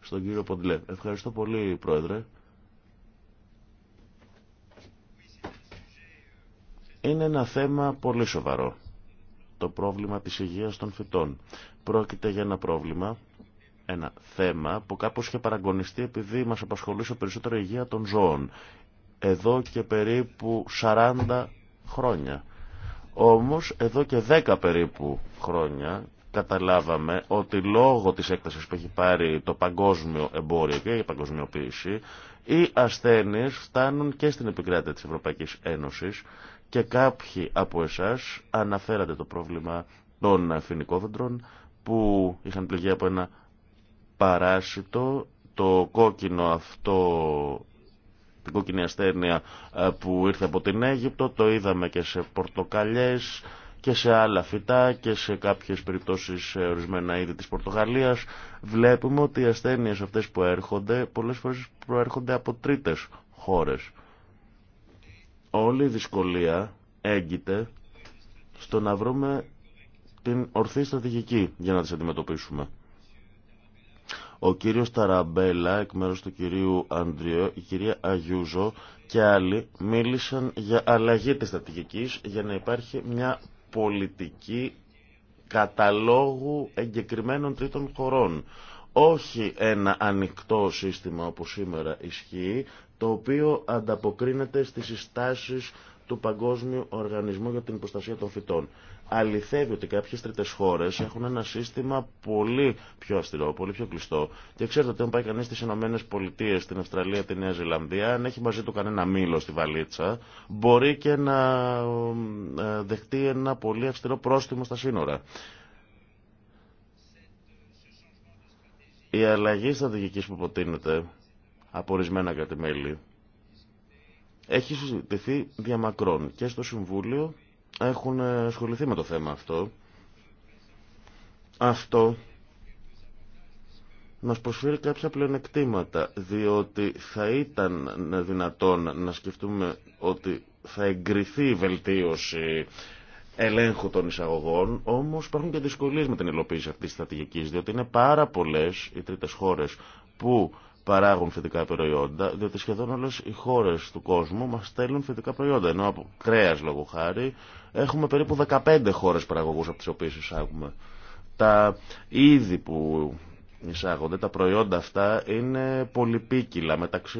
Στον κύριο Ποντλέ. Ευχαριστώ πολύ, Πρόεδρε. Είναι ένα θέμα πολύ σοβαρό. Το πρόβλημα της υγείας των φυτών. Πρόκειται για ένα πρόβλημα ένα θέμα που κάπως είχε παραγωνιστεί επειδή μας απασχολούσε περισσότερο η υγεία των ζώων. Εδώ και περίπου 40 χρόνια. Όμως εδώ και 10 περίπου χρόνια καταλάβαμε ότι λόγω της έκτασης που έχει πάρει το παγκόσμιο εμπόριο και η παγκοσμιοποίηση οι ασθένειες φτάνουν και στην επικράτεια της Ευρωπαϊκής Ένωσης και κάποιοι από εσάς αναφέρατε το πρόβλημα των φοινικόδοντρων που είχαν πληγεί από ένα παράσιτο, το κόκκινο αυτό, την κόκκινη ασθένεια ε, που ήρθε από την Αίγυπτο, το είδαμε και σε πορτοκαλιές και σε άλλα φυτά και σε κάποιες περιπτώσεις σε ορισμένα είδη της Πορτογαλίας βλέπουμε ότι οι ασθένειες αυτές που έρχονται πολλές φορές προέρχονται από τρίτες χώρες. Όλη η δυσκολία έγκυται στο να βρούμε την ορθή στρατηγική για να τις αντιμετωπίσουμε. Ο κύριος Ταραμπέλα, εκ μέρους του κυρίου Ανδριό, η κυρία Αγιούζο και άλλοι μίλησαν για αλλαγή της στρατηγικής για να υπάρχει μια πολιτική καταλόγου εγκεκριμένων τρίτων χωρών. Όχι ένα ανοιχτό σύστημα όπως σήμερα ισχύει, το οποίο ανταποκρίνεται στις συστάσεις του Παγκόσμιου Οργανισμού για την Προστασία των Φυτών αληθεύει ότι κάποιες τρίτες χώρες έχουν ένα σύστημα πολύ πιο αυστηρό, πολύ πιο κλειστό. Και ξέρετε ότι αν πάει κανείς στις Ηνωμένες Πολιτείες, στην Αυστραλία, τη Νέα Ζηλανδία, αν έχει μαζί του κανένα μήλο στη βαλίτσα, μπορεί και να ε, δεχτεί ένα πολύ αυστηρό πρόστιμο στα σύνορα. Η αλλαγή στρατηγική που προτείνεται από ορισμένα κρατημέλη έχει συζητηθεί διαμακρών και στο Συμβούλιο έχουν ασχοληθεί με το θέμα αυτό. Αυτό μας προσφέρει κάποια πλεονεκτήματα, διότι θα ήταν δυνατόν να σκεφτούμε ότι θα εγκριθεί η βελτίωση ελέγχου των εισαγωγών, όμως υπάρχουν και δυσκολίες με την υλοποίηση αυτής της στρατηγικής, διότι είναι πάρα πολλές οι τρίτες χώρες που παράγουν φυτικά προϊόντα, διότι σχεδόν όλες οι χώρες του κόσμου μας στέλνουν φυτικά προϊόντα, ενώ από κρέας λόγω χάρη Έχουμε περίπου 15 χώρες παραγωγούς από τις οποίες εισάγουμε. Τα είδη που εισάγονται, τα προϊόντα αυτά είναι πολυπίκυλα μεταξύ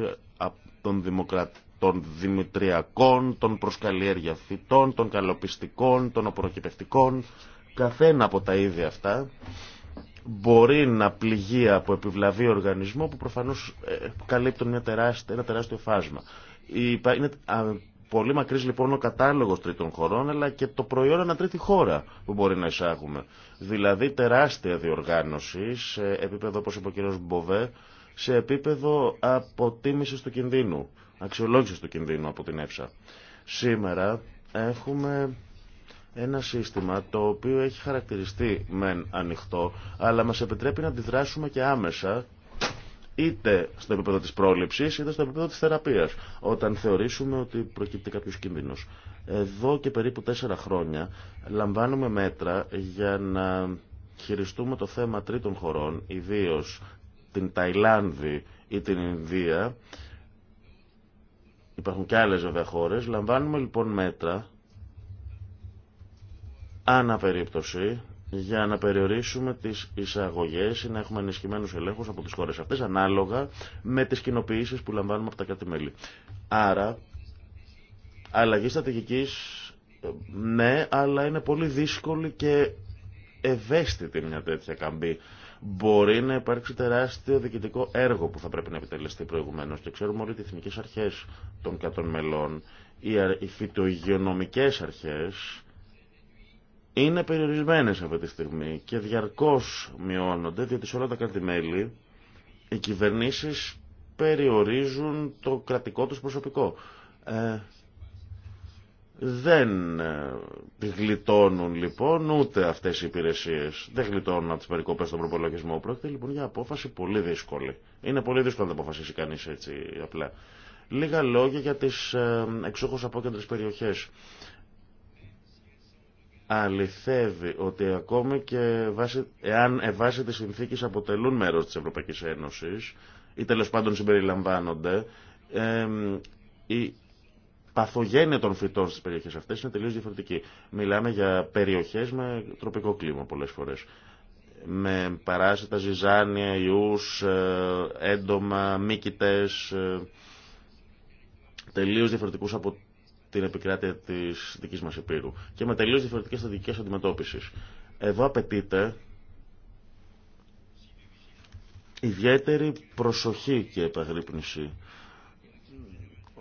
των δημοκρατών των δημητριακών, των προσκαλλιέργεια φυτών, των καλοπιστικών, των απορροκυπευτικών. Καθένα από τα είδη αυτά μπορεί να πληγεί από επιβλαβή οργανισμό που προφανώς ε, καλύπτουν μια τεράστια, ένα τεράστιο φάσμα. Είναι πολύ μακρύς λοιπόν ο κατάλογος τρίτων χωρών, αλλά και το προϊόν ανά τρίτη χώρα που μπορεί να εισάγουμε. Δηλαδή τεράστια διοργάνωση σε επίπεδο, όπως είπε ο κ. Μποβέ, σε επίπεδο αποτίμησης του κινδύνου, αξιολόγησης του κινδύνου από την ΕΦΣΑ. Σήμερα έχουμε ένα σύστημα το οποίο έχει χαρακτηριστεί μεν ανοιχτό, αλλά μας επιτρέπει να αντιδράσουμε και άμεσα είτε στο επίπεδο της πρόληψης είτε στο επίπεδο της θεραπείας όταν θεωρήσουμε ότι προκύπτει κάποιος κίνδυνος. Εδώ και περίπου τέσσερα χρόνια λαμβάνουμε μέτρα για να χειριστούμε το θέμα τρίτων χωρών, ιδίως την Ταϊλάνδη ή την Ινδία. Υπάρχουν και άλλες βέβαια χώρες. Λαμβάνουμε λοιπόν μέτρα περίπτωση, για να περιορίσουμε τις εισαγωγές ή να έχουμε ενισχυμένους ελέγχους από τις χώρες αυτές ανάλογα με τις κοινοποιήσεις που λαμβάνουμε από τα κράτη-μέλη. Άρα, αλλαγή στρατηγικής, ναι, αλλά είναι πολύ δύσκολη και ευαίσθητη μια τέτοια καμπή. Μπορεί να υπάρξει τεράστιο διοικητικό έργο που θα πρέπει να επιτελεστεί προηγουμένω και ξέρουμε όλοι ότι οι εθνικέ αρχέ των κατών μελών, οι φυτογειονομικέ αρχέ, είναι περιορισμένες αυτή τη στιγμή και διαρκώς μειώνονται διότι σε όλα τα κρατη οι κυβερνήσεις περιορίζουν το κρατικό τους προσωπικό. Ε, δεν ε, γλιτώνουν λοιπόν ούτε αυτές οι υπηρεσίες. Δεν γλιτώνουν από τις περικοπές στον προπολογισμό. Πρόκειται λοιπόν για απόφαση πολύ δύσκολη. Είναι πολύ δύσκολο να το αποφασίσει κανείς έτσι απλά. Λίγα λόγια για τις ε, εξόχως απόκεντρες περιοχές αληθεύει ότι ακόμη και βάση, εάν ε, βάσει τις συνθήκες αποτελούν μέρος της Ευρωπαϊκής Ένωσης ή τέλο πάντων συμπεριλαμβάνονται, ε, η παθογένεια των φυτών στις περιοχές αυτές είναι τελείως διαφορετική. Μιλάμε για περιοχές με τροπικό κλίμα πολλές φορές. Με παράσιτα, ζυζάνια, ιούς, ε, έντομα, μύκητες, ε, τελείως διαφορετικούς από την επικράτεια τη δική μας Επίρου και με τελείω διαφορετικέ θετικέ αντιμετώπιση. Εδώ απαιτείται ιδιαίτερη προσοχή και επαγρύπνηση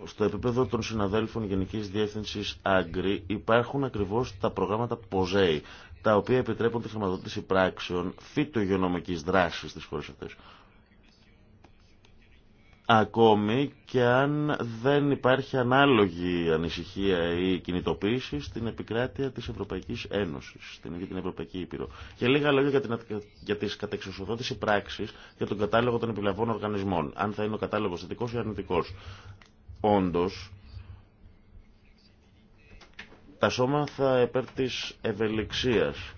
στο επίπεδο των συναδέλφων γενική διεύθυνση Άγκρη υπάρχουν ακριβώς τα προγράμματα ΠΟΖΕΙ, τα οποία επιτρέπουν τη χρηματοδότηση πράξεων φυτογενομική δράση στις χώρε αυτέ ακόμη και αν δεν υπάρχει ανάλογη ανησυχία ή κινητοποίηση στην επικράτεια της Ευρωπαϊκής Ένωσης, στην ίδια την Ευρωπαϊκή Ήπειρο. Και λίγα λόγια για, την, για τις κατεξοσοδότηση πράξεις για τον κατάλογο των επιλαβών οργανισμών, αν θα είναι ο κατάλογος θετικός ή αρνητικός. Όντως, τα σώμα θα επέρ της ευελιξίας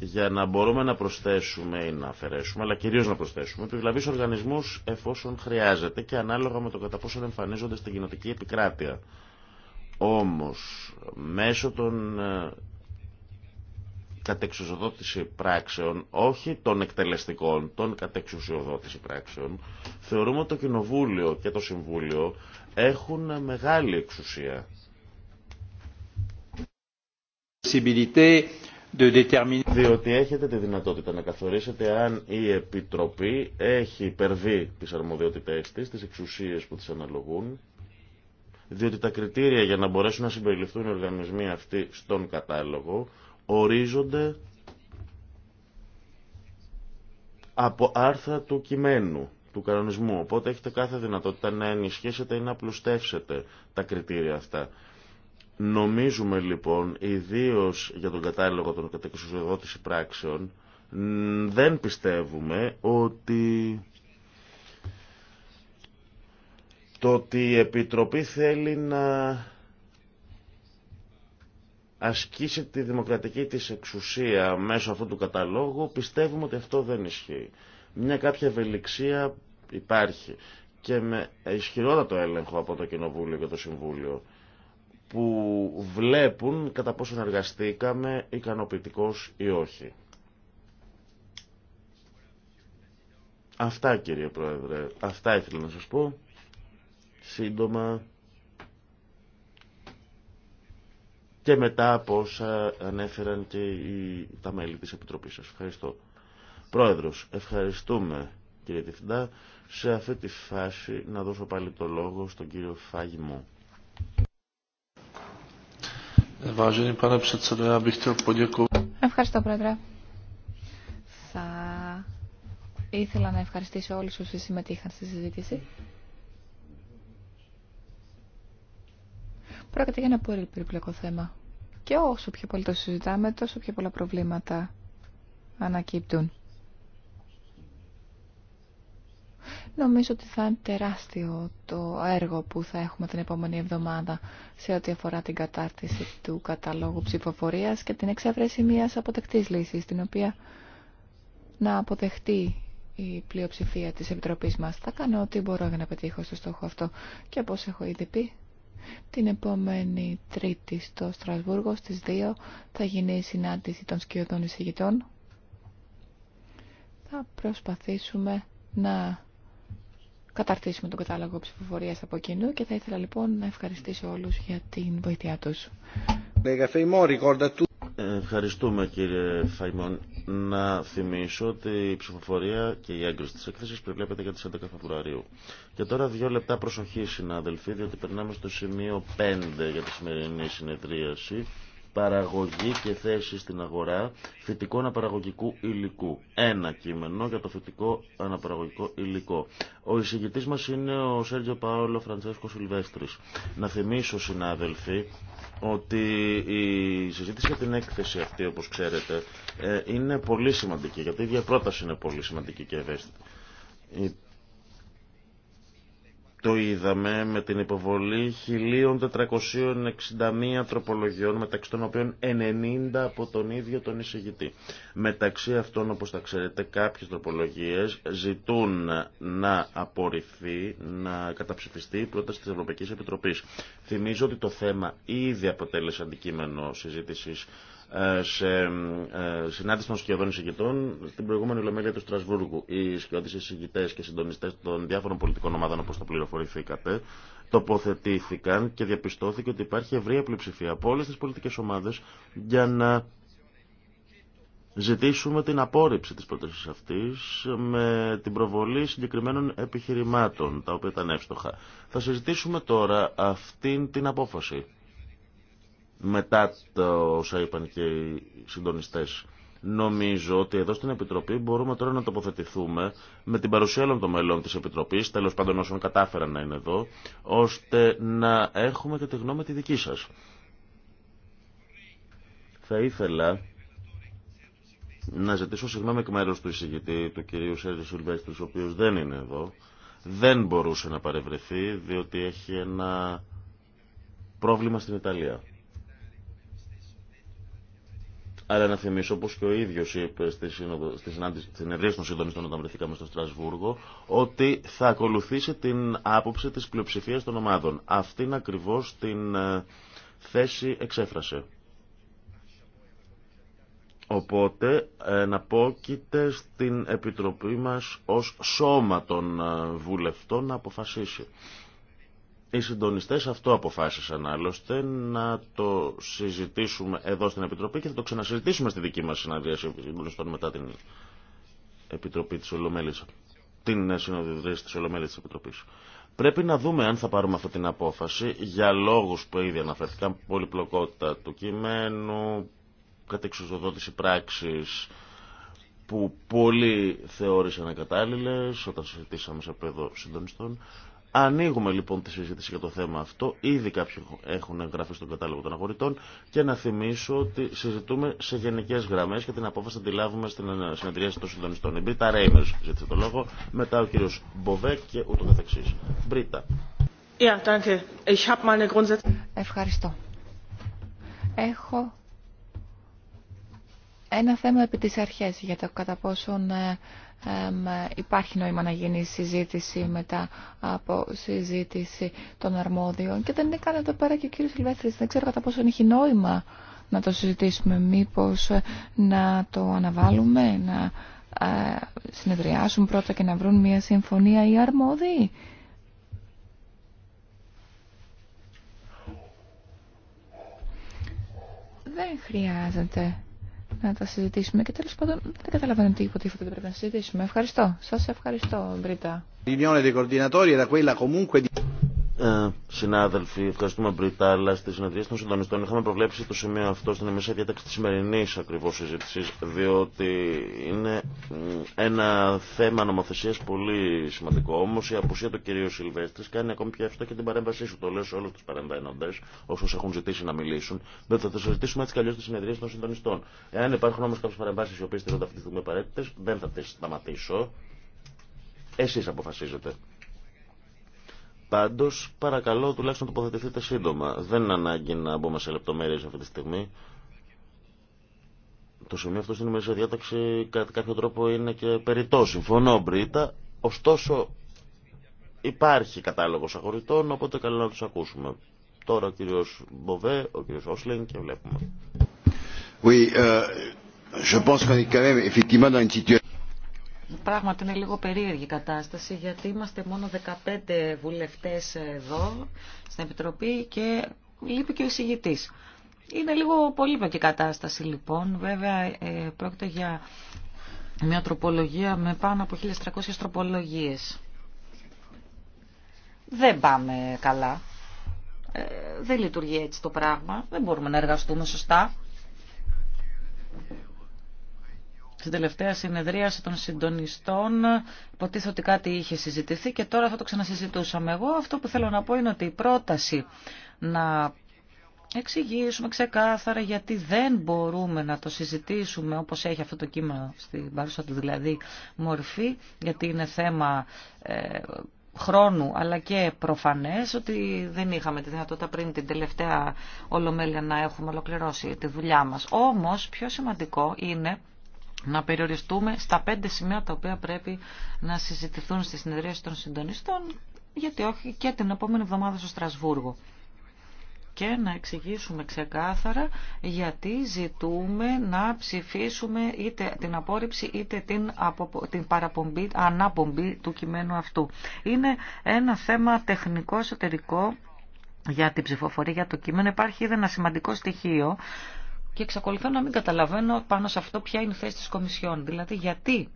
για να μπορούμε να προσθέσουμε ή να αφαιρέσουμε, αλλά κυρίως να προσθέσουμε επιβλαβείς οργανισμούς εφόσον χρειάζεται και ανάλογα με το κατά πόσο εμφανίζονται στην κοινοτική επικράτεια. Όμως, μέσω των ε, κατεξουσιοδότηση πράξεων, όχι των εκτελεστικών, των κατεξουσιοδότηση πράξεων, θεωρούμε ότι το Κοινοβούλιο και το Συμβούλιο έχουν μεγάλη εξουσία. Διότι έχετε τη δυνατότητα να καθορίσετε αν η Επιτροπή έχει υπερβεί τις αρμοδιότητές της, τις εξουσίες που της αναλογούν, διότι τα κριτήρια για να μπορέσουν να συμπεριληφθούν οι οργανισμοί αυτοί στον κατάλογο ορίζονται από άρθρα του κειμένου, του κανονισμού. Οπότε έχετε κάθε δυνατότητα να ενισχύσετε ή να πλουστεύσετε τα κριτήρια αυτά. Νομίζουμε λοιπόν, ιδίω για τον κατάλογο των κατεξοδότηση πράξεων, δεν πιστεύουμε ότι το ότι η Επιτροπή θέλει να ασκήσει τη δημοκρατική της εξουσία μέσω αυτού του καταλόγου, πιστεύουμε ότι αυτό δεν ισχύει. Μια κάποια ευελιξία υπάρχει και με ισχυρότατο έλεγχο από το Κοινοβούλιο και το Συμβούλιο που βλέπουν κατά πόσο εργαστήκαμε ικανοποιητικός ή όχι. Αυτά κύριε Πρόεδρε, αυτά ήθελα να σας πω. Σύντομα και μετά από όσα ανέφεραν και τα μέλη της Επιτροπής σας. Ευχαριστώ. Πρόεδρος, ευχαριστούμε κύριε Τιφντά. Σε αυτή τη φάση να δώσω πάλι το λόγο στον κύριο Φάγιμο. Ευχαριστώ, Πρόεδρε. Θα ήθελα να ευχαριστήσω όλους όσοι συμμετείχαν στη συζήτηση. Πρόκειται για ένα πολύ περιπλοκό θέμα. Και όσο πιο πολύ το συζητάμε, τόσο πιο πολλά προβλήματα ανακύπτουν. Νομίζω ότι θα είναι τεράστιο το έργο που θα έχουμε την επόμενη εβδομάδα σε ό,τι αφορά την κατάρτιση του καταλόγου ψηφοφορίας και την εξέβρεση μιας αποτεκτής λύσης, την οποία να αποδεχτεί η πλειοψηφία της Επιτροπής μας. Θα κάνω ό,τι μπορώ για να πετύχω στο στόχο αυτό και όπως έχω ήδη πει. Την επόμενη Τρίτη στο Στρασβούργο στις 2 θα γίνει η συνάντηση των σκιωδών εισηγητών. Θα προσπαθήσουμε να καταρτήσουμε τον κατάλογο ψηφοφορία από κοινού και θα ήθελα λοιπόν να ευχαριστήσω όλους για την βοήθειά τους. Ευχαριστούμε κύριε Φαϊμόν. Να θυμίσω ότι η ψηφοφορία και η έγκριση της έκθεσης προβλέπεται για τις 11 Φεβρουαρίου. Και τώρα δύο λεπτά προσοχή συνάδελφοι, διότι περνάμε στο σημείο 5 για τη σημερινή συνεδρίαση παραγωγή και θέση στην αγορά θετικό αναπαραγωγικού υλικού. Ένα κείμενο για το θετικό αναπαραγωγικό υλικό. Ο εισηγητής μας είναι ο Σέργιο Πάολο Φραντσέσκο Σιλβέστρης. Να θυμίσω συνάδελφοι ότι η συζήτηση για την έκθεση αυτή όπως ξέρετε ε, είναι πολύ σημαντική γιατί η διαπρόταση είναι πολύ σημαντική και ευαίσθητη. Το είδαμε με την υποβολή 1461 τροπολογιών, μεταξύ των οποίων 90 από τον ίδιο τον εισηγητή. Μεταξύ αυτών, όπως τα ξέρετε, κάποιες τροπολογίες ζητούν να απορριφθεί, να καταψηφιστεί η πρόταση της Ευρωπαϊκής Επιτροπής. Θυμίζω ότι το θέμα ήδη αποτέλεσε αντικείμενο συζήτησης ε, σε ε, συνάντηση των σχεδόν εισηγητών στην προηγούμενη Ολομέλεια του Στρασβούργου. Οι σκιώδει εισηγητέ και συντονιστέ των διάφορων πολιτικών ομάδων, όπω το πληροφορηθήκατε, τοποθετήθηκαν και διαπιστώθηκε ότι υπάρχει ευρεία πλειοψηφία από όλε τι πολιτικέ ομάδε για να ζητήσουμε την απόρριψη της πρότασης αυτής με την προβολή συγκεκριμένων επιχειρημάτων, τα οποία ήταν εύστοχα. Θα συζητήσουμε τώρα αυτή την απόφαση μετά το όσα είπαν και οι συντονιστές. Νομίζω ότι εδώ στην Επιτροπή μπορούμε τώρα να τοποθετηθούμε με την παρουσία όλων των μελών της Επιτροπής, τέλος πάντων όσων κατάφεραν να είναι εδώ, ώστε να έχουμε και τη γνώμη τη δική σας. Θα ήθελα να ζητήσω συγγνώμη εκ μέρους του εισηγητή, του κυρίου Σέρδη Σιλβέστρης, ο οποίος δεν είναι εδώ. Δεν μπορούσε να παρευρεθεί, διότι έχει ένα πρόβλημα στην Ιταλία. Αλλά να θυμίσω, όπω και ο ίδιο είπε στη, της συνεδρία των συντονιστών όταν βρεθήκαμε στο Στρασβούργο, ότι θα ακολουθήσει την άποψη τη πλειοψηφία των ομάδων. Αυτήν ακριβώ την ε, θέση εξέφρασε. Οπότε ε, να εναπόκειται στην Επιτροπή μας ως σώμα των ε, βουλευτών να αποφασίσει. Οι συντονιστές αυτό αποφάσισαν άλλωστε να το συζητήσουμε εδώ στην Επιτροπή και θα το ξανασυζητήσουμε στη δική μας συναντρίαση μετά την Επιτροπή της Ολομέλης, την συνοδηγητή της Ολομέλης της Επιτροπής. Πρέπει να δούμε αν θα πάρουμε αυτή την απόφαση για λόγους που ήδη αναφέρθηκαν, πολυπλοκότητα του κειμένου, κατεξοδότηση πράξης που πολλοί θεώρησαν ακατάλληλες όταν συζητήσαμε σε επίπεδο συντονιστών Ανοίγουμε λοιπόν τη συζήτηση για το θέμα αυτό. Ήδη κάποιοι έχουν εγγραφεί στον κατάλογο των αγορητών και να θυμίσω ότι συζητούμε σε γενικέ γραμμέ και την απόφαση θα τη λάβουμε στην συνεδρίαση των συντονιστών. Η Μπρίτα Ρέιμερ ζήτησε το λόγο, μετά ο κύριο Μποβέ και ούτω καθεξή. Μπρίτα. Ευχαριστώ. Έχω ένα θέμα επί τη αρχέ για το κατά πόσον ε, υπάρχει νόημα να γίνει συζήτηση μετά από συζήτηση των αρμόδιων και δεν είναι καν εδώ πέρα και ο κύριος Λιβέθρης. δεν ξέρω κατά πόσο έχει νόημα να το συζητήσουμε μήπως ε, να το αναβάλουμε να ε, συνεδριάσουν πρώτα και να βρουν μια συμφωνία οι αρμόδιοι δεν χρειάζεται να τα συζητήσουμε και τέλος πάντων δεν καταλαβαίνω τι υποτίθεται πρέπει να συζητήσουμε. Ευχαριστώ. Σας ευχαριστώ, Μπρίτα. Ε, συνάδελφοι, ευχαριστούμε Μπρίτα, αλλά στη συνεδρία των συντονιστών είχαμε προβλέψει το σημείο αυτό στην εμεσαία διάταξη τη σημερινή ακριβώ συζήτηση, διότι είναι ένα θέμα νομοθεσία πολύ σημαντικό. Όμω η απουσία του κυρίου Σιλβέστρη κάνει ακόμη πιο εύστοχη την παρέμβασή σου. Το λέω σε όλου του παρεμβαίνοντε, όσου έχουν ζητήσει να μιλήσουν, δεν θα το συζητήσουμε έτσι κι αλλιώ στη συνεδρία των συντονιστών. Εάν υπάρχουν όμω κάποιε παρεμβάσει οι οποίε θα τα απαραίτητε, δεν θα τι σταματήσω. Εσεί αποφασίζετε. Πάντω παρακαλώ τουλάχιστον τοποθετηθείτε σύντομα. Δεν είναι ανάγκη να μπούμε σε λεπτομέρειες αυτή τη στιγμή. Το σημείο αυτό στην ημερήσια διάταξη κατά κάποιο τρόπο είναι και περιττό. Συμφωνώ, Μπρίτα. Ωστόσο, υπάρχει κατάλογος αγορητών, οπότε καλό να του ακούσουμε. Τώρα ο κύριο Μποβέ, ο κύριο Όσλεν και βλέπουμε. Euh, je pense Πράγματι είναι λίγο περίεργη η κατάσταση γιατί είμαστε μόνο 15 βουλευτές εδώ στην Επιτροπή και λείπει και ο εισηγητής. Είναι λίγο η κατάσταση λοιπόν. Βέβαια ε, πρόκειται για μια τροπολογία με πάνω από 1.300 τροπολογίες. Δεν πάμε καλά. Ε, δεν λειτουργεί έτσι το πράγμα. Δεν μπορούμε να εργαστούμε σωστά. στην τελευταία συνεδρίαση των συντονιστών υποτίθεται ότι κάτι είχε συζητηθεί και τώρα θα το ξανασυζητούσαμε. Εγώ αυτό που θέλω να πω είναι ότι η πρόταση να εξηγήσουμε ξεκάθαρα γιατί δεν μπορούμε να το συζητήσουμε όπως έχει αυτό το κείμενο στην παρούσα του δηλαδή μορφή, γιατί είναι θέμα ε, χρόνου αλλά και προφανές ότι δεν είχαμε τη δυνατότητα πριν την τελευταία ολομέλεια να έχουμε ολοκληρώσει τη δουλειά μας. Όμως πιο σημαντικό είναι να περιοριστούμε στα πέντε σημεία τα οποία πρέπει να συζητηθούν στη συνεδρίες των συντονιστών, γιατί όχι και την επόμενη εβδομάδα στο Στρασβούργο. Και να εξηγήσουμε ξεκάθαρα γιατί ζητούμε να ψηφίσουμε είτε την απόρριψη είτε την, την παραπομπή, ανάπομπή του κειμένου αυτού. Είναι ένα θέμα τεχνικό εσωτερικό για την ψηφοφορία για το κείμενο. Υπάρχει ήδη ένα σημαντικό στοιχείο και εξακολουθώ να μην καταλαβαίνω πάνω σε αυτό ποια είναι η θέση της Κομισιόν. Δηλαδή γιατί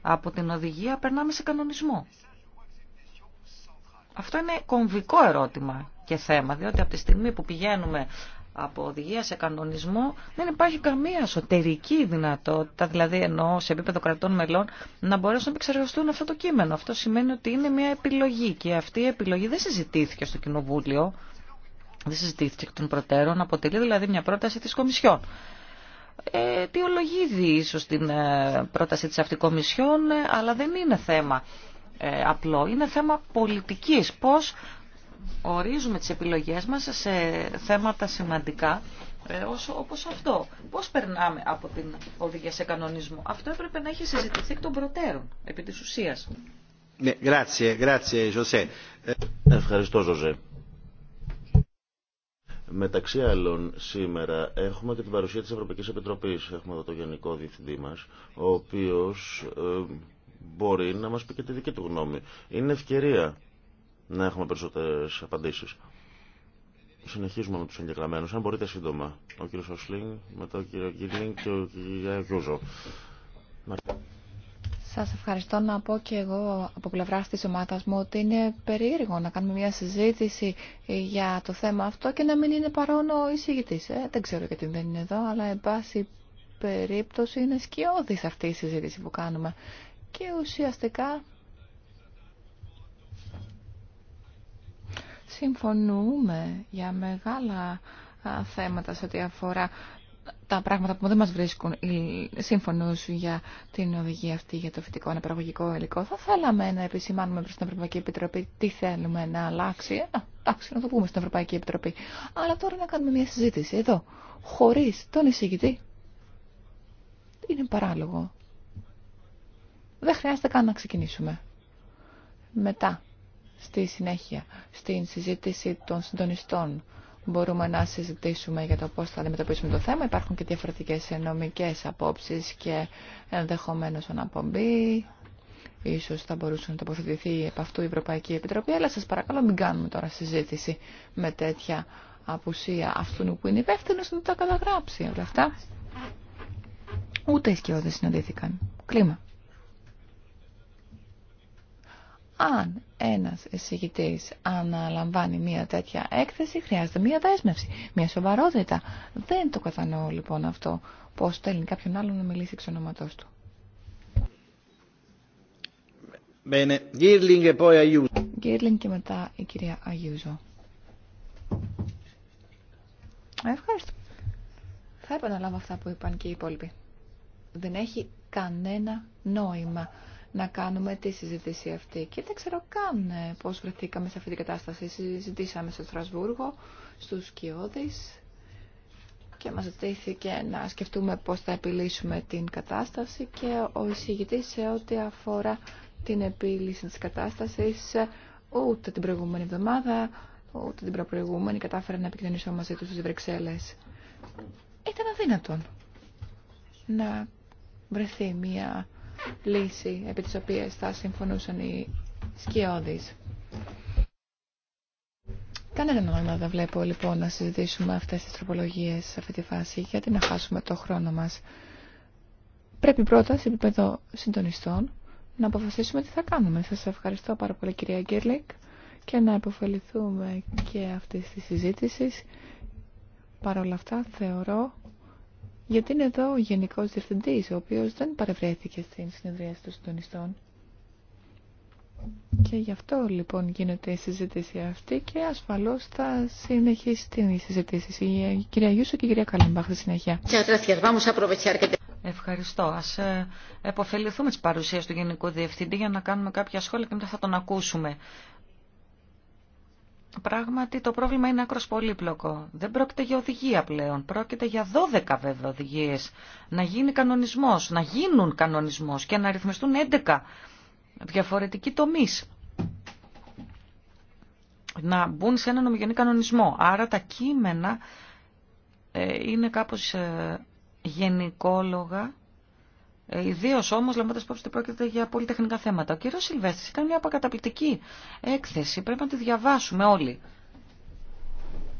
από την οδηγία περνάμε σε κανονισμό. Αυτό είναι κομβικό ερώτημα και θέμα, διότι από τη στιγμή που πηγαίνουμε από οδηγία σε κανονισμό δεν υπάρχει καμία εσωτερική δυνατότητα, δηλαδή ενώ σε επίπεδο κρατών μελών, να μπορέσουν να επεξεργαστούν αυτό το κείμενο. Αυτό σημαίνει ότι είναι μια επιλογή και αυτή η επιλογή δεν συζητήθηκε στο Κοινοβούλιο δεν συζητήθηκε εκ των προτέρων, αποτελεί δηλαδή μια πρόταση της Κομισιόν. Ε, τι ίσως την ε, πρόταση της αυτή Κομισιόν, ε, αλλά δεν είναι θέμα ε, απλό, είναι θέμα πολιτικής. Πώς ορίζουμε τις επιλογές μας σε θέματα σημαντικά όσο, όπως αυτό. Πώς περνάμε από την οδηγία σε κανονισμό. Αυτό έπρεπε να έχει συζητηθεί εκ των προτέρων, επί της ουσίας. Ναι, Ευχαριστώ, Ζωζέ. Μεταξύ άλλων, σήμερα έχουμε και την παρουσία της Ευρωπαϊκής Επιτροπής. Έχουμε εδώ το Γενικό Διευθυντή μας, ο οποίος ε, μπορεί να μας πει και τη δική του γνώμη. Είναι ευκαιρία να έχουμε περισσότερες απαντήσεις. Συνεχίζουμε με τους εγγεγραμμένους. Αν μπορείτε σύντομα, ο κύριος Οσλίν, μετά ο κύριος Γκίλινγκ και ο κύριος Γιούζο. Σας ευχαριστώ να πω και εγώ από πλευρά της ομάδας μου ότι είναι περίεργο να κάνουμε μια συζήτηση για το θέμα αυτό και να μην είναι παρόν ο εισηγητής. Ε, δεν ξέρω γιατί δεν είναι εδώ, αλλά εν πάση περίπτωση είναι σκιώδης αυτή η συζήτηση που κάνουμε. Και ουσιαστικά συμφωνούμε για μεγάλα θέματα σε ό,τι αφορά τα πράγματα που δεν μας βρίσκουν σύμφωνος για την οδηγία αυτή για το φυτικό αναπαραγωγικό υλικό. Θα θέλαμε να επισημάνουμε προς την Ευρωπαϊκή Επιτροπή τι θέλουμε να αλλάξει. Εντάξει, να το πούμε στην Ευρωπαϊκή Επιτροπή. Αλλά τώρα να κάνουμε μια συζήτηση εδώ, χωρίς τον εισηγητή. Είναι παράλογο. Δεν χρειάζεται καν να ξεκινήσουμε. Μετά, στη συνέχεια, στην συζήτηση των συντονιστών μπορούμε να συζητήσουμε για το πώς θα αντιμετωπίσουμε το θέμα. Υπάρχουν και διαφορετικές νομικές απόψεις και ενδεχομένω αναπομπή. Ίσως θα μπορούσε να τοποθετηθεί επ' αυτού η Ευρωπαϊκή Επιτροπή, αλλά σας παρακαλώ μην κάνουμε τώρα συζήτηση με τέτοια απουσία αυτού που είναι υπεύθυνο να τα καταγράψει όλα αυτά. Ούτε οι σκιώδες συναντήθηκαν. Κλίμα αν ένας εισηγητής αναλαμβάνει μια τέτοια έκθεση, χρειάζεται μια δέσμευση, μια σοβαρότητα. Δεν το κατανοώ λοιπόν αυτό, πώς στέλνει κάποιον άλλον να μιλήσει εξ ονοματός του. Γκίρλινγκ e και μετά η κυρία Αγιούζο. Ευχαριστώ. Θα επαναλάβω αυτά που είπαν και οι υπόλοιποι. Δεν έχει κανένα νόημα να κάνουμε τη συζήτηση αυτή. Και δεν ξέρω καν ε, πώς βρεθήκαμε σε αυτή την κατάσταση. Συζητήσαμε στο Στρασβούργο, στους Κιώδης και μας ζητήθηκε να σκεφτούμε πώς θα επιλύσουμε την κατάσταση και ο εισηγητής σε ό,τι αφορά την επίλυση της κατάστασης ούτε την προηγούμενη εβδομάδα ούτε την προηγούμενη κατάφερα να επικοινωνήσω μαζί του στις Βρυξέλλες. Ήταν αδύνατον να βρεθεί μια λύση επί της οποίας θα συμφωνούσαν οι σκιώδεις. Κανένα νόημα δεν βλέπω λοιπόν να συζητήσουμε αυτές τις τροπολογίες σε αυτή τη φάση γιατί να χάσουμε το χρόνο μας. Πρέπει πρώτα σε επίπεδο συντονιστών να αποφασίσουμε τι θα κάνουμε. Σας ευχαριστώ πάρα πολύ κυρία Γκίρλικ και να υποφεληθούμε και αυτής τη συζήτησης. Παρ' όλα αυτά θεωρώ γιατί είναι εδώ ο γενικό διευθυντή, ο οποίο δεν παρευρέθηκε στην συνεδρία των συντονιστών. Και γι' αυτό λοιπόν γίνεται η συζήτηση αυτή και ασφαλώ θα συνεχίσει την συζήτηση. Η κυρία Γιούσο και η κυρία Καλαμπάχ στη συνέχεια. Ευχαριστώ. Ας ε, επωφεληθούμε τη παρουσία του Γενικού Διευθυντή για να κάνουμε κάποια σχόλια και μετά θα τον ακούσουμε. Πράγματι το πρόβλημα είναι άκρος πολύπλοκο. Δεν πρόκειται για οδηγία πλέον. Πρόκειται για 12 βέβαια οδηγίες. Να γίνει κανονισμός, να γίνουν κανονισμός και να ρυθμιστούν 11 διαφορετικοί τομείς. Να μπουν σε ένα νομιγενή κανονισμό. Άρα τα κείμενα ε, είναι κάπως ε, γενικόλογα ε, Ιδίω όμω, λαμβάνοντα υπόψη ότι πρόκειται για πολυτεχνικά θέματα. Ο κύριο Σιλβέστη ήταν μια αποκαταπληκτική έκθεση. Πρέπει να τη διαβάσουμε όλοι.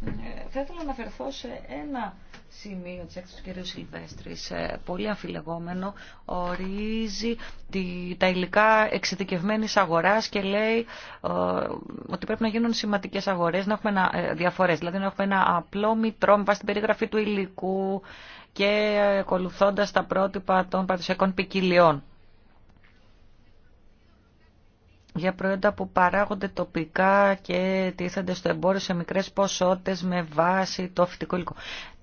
Ε, θα ήθελα να αναφερθώ σε ένα σημείο της έκθεσης του κ. Σιλβέστρης, πολύ αμφιλεγόμενο, ορίζει τη, τα υλικά εξειδικευμένης αγοράς και λέει ε, ότι πρέπει να γίνουν σημαντικές αγορές, να έχουμε ένα, ε, διαφορές, δηλαδή να έχουμε ένα απλό μητρό με βάση την περιγραφή του υλικού, και ακολουθώντας τα πρότυπα των παραδοσιακών ποικιλιών για προϊόντα που παράγονται τοπικά και τίθενται στο εμπόριο σε μικρές ποσότητες με βάση το φυτικό υλικό.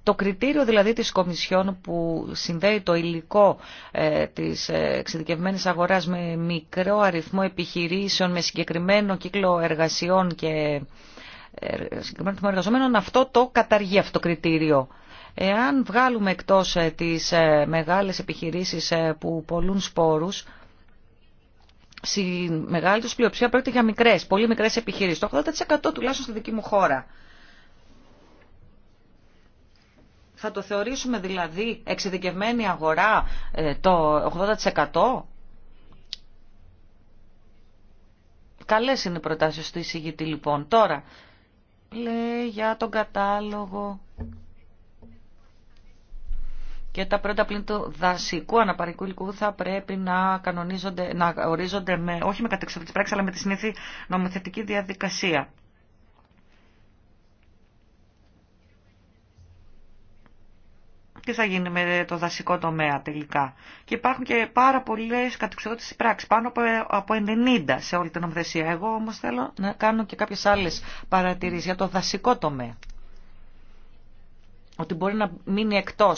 Το κριτήριο δηλαδή της Κομισιόν που συνδέει το υλικό ε, της εξειδικευμένης αγοράς με μικρό αριθμό επιχειρήσεων, με συγκεκριμένο κύκλο εργασιών και ε, συγκεκριμένο αριθμό εργαζομένων, αυτό το καταργεί αυτό το κριτήριο. Εάν βγάλουμε εκτός ε, τις ε, μεγάλες επιχειρήσεις ε, που πολλούν σπόρους, στη μεγάλη τους πλειοψηφία πρόκειται για μικρές, πολύ μικρές επιχειρήσεις. Το 80% τουλάχιστον στη δική μου χώρα. Θα το θεωρήσουμε δηλαδή εξειδικευμένη αγορά το 80%. Καλές είναι οι προτάσεις του εισηγητή λοιπόν. Τώρα, λέει για τον κατάλογο και τα πρώτα πλήν του δασικού αναπαρικού υλικού θα πρέπει να, να ορίζονται με, όχι με κατεξοδοτική πράξη αλλά με τη συνήθεια νομοθετική διαδικασία. τι θα γίνει με το δασικό τομέα τελικά. Και υπάρχουν και πάρα πολλέ κατεξοδότητε πράξη. πάνω από 90 σε όλη την νομοθεσία. Εγώ όμω θέλω να κάνω και κάποιε άλλε παρατηρήσει για το δασικό τομέα. Ότι μπορεί να μείνει εκτό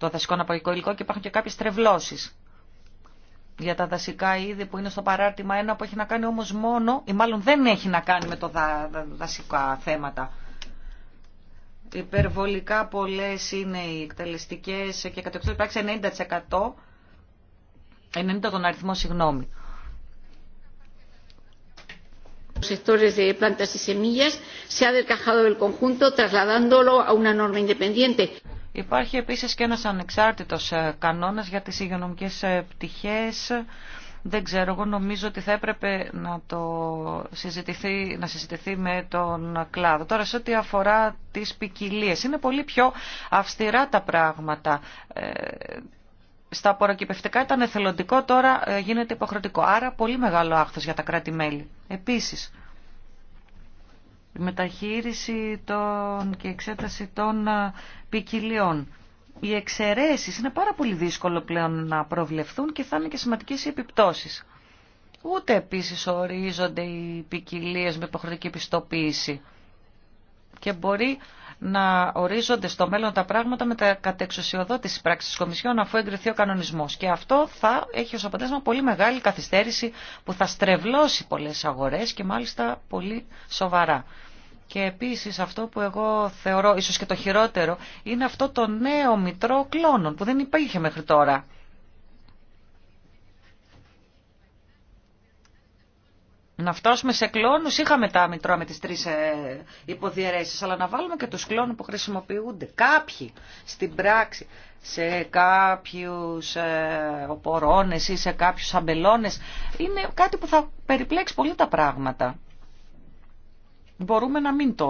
το δασικό αναπαγικό υλικό και υπάρχουν και κάποιες τρευλώσεις για τα δασικά είδη που είναι στο παράρτημα ένα που έχει να κάνει όμως μόνο ή μάλλον δεν έχει να κάνει με το δα, δασικά θέματα. Υπερβολικά πολλές είναι οι εκτελεστικές και κατ' πράξη 90%, 90% τον αριθμό συγγνώμη. Los sectores de plantas y semillas se ha del conjunto trasladándolo a una norma independiente. Υπάρχει επίσης και ένας ανεξάρτητος ε, κανόνας για τις υγειονομικές ε, πτυχές. Δεν ξέρω, εγώ νομίζω ότι θα έπρεπε να το συζητηθεί, να συζητηθεί με τον κλάδο. Τώρα σε ό,τι αφορά τις ποικιλίε, είναι πολύ πιο αυστηρά τα πράγματα. Ε, στα απορροκυπευτικά ήταν εθελοντικό, τώρα γίνεται υποχρεωτικό. Άρα πολύ μεγάλο άχθος για τα κράτη-μέλη. Επίσης, μεταχείριση των και εξέταση των ποικιλιών. Οι εξαιρέσεις είναι πάρα πολύ δύσκολο πλέον να προβλεφθούν και θα είναι και σημαντικές οι επιπτώσεις. Ούτε επίσης ορίζονται οι ποικιλίε με υποχρεωτική πιστοποίηση. Και μπορεί να ορίζονται στο μέλλον τα πράγματα με τα κατεξουσιοδότηση πράξη τη Κομισιόν αφού εγκριθεί ο κανονισμό. Και αυτό θα έχει ω αποτέλεσμα πολύ μεγάλη καθυστέρηση που θα στρεβλώσει πολλέ αγορέ και μάλιστα πολύ σοβαρά. Και επίσης αυτό που εγώ θεωρώ ίσως και το χειρότερο είναι αυτό το νέο μητρό κλώνων που δεν υπήρχε μέχρι τώρα. να φτάσουμε σε κλόνους, είχαμε τα μητρώα με τις τρεις ε, υποδιαιρέσεις, αλλά να βάλουμε και τους κλόνους που χρησιμοποιούνται κάποιοι στην πράξη, σε κάποιους ε, οπορώνες ή σε κάποιους αμπελώνες. Είναι κάτι που θα περιπλέξει πολύ τα πράγματα. Μπορούμε να μην το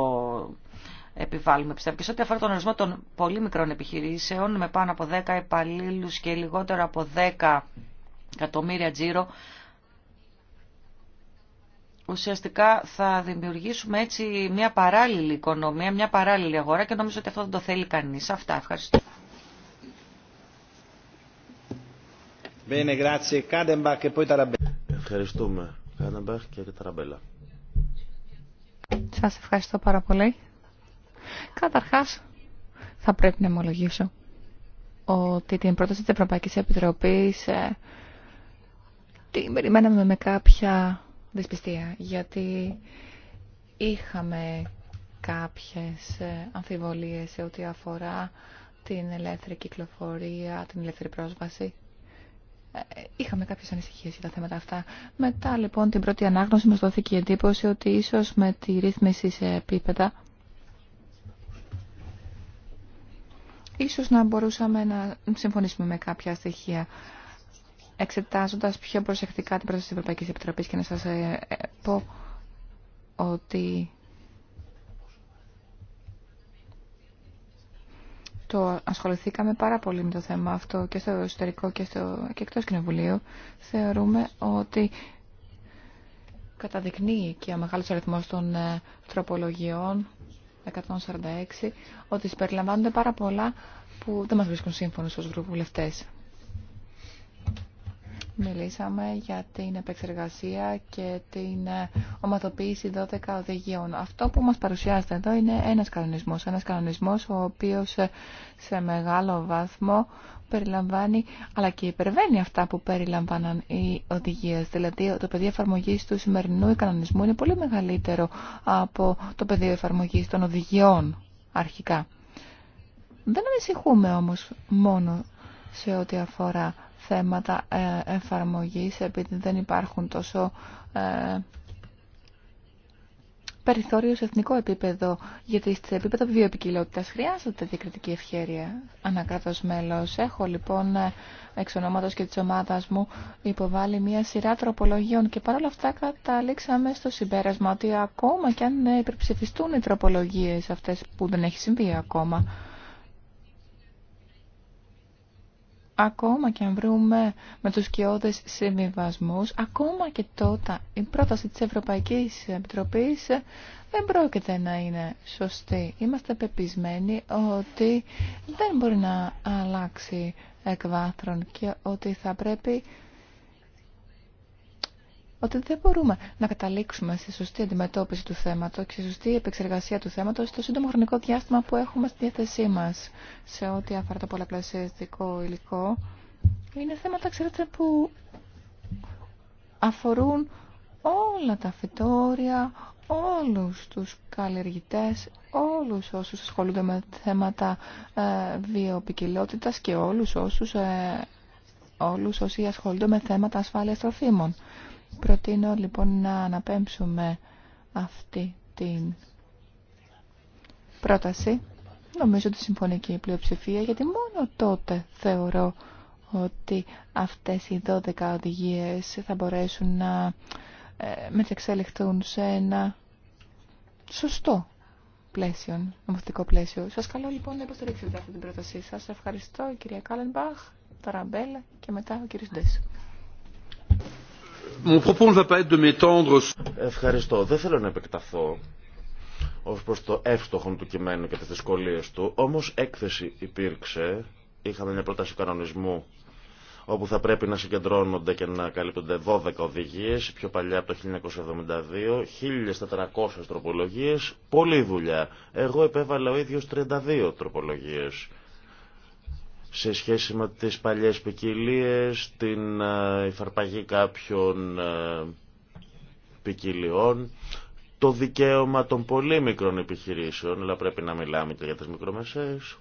επιβάλλουμε, πιστεύω. Και σε ό,τι αφορά τον ορισμό των πολύ μικρών επιχειρήσεων, με πάνω από 10 επαλλήλους και λιγότερο από 10 εκατομμύρια τζίρο, Ουσιαστικά θα δημιουργήσουμε έτσι μια παράλληλη οικονομία, μια παράλληλη αγορά και νομίζω ότι αυτό δεν το θέλει κανείς. Αυτά, ευχαριστώ. E Ευχαριστούμε. Κάντεμπαχ και Ταραμπέλα. Σας ευχαριστώ πάρα πολύ. Καταρχάς, θα πρέπει να ομολογήσω ότι την πρόταση της Ευρωπαϊκής Επιτροπής ε, την περιμέναμε με κάποια δυσπιστία, γιατί είχαμε κάποιες ε, αμφιβολίες σε ό,τι αφορά την ελεύθερη κυκλοφορία, την ελεύθερη πρόσβαση. Ε, είχαμε κάποιε ανησυχίε για τα θέματα αυτά. Μετά λοιπόν την πρώτη ανάγνωση μα δόθηκε η εντύπωση ότι ίσως με τη ρύθμιση σε επίπεδα ίσως να μπορούσαμε να συμφωνήσουμε με κάποια στοιχεία. Εξετάζοντα πιο προσεκτικά την πρόταση τη Ευρωπαϊκή Επιτροπή και να σας ε, ε, πω ότι το ασχοληθήκαμε πάρα πολύ με το θέμα αυτό και στο εσωτερικό και, στο, και εκτός κοινοβουλίου. Θεωρούμε ότι καταδεικνύει και ο μεγάλος αριθμός των ε, τροπολογιών 146 ότι συμπεριλαμβάνονται πάρα πολλά που δεν μας βρίσκουν σύμφωνος ως βουλευτές μιλήσαμε για την επεξεργασία και την ε, ομαδοποίηση 12 οδηγίων. Αυτό που μας παρουσιάζεται εδώ είναι ένας κανονισμός. Ένας κανονισμός ο οποίος ε, σε μεγάλο βάθμο περιλαμβάνει αλλά και υπερβαίνει αυτά που περιλαμβάναν οι οδηγίες. Δηλαδή το πεδίο εφαρμογή του σημερινού κανονισμού είναι πολύ μεγαλύτερο από το πεδίο εφαρμογή των οδηγιών αρχικά. Δεν ανησυχούμε όμως μόνο σε ό,τι αφορά θέματα ε, εφαρμογής επειδή δεν υπάρχουν τόσο ε, περιθώριο σε εθνικό επίπεδο, γιατί σε επίπεδο βιοεπικοινότητας χρειάζεται διακριτική ευχαίρεια ανακράτως μέλος. Έχω λοιπόν ε, εξ ονόματος και της ομάδας μου υποβάλει μια σειρά τροπολογιών και παρόλα αυτά καταλήξαμε στο συμπέρασμα ότι ακόμα και αν υπερψηφιστούν οι τροπολογίες αυτές που δεν έχει συμβεί ακόμα, ακόμα και αν βρούμε με τους κοιόδες συμβιβασμού, ακόμα και τότε η πρόταση της Ευρωπαϊκής Επιτροπής δεν πρόκειται να είναι σωστή. Είμαστε πεπισμένοι ότι δεν μπορεί να αλλάξει εκβάθρον και ότι θα πρέπει ότι δεν μπορούμε να καταλήξουμε στη σωστή αντιμετώπιση του θέματος και στη σωστή επεξεργασία του θέματος στο σύντομο χρονικό διάστημα που έχουμε στη διάθεσή μας σε ό,τι αφορά το πολλαπλασιαστικό υλικό. Είναι θέματα, ξέρετε, που αφορούν όλα τα φυτόρια, όλους τους καλλιεργητές, όλους όσους ασχολούνται με θέματα ε, βιοπικιλότητας και όλους όσους ε, όλους όσοι ασχολούνται με θέματα ασφάλειας τροφίμων. Προτείνω λοιπόν να αναπέμψουμε αυτή την πρόταση. Νομίζω ότι συμφωνεί και η πλειοψηφία, γιατί μόνο τότε θεωρώ ότι αυτές οι 12 οδηγίες θα μπορέσουν να ε, μετεξελιχθούν σε ένα σωστό πλαίσιο, νομοθετικό πλαίσιο. Σας καλώ λοιπόν να υποστηρίξετε αυτή την πρότασή σας. Ευχαριστώ κυρία Κάλενμπαχ, τώρα Μπέλα και μετά ο κύριος Ντέσου. Ευχαριστώ. Δεν θέλω να επεκταθώ ω προ το εύστοχο του κειμένου και τι δυσκολίε του. Όμω έκθεση υπήρξε. Είχαμε μια πρόταση κανονισμού όπου θα πρέπει να συγκεντρώνονται και να καλύπτονται 12 οδηγίε, πιο παλιά από το 1972, 1.400 τροπολογίε, πολλή δουλειά. Εγώ επέβαλα ο ίδιο 32 τροπολογίε σε σχέση με τις παλιές ποικιλίε, την ε, υφαρπαγή κάποιων ε, ποικιλιών, το δικαίωμα των πολύ μικρών επιχειρήσεων, αλλά πρέπει να μιλάμε και για τις μικρομεσαίες,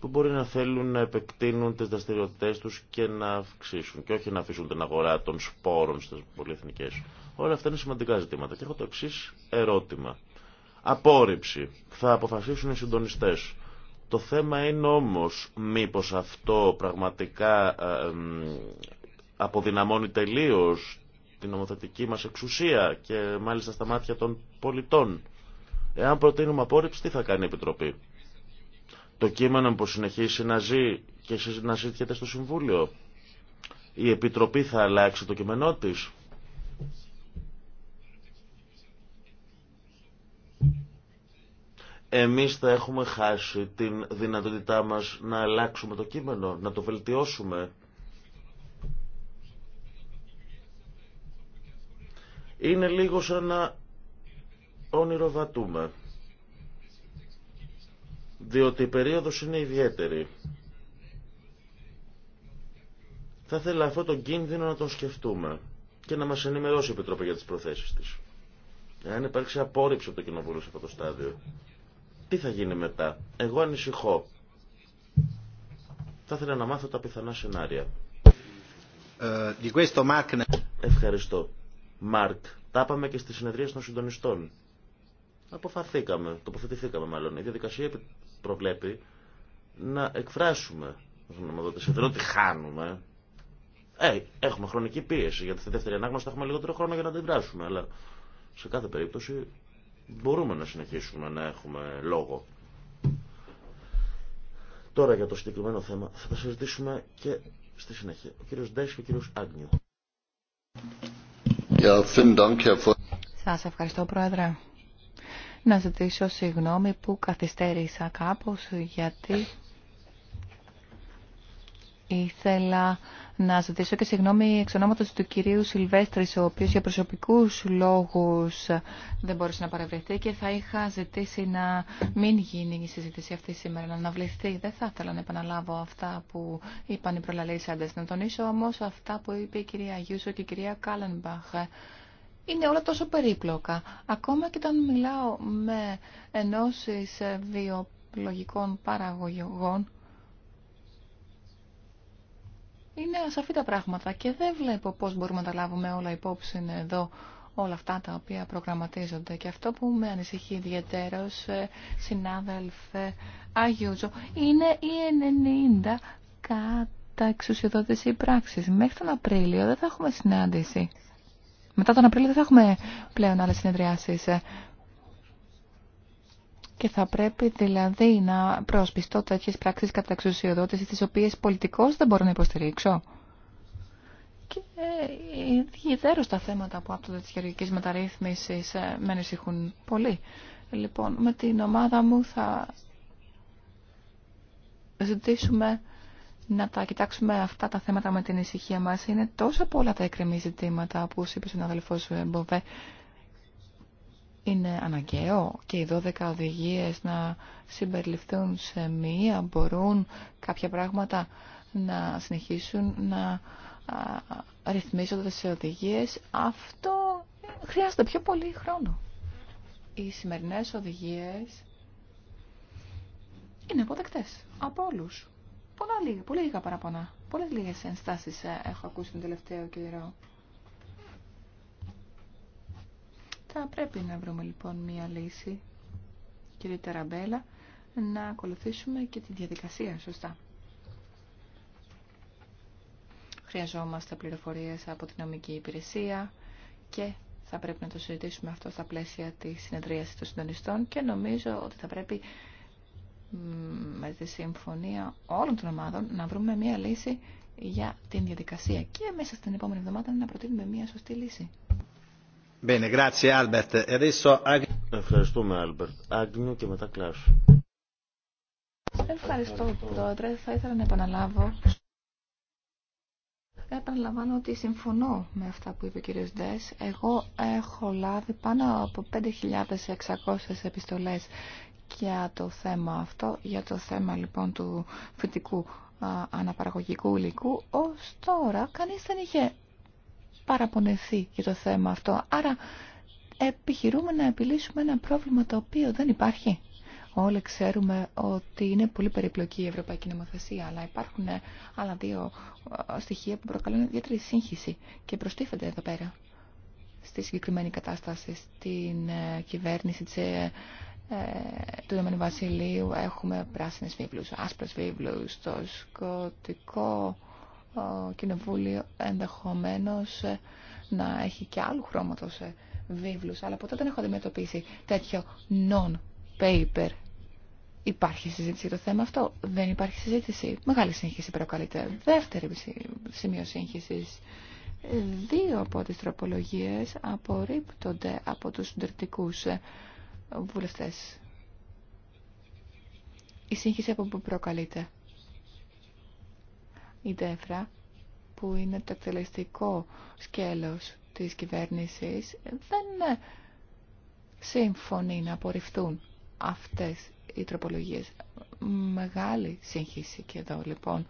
που μπορεί να θέλουν να επεκτείνουν τις δραστηριότητε τους και να αυξήσουν και όχι να αφήσουν την αγορά των σπόρων στις πολυεθνικές. Όλα αυτά είναι σημαντικά ζητήματα και έχω το εξή ερώτημα. Απόρριψη. Θα αποφασίσουν οι συντονιστές. Το θέμα είναι όμως μήπως αυτό πραγματικά ε, αποδυναμώνει τελείως την νομοθετική μας εξουσία και μάλιστα στα μάτια των πολιτών. Εάν προτείνουμε απόρριψη, τι θα κάνει η Επιτροπή. Το κείμενο που συνεχίσει να ζει και να συζητιέται στο Συμβούλιο. Η Επιτροπή θα αλλάξει το κείμενό της. εμείς θα έχουμε χάσει την δυνατότητά μας να αλλάξουμε το κείμενο, να το βελτιώσουμε. Είναι λίγο σαν να όνειροβατούμε. Διότι η περίοδος είναι ιδιαίτερη. Θα ήθελα αυτό τον κίνδυνο να τον σκεφτούμε και να μας ενημερώσει η Επιτροπή για τις προθέσεις της. Εάν υπάρξει απόρριψη από το Κοινοβούλιο σε αυτό το στάδιο, τι θα γίνει μετά. Εγώ ανησυχώ. Θα ήθελα να μάθω τα πιθανά σενάρια. Ε, Ευχαριστώ. Μάρκ, τα είπαμε και στις συνεδρίες των συντονιστών. Αποφαθήκαμε, τοποθετηθήκαμε μάλλον. Η διαδικασία προβλέπει να εκφράσουμε γνωμοδότηση. Δεν ότι χάνουμε. Ε, έχουμε χρονική πίεση, γιατί στη δεύτερη ανάγνωση θα έχουμε λιγότερο χρόνο για να αντιδράσουμε. Αλλά σε κάθε περίπτωση μπορούμε να συνεχίσουμε να έχουμε λόγο. Τώρα για το συγκεκριμένο θέμα θα τα συζητήσουμε και στη συνέχεια. Ο κύριος Ντέις και ο κύριος Άγνιου. Σας ευχαριστώ Πρόεδρε. Να ζητήσω συγγνώμη που καθυστέρησα κάπως γιατί ήθελα να ζητήσω και συγγνώμη εξ ονόματος του κυρίου Σιλβέστρης, ο οποίος για προσωπικούς λόγους δεν μπορούσε να παρευρεθεί και θα είχα ζητήσει να μην γίνει η συζήτηση αυτή σήμερα, να αναβληθεί. Δεν θα ήθελα να επαναλάβω αυτά που είπαν οι προλαλήσαντες. Να τονίσω όμως αυτά που είπε η κυρία Γιούσο και η κυρία Κάλενμπαχ. Είναι όλα τόσο περίπλοκα. Ακόμα και όταν μιλάω με ενώσεις βιολογικών παραγωγών, είναι ασαφή τα πράγματα και δεν βλέπω πώς μπορούμε να τα λάβουμε όλα υπόψη εδώ όλα αυτά τα οποία προγραμματίζονται. Και αυτό που με ανησυχεί ιδιαίτερο ε, συνάδελφε Αγιούζο, είναι η 90 κατά εξουσιοδότηση πράξης. Μέχρι τον Απρίλιο δεν θα έχουμε συνάντηση. Μετά τον Απρίλιο δεν θα έχουμε πλέον άλλες συνεδριάσεις ε, και θα πρέπει δηλαδή να προσπιστώ τέτοιε πράξεις κατά εξουσιοδότηση, τις οποίες πολιτικώς δεν μπορώ να υποστηρίξω. Και ε, ιδιαίτερω τα θέματα που άπτονται τη χειρουργική μεταρρύθμιση ε, με ανησυχούν πολύ. Λοιπόν, με την ομάδα μου θα ζητήσουμε να τα κοιτάξουμε αυτά τα θέματα με την ησυχία μας. Είναι τόσο πολλά τα εκκρεμή ζητήματα που είπε ο συναδελφός Μποβέ είναι αναγκαίο και οι 12 οδηγίες να συμπεριληφθούν σε μία, μπορούν κάποια πράγματα να συνεχίσουν να ρυθμίζονται σε οδηγίες. Αυτό χρειάζεται πιο πολύ χρόνο. Οι σημερινές οδηγίες είναι αποδεκτές από όλους. Πολλά πολύ λίγα παραπονά. Πολλές λίγες ενστάσεις ε, έχω ακούσει τον τελευταίο καιρό. Θα πρέπει να βρούμε λοιπόν μία λύση, κύριε Ταραμπέλα, να ακολουθήσουμε και τη διαδικασία σωστά. Χρειαζόμαστε πληροφορίες από την νομική υπηρεσία και θα πρέπει να το συζητήσουμε αυτό στα πλαίσια της συνεδρίασης των συντονιστών και νομίζω ότι θα πρέπει με τη συμφωνία όλων των ομάδων να βρούμε μία λύση για την διαδικασία και μέσα στην επόμενη εβδομάδα να προτείνουμε μία σωστή λύση. E Ευχαριστούμε, Άλμπερτ. Άγνιου και μετά κλάσο. Ευχαριστώ, Πρόεδρε. Θα ήθελα να επαναλάβω. Επαναλαμβάνω ότι συμφωνώ με αυτά που είπε ο κύριος Ντές. Εγώ έχω λάβει πάνω από 5.600 επιστολές για το θέμα αυτό, για το θέμα λοιπόν του φυτικού αναπαραγωγικού υλικού. Ως τώρα κανείς δεν είχε παραπονεθεί για το θέμα αυτό. Άρα επιχειρούμε να επιλύσουμε ένα πρόβλημα το οποίο δεν υπάρχει. Όλοι ξέρουμε ότι είναι πολύ περιπλοκή η Ευρωπαϊκή Νομοθεσία, αλλά υπάρχουν ε, άλλα δύο ε, στοιχεία που προκαλούν ιδιαίτερη σύγχυση και προστίθενται εδώ πέρα στη συγκεκριμένη κατάσταση, στην ε, κυβέρνηση της, του Ιωμένου Βασιλείου. Έχουμε πράσινες βίβλους, άσπρες βίβλους, το σκοτικό ο Κοινοβούλιο ενδεχομένως ε, να έχει και άλλου χρώματος ε, βίβλους, αλλά ποτέ δεν έχω αντιμετωπίσει τέτοιο non-paper. Υπάρχει συζήτηση το θέμα αυτό. Δεν υπάρχει συζήτηση. Μεγάλη σύγχυση προκαλείται. Δεύτερη σημείο σύγχυση. Δύο από τις τροπολογίε απορρίπτονται από τους συντριπτικού ε, βουλευτέ. Η σύγχυση από που προκαλείται η ΤΕΦΡΑ, που είναι το εκτελεστικό σκέλος της κυβέρνησης, δεν ε, συμφωνεί να απορριφθούν αυτές οι τροπολογίες. Μεγάλη σύγχυση και εδώ λοιπόν.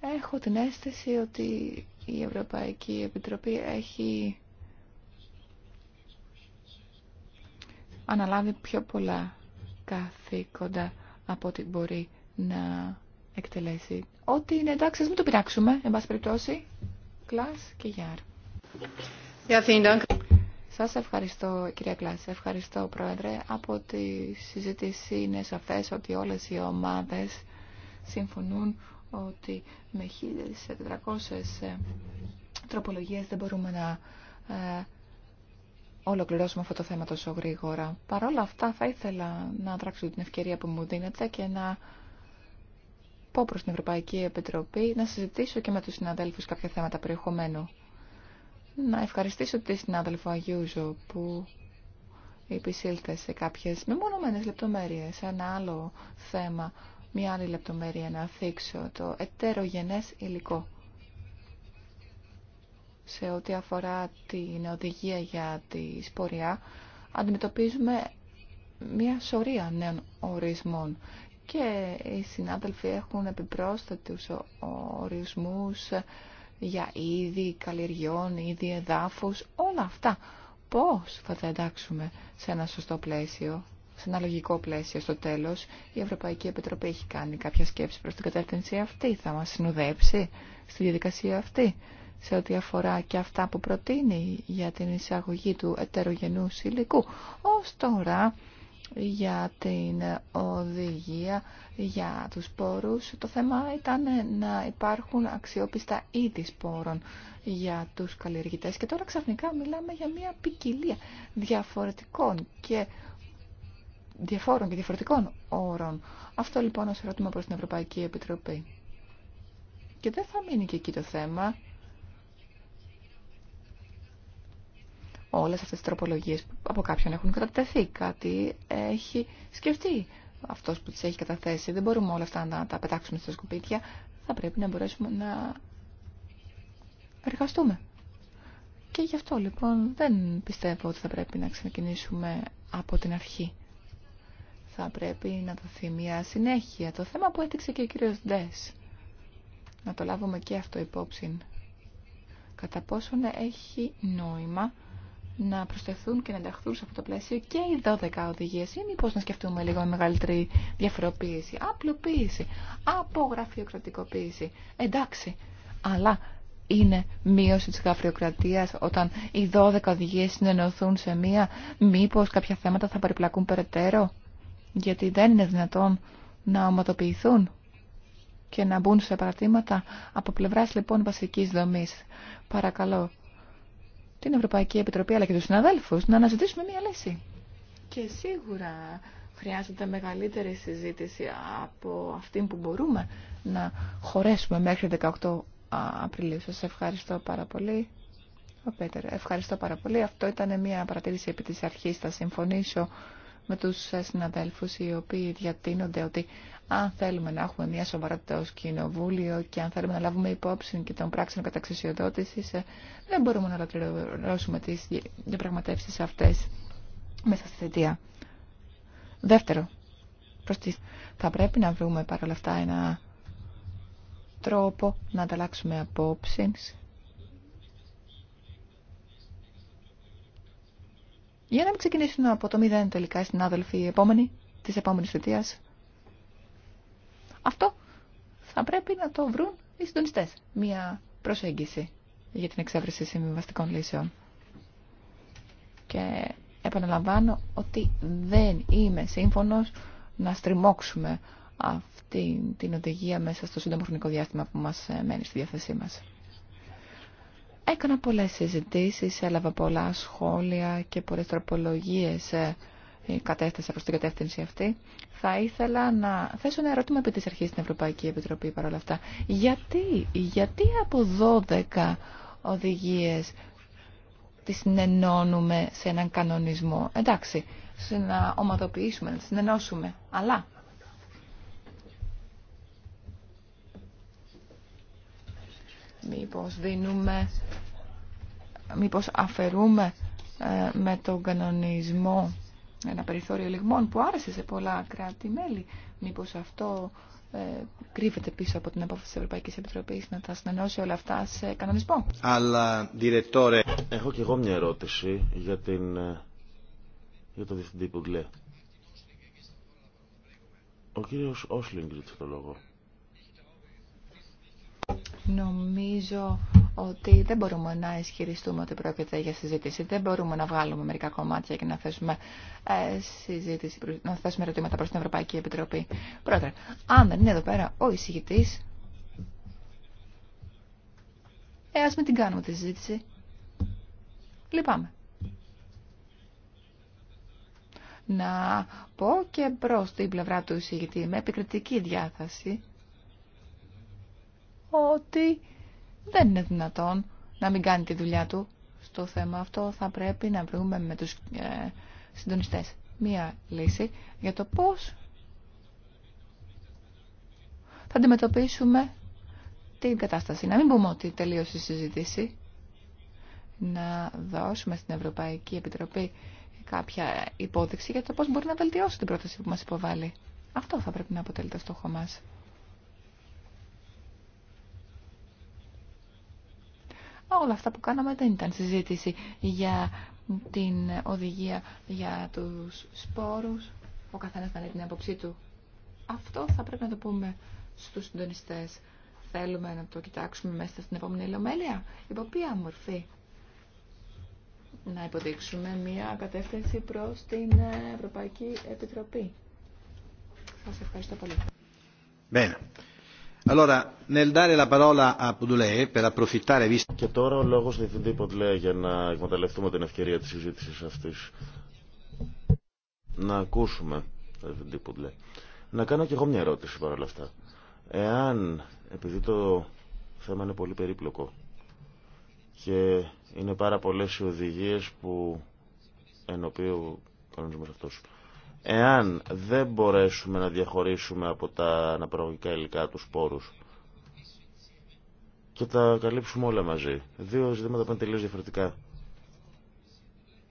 Έχω την αίσθηση ότι η Ευρωπαϊκή Επιτροπή έχει αναλάβει πιο πολλά καθήκοντα από ό,τι μπορεί να εκτελέσει. Ό,τι είναι εντάξει, ας μην το πειράξουμε, εν πάση περιπτώσει. Κλάς και Γιάρ. Yeah, Σας ευχαριστώ, κυρία Κλάς. Ευχαριστώ, Πρόεδρε. Από τη συζήτηση είναι σαφές ότι όλες οι ομάδες συμφωνούν ότι με 1.400 ε, τροπολογίες δεν μπορούμε να ε, ολοκληρώσουμε αυτό το θέμα τόσο γρήγορα. Παρ' όλα αυτά θα ήθελα να τράξω την ευκαιρία που μου δίνετε και να πω προς την Ευρωπαϊκή Επιτροπή να συζητήσω και με τους συναδέλφους κάποια θέματα περιεχομένου. Να ευχαριστήσω τη συνάδελφο Αγιούζο που επισήλθε σε κάποιες μεμονωμένες λεπτομέρειες, ένα άλλο θέμα, μια άλλη λεπτομέρεια να θίξω, το ετερογενές υλικό σε ό,τι αφορά την οδηγία για τη σποριά, αντιμετωπίζουμε μια σωρία νέων ορισμών και οι συνάδελφοι έχουν επιπρόσθετους ορισμούς για είδη καλλιεργιών, είδη εδάφους, όλα αυτά. Πώς θα τα εντάξουμε σε ένα σωστό πλαίσιο, σε ένα λογικό πλαίσιο στο τέλος. Η Ευρωπαϊκή Επιτροπή έχει κάνει κάποια σκέψη προς την κατεύθυνση αυτή, θα μας συνοδέψει στη διαδικασία αυτή σε ό,τι αφορά και αυτά που προτείνει για την εισαγωγή του ετερογενούς υλικού. Ως τώρα για την οδηγία για τους πόρους. Το θέμα ήταν να υπάρχουν αξιόπιστα είδη σπόρων για τους καλλιεργητές και τώρα ξαφνικά μιλάμε για μια ποικιλία διαφορετικών και διαφόρων και διαφορετικών όρων. Αυτό λοιπόν ως ερώτημα προς την Ευρωπαϊκή Επιτροπή. Και δεν θα μείνει και εκεί το θέμα. όλες αυτές τις τροπολογίες από κάποιον έχουν κατατεθεί. Κάτι έχει σκεφτεί αυτός που τις έχει καταθέσει. Δεν μπορούμε όλα αυτά να τα πετάξουμε στα σκουπίτια. Θα πρέπει να μπορέσουμε να εργαστούμε. Και γι' αυτό λοιπόν δεν πιστεύω ότι θα πρέπει να ξεκινήσουμε από την αρχή. Θα πρέπει να δοθεί μια συνέχεια. Το θέμα που έδειξε και ο κύριος Ντές. Να το λάβουμε και αυτό υπόψη. Κατά πόσον έχει νόημα να προσθεθούν και να ενταχθούν σε αυτό το πλαίσιο και οι 12 οδηγίες ή μήπως να σκεφτούμε λίγο μεγαλύτερη διαφοροποίηση, απλοποίηση, απογραφειοκρατικοποίηση. Εντάξει, αλλά είναι μείωση της γραφειοκρατίας όταν οι 12 οδηγίες συνενωθούν σε μία, μήπως κάποια θέματα θα περιπλακούν περαιτέρω, γιατί δεν είναι δυνατόν να οματοποιηθούν και να μπουν σε παρατήματα από πλευράς λοιπόν βασικής δομής. Παρακαλώ, την Ευρωπαϊκή Επιτροπή αλλά και τους συναδέλφους να αναζητήσουμε μια λύση. Και σίγουρα χρειάζεται μεγαλύτερη συζήτηση από αυτή που μπορούμε να χωρέσουμε μέχρι 18 Απριλίου. Σας ευχαριστώ πάρα πολύ. Ο Πέτερ, ευχαριστώ πάρα πολύ. Αυτό ήταν μια παρατήρηση επί της αρχής. Θα συμφωνήσω με τους συναδέλφους οι οποίοι διατείνονται ότι αν θέλουμε να έχουμε μια σοβαρότητα ως κοινοβούλιο και αν θέλουμε να λάβουμε υπόψη και των πράξεων καταξουσιοδότησης ε, δεν μπορούμε να ολοκληρώσουμε τις διαπραγματεύσεις αυτές μέσα στη θετία. Δεύτερο, προς θα πρέπει να βρούμε παρόλα αυτά ένα τρόπο να ανταλλάξουμε απόψεις Για να μην ξεκινήσουν από το μηδέν τελικά οι συνάδελφοι επόμενη της επόμενης θητείας. Αυτό θα πρέπει να το βρουν οι συντονιστές. Μία προσέγγιση για την εξέβρεση συμβιβαστικών λύσεων. Και επαναλαμβάνω ότι δεν είμαι σύμφωνος να στριμώξουμε αυτή την οδηγία μέσα στο σύντομο χρονικό διάστημα που μας μένει στη διάθεσή μας. Έκανα πολλές συζητήσεις, έλαβα πολλά σχόλια και πολλές τροπολογίες ε, ε, κατέθεσα προς την κατεύθυνση αυτή. Θα ήθελα να θέσω ένα ερώτημα επί της αρχής στην Ευρωπαϊκή Επιτροπή παρόλα αυτά. Γιατί, γιατί από 12 οδηγίες τις συνενώνουμε σε έναν κανονισμό. Εντάξει, να ομαδοποιήσουμε, να συνενώσουμε. Αλλά Μήπως δίνουμε, μήπως αφαιρούμε ε, με τον κανονισμό ένα περιθώριο λιγμών που άρεσε σε πολλά κράτη-μέλη. Μήπως αυτό ε, κρύβεται πίσω από την απόφαση της Ευρωπαϊκής Επιτροπής να τα συνενώσει όλα αυτά σε κανονισμό. Αλλά, διρετόρε... Έχω κι εγώ μια ερώτηση για, την, ε, για το διευθυντή Πουγκλέ. Ο κύριος Όσλιγκ το λόγο. Νομίζω ότι δεν μπορούμε να ισχυριστούμε ότι πρόκειται για συζήτηση. Δεν μπορούμε να βγάλουμε μερικά κομμάτια και να θέσουμε, ε, συζήτηση, να θέσουμε ερωτήματα προς την Ευρωπαϊκή Επιτροπή. Πρόεδρε, αν δεν είναι εδώ πέρα ο εισηγητής, ε, ας μην την κάνουμε τη συζήτηση. Λυπάμαι. Να πω και προς την πλευρά του εισηγητή με επικριτική διάθεση ότι δεν είναι δυνατόν να μην κάνει τη δουλειά του στο θέμα αυτό. Θα πρέπει να βρούμε με τους ε, συντονιστές μία λύση για το πώς θα αντιμετωπίσουμε την κατάσταση. Να μην πούμε ότι τελείωσε η συζήτηση. Να δώσουμε στην Ευρωπαϊκή Επιτροπή κάποια υπόδειξη για το πώς μπορεί να βελτιώσει την πρόταση που μας υποβάλλει. Αυτό θα πρέπει να αποτελεί το στόχο μας. Όλα αυτά που κάναμε δεν ήταν συζήτηση για την οδηγία για τους σπόρους. Ο καθένας θα είναι την άποψή του. Αυτό θα πρέπει να το πούμε στους συντονιστές. Θέλουμε να το κοιτάξουμε μέσα στην επόμενη λεωμέλεια, Υπό ποια μορφή να υποδείξουμε μία κατεύθυνση προς την Ευρωπαϊκή Επιτροπή. Σας ευχαριστώ πολύ. Και τώρα ο λόγο διευθυντή Ποντλέ για να εκμεταλλευτούμε την ευκαιρία τη συζήτηση αυτή. Να ακούσουμε, διευθυντή Ποντλέ. Να κάνω και εγώ μια ερώτηση παρόλα αυτά. Εάν, επειδή το θέμα είναι πολύ περίπλοκο και είναι πάρα πολλέ οι οδηγίε που ενωπεί ο κανονισμό αυτό εάν δεν μπορέσουμε να διαχωρίσουμε από τα αναπαραγωγικά υλικά του σπόρους και τα καλύψουμε όλα μαζί. Δύο ζητήματα πάνε τελείω διαφορετικά.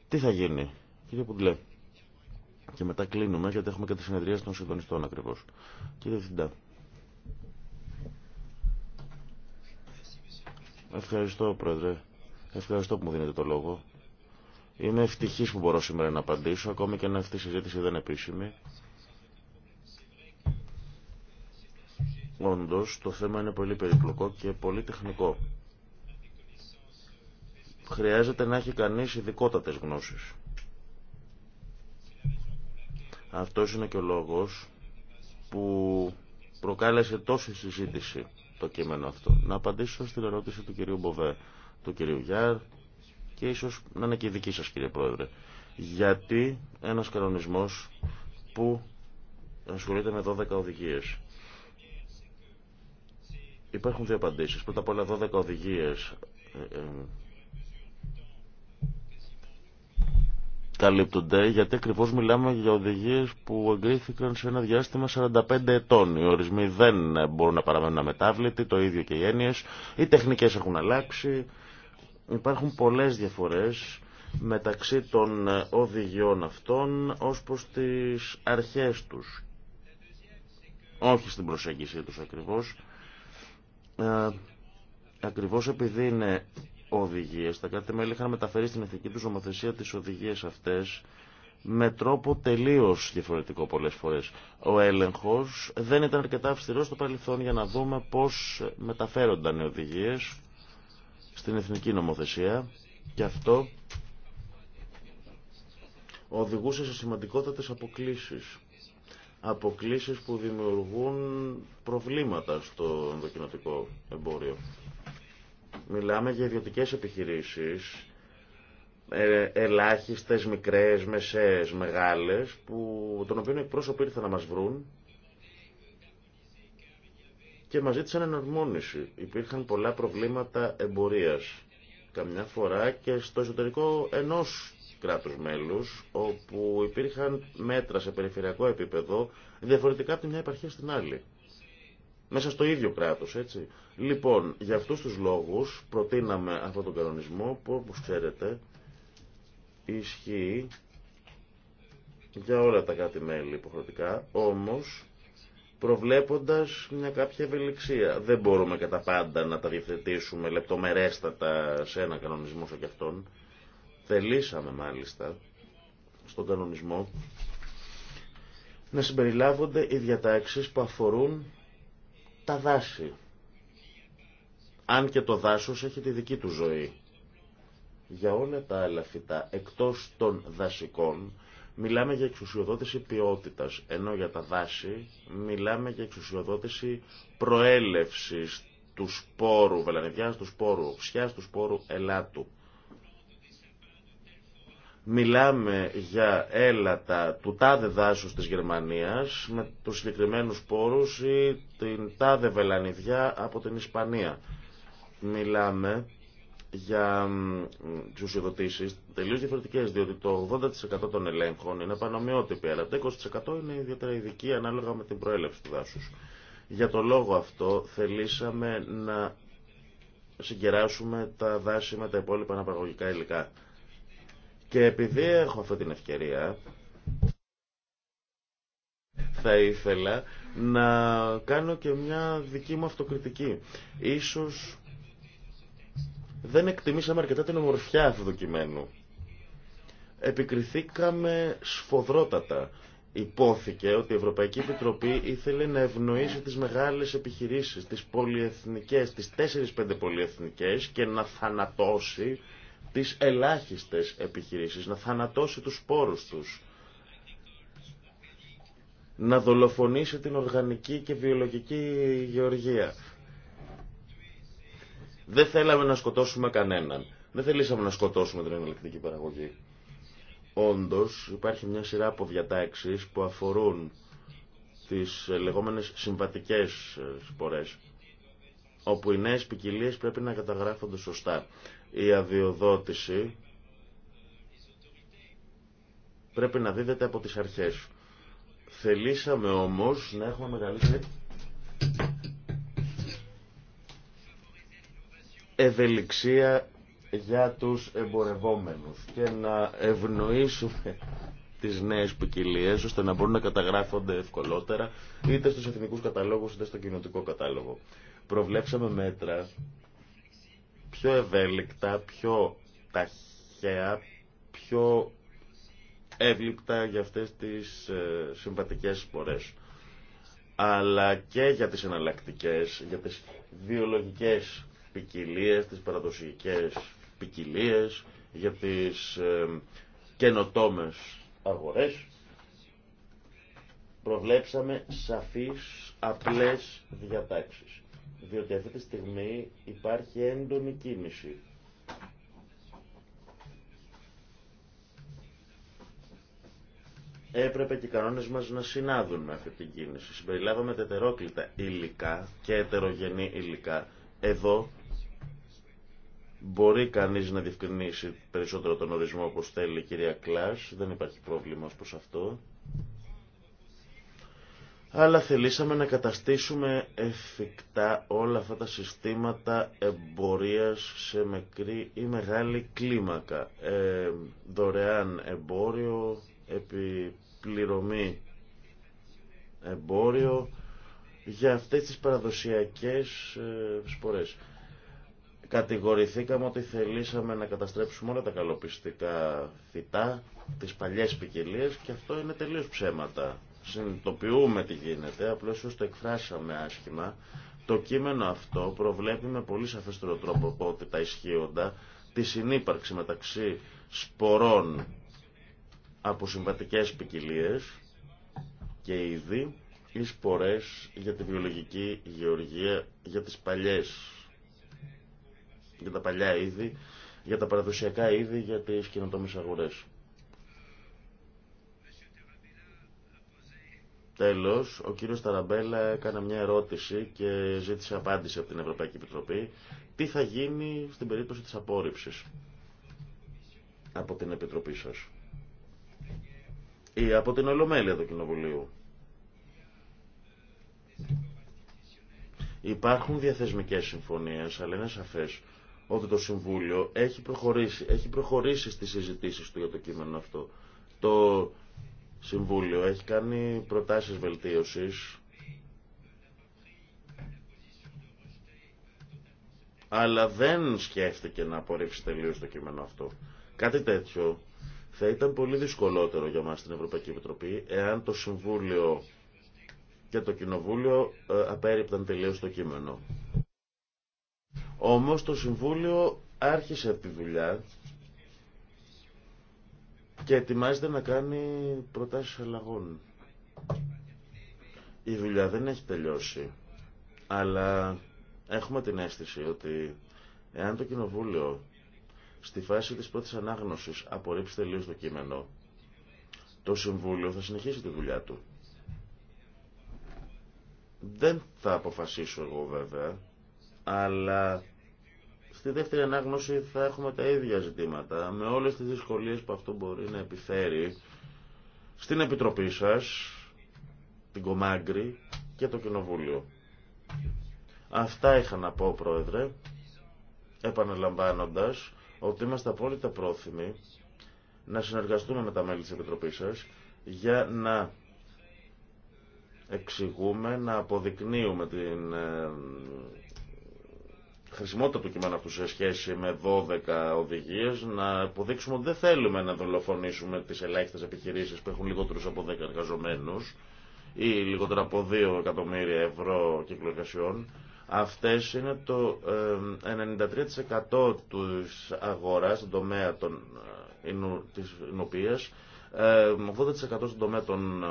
Τι θα γίνει, κύριε Πουντλέ. Και μετά κλείνουμε γιατί έχουμε και τη συνεδρία των συντονιστών ακριβώ. Κύριε Διευθυντά. Ευχαριστώ, Πρόεδρε. Ευχαριστώ που μου δίνετε το λόγο. Είμαι ευτυχής που μπορώ σήμερα να απαντήσω, ακόμη και αν αυτή η συζήτηση δεν είναι επίσημη. Όντως, το θέμα είναι πολύ περιπλοκό και πολύ τεχνικό. Χρειάζεται να έχει κανείς ειδικότατες γνώσεις. Αυτός είναι και ο λόγος που προκάλεσε τόση συζήτηση το κείμενο αυτό. Να απαντήσω στην ερώτηση του κυρίου Μποβέ, του κυρίου Γιάρ, και ίσως να είναι και η δική σας κύριε Πρόεδρε. Γιατί ένας κανονισμός που ασχολείται με 12 οδηγίες. Υπάρχουν δύο απαντήσεις. Πρώτα απ' όλα 12 οδηγίες ε, ε, καλύπτονται γιατί ακριβώς μιλάμε για οδηγίες που εγκρίθηκαν σε ένα διάστημα 45 ετών. Οι ορισμοί δεν μπορούν να παραμένουν αμετάβλητοι, το ίδιο και οι έννοιες. Οι τεχνικές έχουν αλλάξει, Υπάρχουν πολλές διαφορές μεταξύ των οδηγιών αυτών ως προς τις αρχές τους. Όχι στην προσέγγιση τους ακριβώς. Ε, ακριβώς επειδή είναι οδηγίες, τα κράτη μέλη είχαν μεταφέρει στην εθνική τους νομοθεσία τις οδηγίες αυτές με τρόπο τελείως διαφορετικό πολλές φορές. Ο έλεγχος δεν ήταν αρκετά αυστηρός στο παρελθόν για να δούμε πώς μεταφέρονταν οι οδηγίες στην εθνική νομοθεσία και αυτό οδηγούσε σε σημαντικότατες αποκλήσεις. Αποκλήσεις που δημιουργούν προβλήματα στο ενδοκινοτικό εμπόριο. Μιλάμε για ιδιωτικές επιχειρήσεις, ε, ελάχιστες, μικρές, μεσαίες, μεγάλες, που, τον οποίο οι πρόσωποι ήρθαν να μας βρουν και μας ζήτησαν εναρμόνιση. Υπήρχαν πολλά προβλήματα εμπορίας, καμιά φορά και στο εσωτερικό ενός κράτους μέλους, όπου υπήρχαν μέτρα σε περιφερειακό επίπεδο διαφορετικά από τη μια επαρχία στην άλλη. Μέσα στο ίδιο κράτος, έτσι. Λοιπόν, για αυτούς τους λόγους προτείναμε αυτόν τον κανονισμό που, όπως ξέρετε, ισχύει για όλα τα κάτι μελη υποχρεωτικά, όμως προβλέποντας μια κάποια ευελιξία. Δεν μπορούμε κατά πάντα να τα διευθετήσουμε λεπτομερέστατα σε ένα κανονισμό σαν κι αυτόν. Θελήσαμε μάλιστα στον κανονισμό να συμπεριλάβονται οι διατάξεις που αφορούν τα δάση. Αν και το δάσος έχει τη δική του ζωή. Για όλα τα άλλα φυτά, εκτός των δασικών, μιλάμε για εξουσιοδότηση ποιότητας, ενώ για τα δάση μιλάμε για εξουσιοδότηση προέλευσης του σπόρου βελανιδιάς, του σπόρου οξιάς, του σπόρου ελάτου. Μιλάμε για έλατα του τάδε δάσους της Γερμανίας με τους συγκεκριμένους σπόρους ή την τάδε βελανιδιά από την Ισπανία. Μιλάμε για τι ουσιοδοτήσει τελείω διαφορετικέ, διότι το 80% των ελέγχων είναι πανομοιότυπη, αλλά το 20% είναι ιδιαίτερα ειδική ανάλογα με την προέλευση του δάσου. Για το λόγο αυτό θελήσαμε να συγκεράσουμε τα δάση με τα υπόλοιπα αναπαραγωγικά υλικά. Και επειδή έχω αυτή την ευκαιρία, θα ήθελα να κάνω και μια δική μου αυτοκριτική. Ίσως δεν εκτιμήσαμε αρκετά την ομορφιά αυτού του κειμένου. Επικριθήκαμε σφοδρότατα. Υπόθηκε ότι η Ευρωπαϊκή Επιτροπή ήθελε να ευνοήσει τις μεγάλες επιχειρήσεις, τις πολυεθνικές, τις 4-5 πολυεθνικές και να θανατώσει τις ελάχιστες επιχειρήσεις, να θανατώσει τους σπόρους τους, να δολοφονήσει την οργανική και βιολογική γεωργία. Δεν θέλαμε να σκοτώσουμε κανέναν. Δεν θελήσαμε να σκοτώσουμε την εναλλακτική παραγωγή. Όντω, υπάρχει μια σειρά από διατάξει που αφορούν τις ε, λεγόμενες συμβατικέ ε, σπορές, όπου οι νέε ποικιλίε πρέπει να καταγράφονται σωστά. Η αδειοδότηση πρέπει να δίδεται από τις αρχές. Θελήσαμε όμως να έχουμε μεγαλύτερη ευελιξία για τους εμπορευόμενους και να ευνοήσουμε τις νέες ποικιλίε ώστε να μπορούν να καταγράφονται ευκολότερα είτε στους εθνικούς καταλόγους είτε στο κοινωτικό κατάλογο. Προβλέψαμε μέτρα πιο ευέλικτα, πιο ταχαία, πιο εύληπτα για αυτές τις ε, συμβατικές σπορές αλλά και για τις εναλλακτικές, για τις βιολογικές ποικιλίε, τις παραδοσιακέ ποικιλίε, για τις ε, καινοτόμες Προβλέψαμε σαφείς, απλές διατάξεις. Διότι αυτή τη στιγμή υπάρχει έντονη κίνηση έπρεπε και οι κανόνες μας να συνάδουν με αυτή την κίνηση. Συμπεριλάβαμε τετερόκλητα υλικά και ετερογενή υλικά. Εδώ Μπορεί κανείς να διευκρινίσει περισσότερο τον ορισμό όπως θέλει η κυρία Κλάς, δεν υπάρχει πρόβλημα ως προς αυτό. Αλλά θελήσαμε να καταστήσουμε εφικτά όλα αυτά τα συστήματα εμπορίας σε μικρή ή μεγάλη κλίμακα. Ε, δωρεάν εμπόριο, επιπληρωμή εμπόριο για αυτές τις παραδοσιακές ε, σπορές κατηγορηθήκαμε ότι θελήσαμε να καταστρέψουμε όλα τα καλοπιστικά φυτά, τις παλιές ποικιλίε και αυτό είναι τελείως ψέματα. Συνειδητοποιούμε τι γίνεται, απλώς όσο το εκφράσαμε άσχημα. Το κείμενο αυτό προβλέπει με πολύ σαφέστερο τρόπο ότι τα ισχύοντα τη συνύπαρξη μεταξύ σπορών από συμβατικές ποικιλίε και ήδη οι σπορές για τη βιολογική γεωργία για τις παλιές για τα παλιά είδη, για τα παραδοσιακά είδη, για τις καινοτόμες αγορές. Τέλος, ο κύριος Ταραμπέλα έκανε μια ερώτηση και ζήτησε απάντηση από την Ευρωπαϊκή Επιτροπή. Τι θα γίνει στην περίπτωση της απόρριψης από την Επιτροπή σας ή από την Ολομέλεια του Κοινοβουλίου. Υπάρχουν διαθεσμικές συμφωνίες, αλλά είναι σαφές ότι το Συμβούλιο έχει προχωρήσει, έχει προχωρήσει στις συζητήσεις του για το κείμενο αυτό. Το Συμβούλιο έχει κάνει προτάσεις βελτίωσης, αλλά δεν σκέφτηκε να απορρίψει τελείως το κείμενο αυτό. Κάτι τέτοιο θα ήταν πολύ δυσκολότερο για μας στην Ευρωπαϊκή Επιτροπή εάν το Συμβούλιο και το Κοινοβούλιο ε, απέριπταν τελείως το κείμενο. Όμως το Συμβούλιο άρχισε τη δουλειά και ετοιμάζεται να κάνει προτάσεις αλλαγών. Η δουλειά δεν έχει τελειώσει, αλλά έχουμε την αίσθηση ότι εάν το Κοινοβούλιο στη φάση της πρώτης ανάγνωσης απορρίψει τελείως το κείμενο, το Συμβούλιο θα συνεχίσει τη δουλειά του. Δεν θα αποφασίσω εγώ βέβαια, αλλά Στη δεύτερη ανάγνωση θα έχουμε τα ίδια ζητήματα, με όλες τις δυσκολίες που αυτό μπορεί να επιφέρει στην Επιτροπή σας, την Κομάγκρη και το Κοινοβούλιο. Αυτά είχα να πω, Πρόεδρε, επαναλαμβάνοντας ότι είμαστε απόλυτα πρόθυμοι να συνεργαστούμε με τα μέλη της Επιτροπής σας για να εξηγούμε, να αποδεικνύουμε την ε, χρησιμότητα του κειμένου αυτού σε σχέση με 12 οδηγίε, να αποδείξουμε ότι δεν θέλουμε να δολοφονήσουμε τι ελάχιστε επιχειρήσει που έχουν λιγότερου από 10 εργαζομένου ή λιγότερα από 2 εκατομμύρια ευρώ κυκλοεργασιών. Αυτέ είναι το 93% τη αγορά στον τομέα των, ε, της 80% ε, στον τομέα των ε,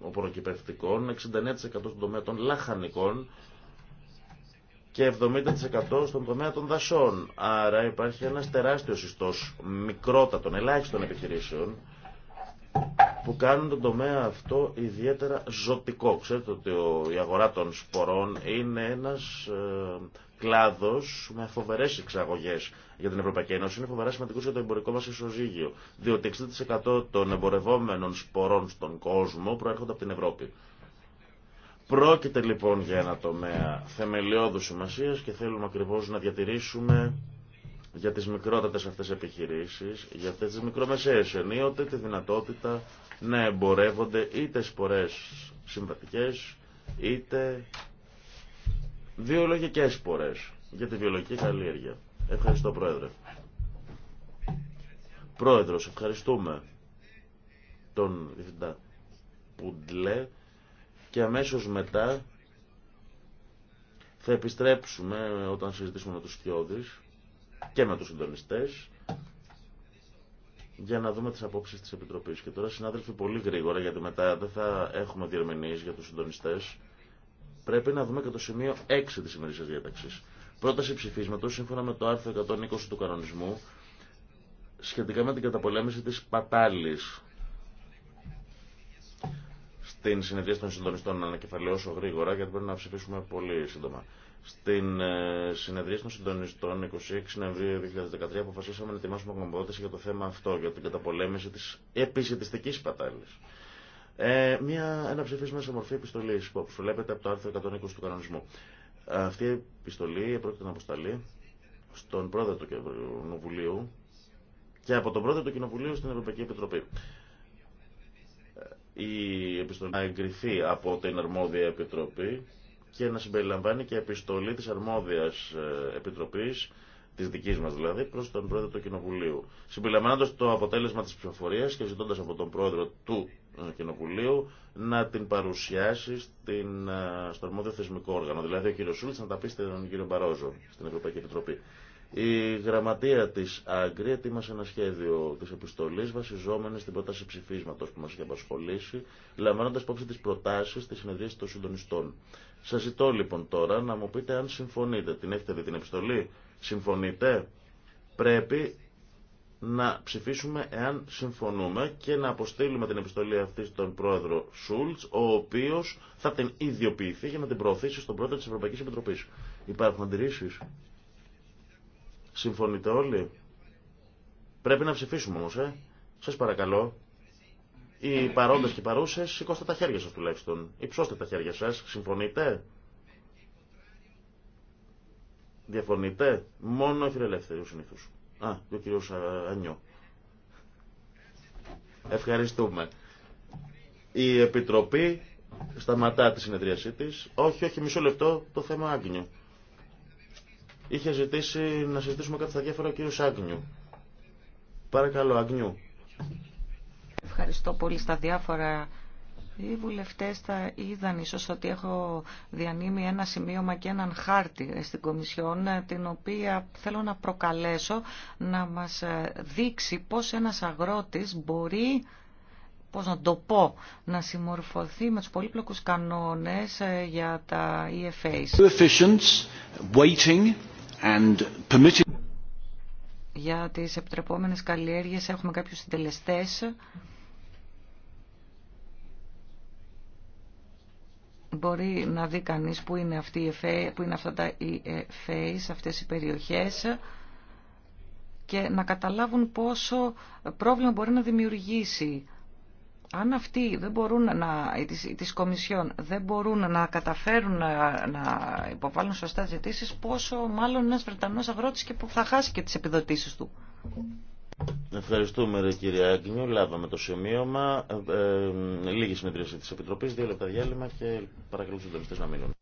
οποροκυπευτικών, 69% στον τομέα των λαχανικών και 70% στον τομέα των δασών. Άρα υπάρχει ένας τεράστιος ιστός μικρότατων, ελάχιστων επιχειρήσεων που κάνουν τον τομέα αυτό ιδιαίτερα ζωτικό. Ξέρετε ότι η αγορά των σπορών είναι ένας ε, κλάδος με φοβερές εξαγωγές για την Ευρωπαϊκή Ένωση. Είναι φοβερά σημαντικός για το εμπορικό μας ισοζύγιο, διότι 60% των εμπορευόμενων σπορών στον κόσμο προέρχονται από την Ευρώπη. Πρόκειται λοιπόν για ένα τομέα θεμελιώδους σημασία και θέλουμε ακριβώς να διατηρήσουμε για τις μικρότατες αυτές επιχειρήσεις, για αυτές τις μικρομεσαίες ενίοτε τη δυνατότητα να εμπορεύονται είτε σπορές συμβατικές, είτε βιολογικές σπορές για τη βιολογική καλλιέργεια. Ευχαριστώ Πρόεδρε. Πρόεδρος, ευχαριστούμε τον Διευθυντά Πουντλέ και αμέσως μετά θα επιστρέψουμε όταν συζητήσουμε με τους Σκιώδης και με τους συντονιστές για να δούμε τις απόψεις της Επιτροπής. Και τώρα συνάδελφοι πολύ γρήγορα γιατί μετά δεν θα έχουμε διερμηνείς για τους συντονιστές. Πρέπει να δούμε και το σημείο 6 της ημερήσιας διάταξης. Πρόταση ψηφίσματος σύμφωνα με το άρθρο 120 του κανονισμού σχετικά με την καταπολέμηση της πατάλης στην συνεδρία των συντονιστών να ανακεφαλαιώσω γρήγορα γιατί πρέπει να ψηφίσουμε πολύ σύντομα. Στην ε, συνεδρία των συντονιστών 26 Νοεμβρίου 2013 αποφασίσαμε να ετοιμάσουμε γνωμοδότηση για το θέμα αυτό, για την καταπολέμηση τη επισητιστικής πατάλης. Ε, μια, ένα ψηφίσμα σε μορφή επιστολή που βλέπετε από το άρθρο 120 του κανονισμού. Αυτή η επιστολή πρόκειται να αποσταλεί στον πρόεδρο του Κοινοβουλίου και από τον πρόεδρο του Κοινοβουλίου στην Ευρωπαϊκή Επιτροπή η επιστολή να εγκριθεί από την αρμόδια επιτροπή και να συμπεριλαμβάνει και επιστολή της αρμόδιας ε, επιτροπής της δικής μας δηλαδή, προς τον πρόεδρο του Κοινοβουλίου. Συμπεριλαμβάνοντας το αποτέλεσμα της ψηφοφορίας και ζητώντα από τον πρόεδρο του ε, Κοινοβουλίου να την παρουσιάσει στην, ε, στο αρμόδιο θεσμικό όργανο. Δηλαδή, ο κύριο Σούλτ να τα πει στον κύριο Μπαρόζο στην Ευρωπαϊκή Επιτροπή. Η γραμματεία τη Άγκρη ετοίμασε ένα σχέδιο τη επιστολή βασιζόμενη στην πρόταση ψηφίσματο που μα είχε απασχολήσει, λαμβάνοντα υπόψη τις προτάσει τη συνεδρίαση των συντονιστών. Σα ζητώ λοιπόν τώρα να μου πείτε αν συμφωνείτε. Την έχετε δει την επιστολή. Συμφωνείτε. Πρέπει να ψηφίσουμε εάν συμφωνούμε και να αποστείλουμε την επιστολή αυτή στον πρόεδρο Σούλτ, ο οποίο θα την ιδιοποιηθεί για να την προωθήσει στον πρόεδρο τη Ευρωπαϊκή Επιτροπή. Υπάρχουν αντιρρήσει. Συμφωνείτε όλοι. Πρέπει να ψηφίσουμε όμω. ε. Σας παρακαλώ. Οι παρόντες και οι παρούσες, σηκώστε τα χέρια σα τουλάχιστον. Υψώστε τα χέρια σας. Συμφωνείτε. Διαφωνείτε. Μόνο οι φιλελεύθεροι συνήθω. Α, και ο κύριο ε, Ανιώ. Ευχαριστούμε. Η Επιτροπή σταματά τη συνεδρίασή της. Όχι, όχι, μισό λεπτό, το θέμα άγγινιο είχε ζητήσει να συζητήσουμε κάτι στα διάφορα ο κύριος Άγνιου. Παρακαλώ, Άγνιου. Ευχαριστώ πολύ στα διάφορα. Οι βουλευτέ θα είδαν ίσω ότι έχω διανύμει ένα σημείωμα και έναν χάρτη στην Κομισιόν, την οποία θέλω να προκαλέσω να μας δείξει πώς ένας αγρότης μπορεί πώς να το πω, να συμμορφωθεί με τους πολύπλοκους κανόνες ε, για τα EFAs. Waiting. Για τις επιτρεπόμενες καλλιέργειες έχουμε κάποιους συντελεστές. Μπορεί να δει κανείς που είναι, αυτή είναι αυτά τα EFA, αυτές οι περιοχές και να καταλάβουν πόσο πρόβλημα μπορεί να δημιουργήσει αν αυτοί δεν μπορούν να, τις, τις κομισιόν δεν μπορούν να καταφέρουν να, να υποβάλουν σωστά ζητήσει, πόσο μάλλον ένας Βρετανός αγρότης και που θα χάσει και τις επιδοτήσεις του. Ευχαριστούμε κύριε Άγγινιου. Λάβαμε το σημείωμα. Ε, ε, λίγη συνεδρίαση της Επιτροπής, δύο λεπτά διάλειμμα και παρακαλώ τους να μείνουν.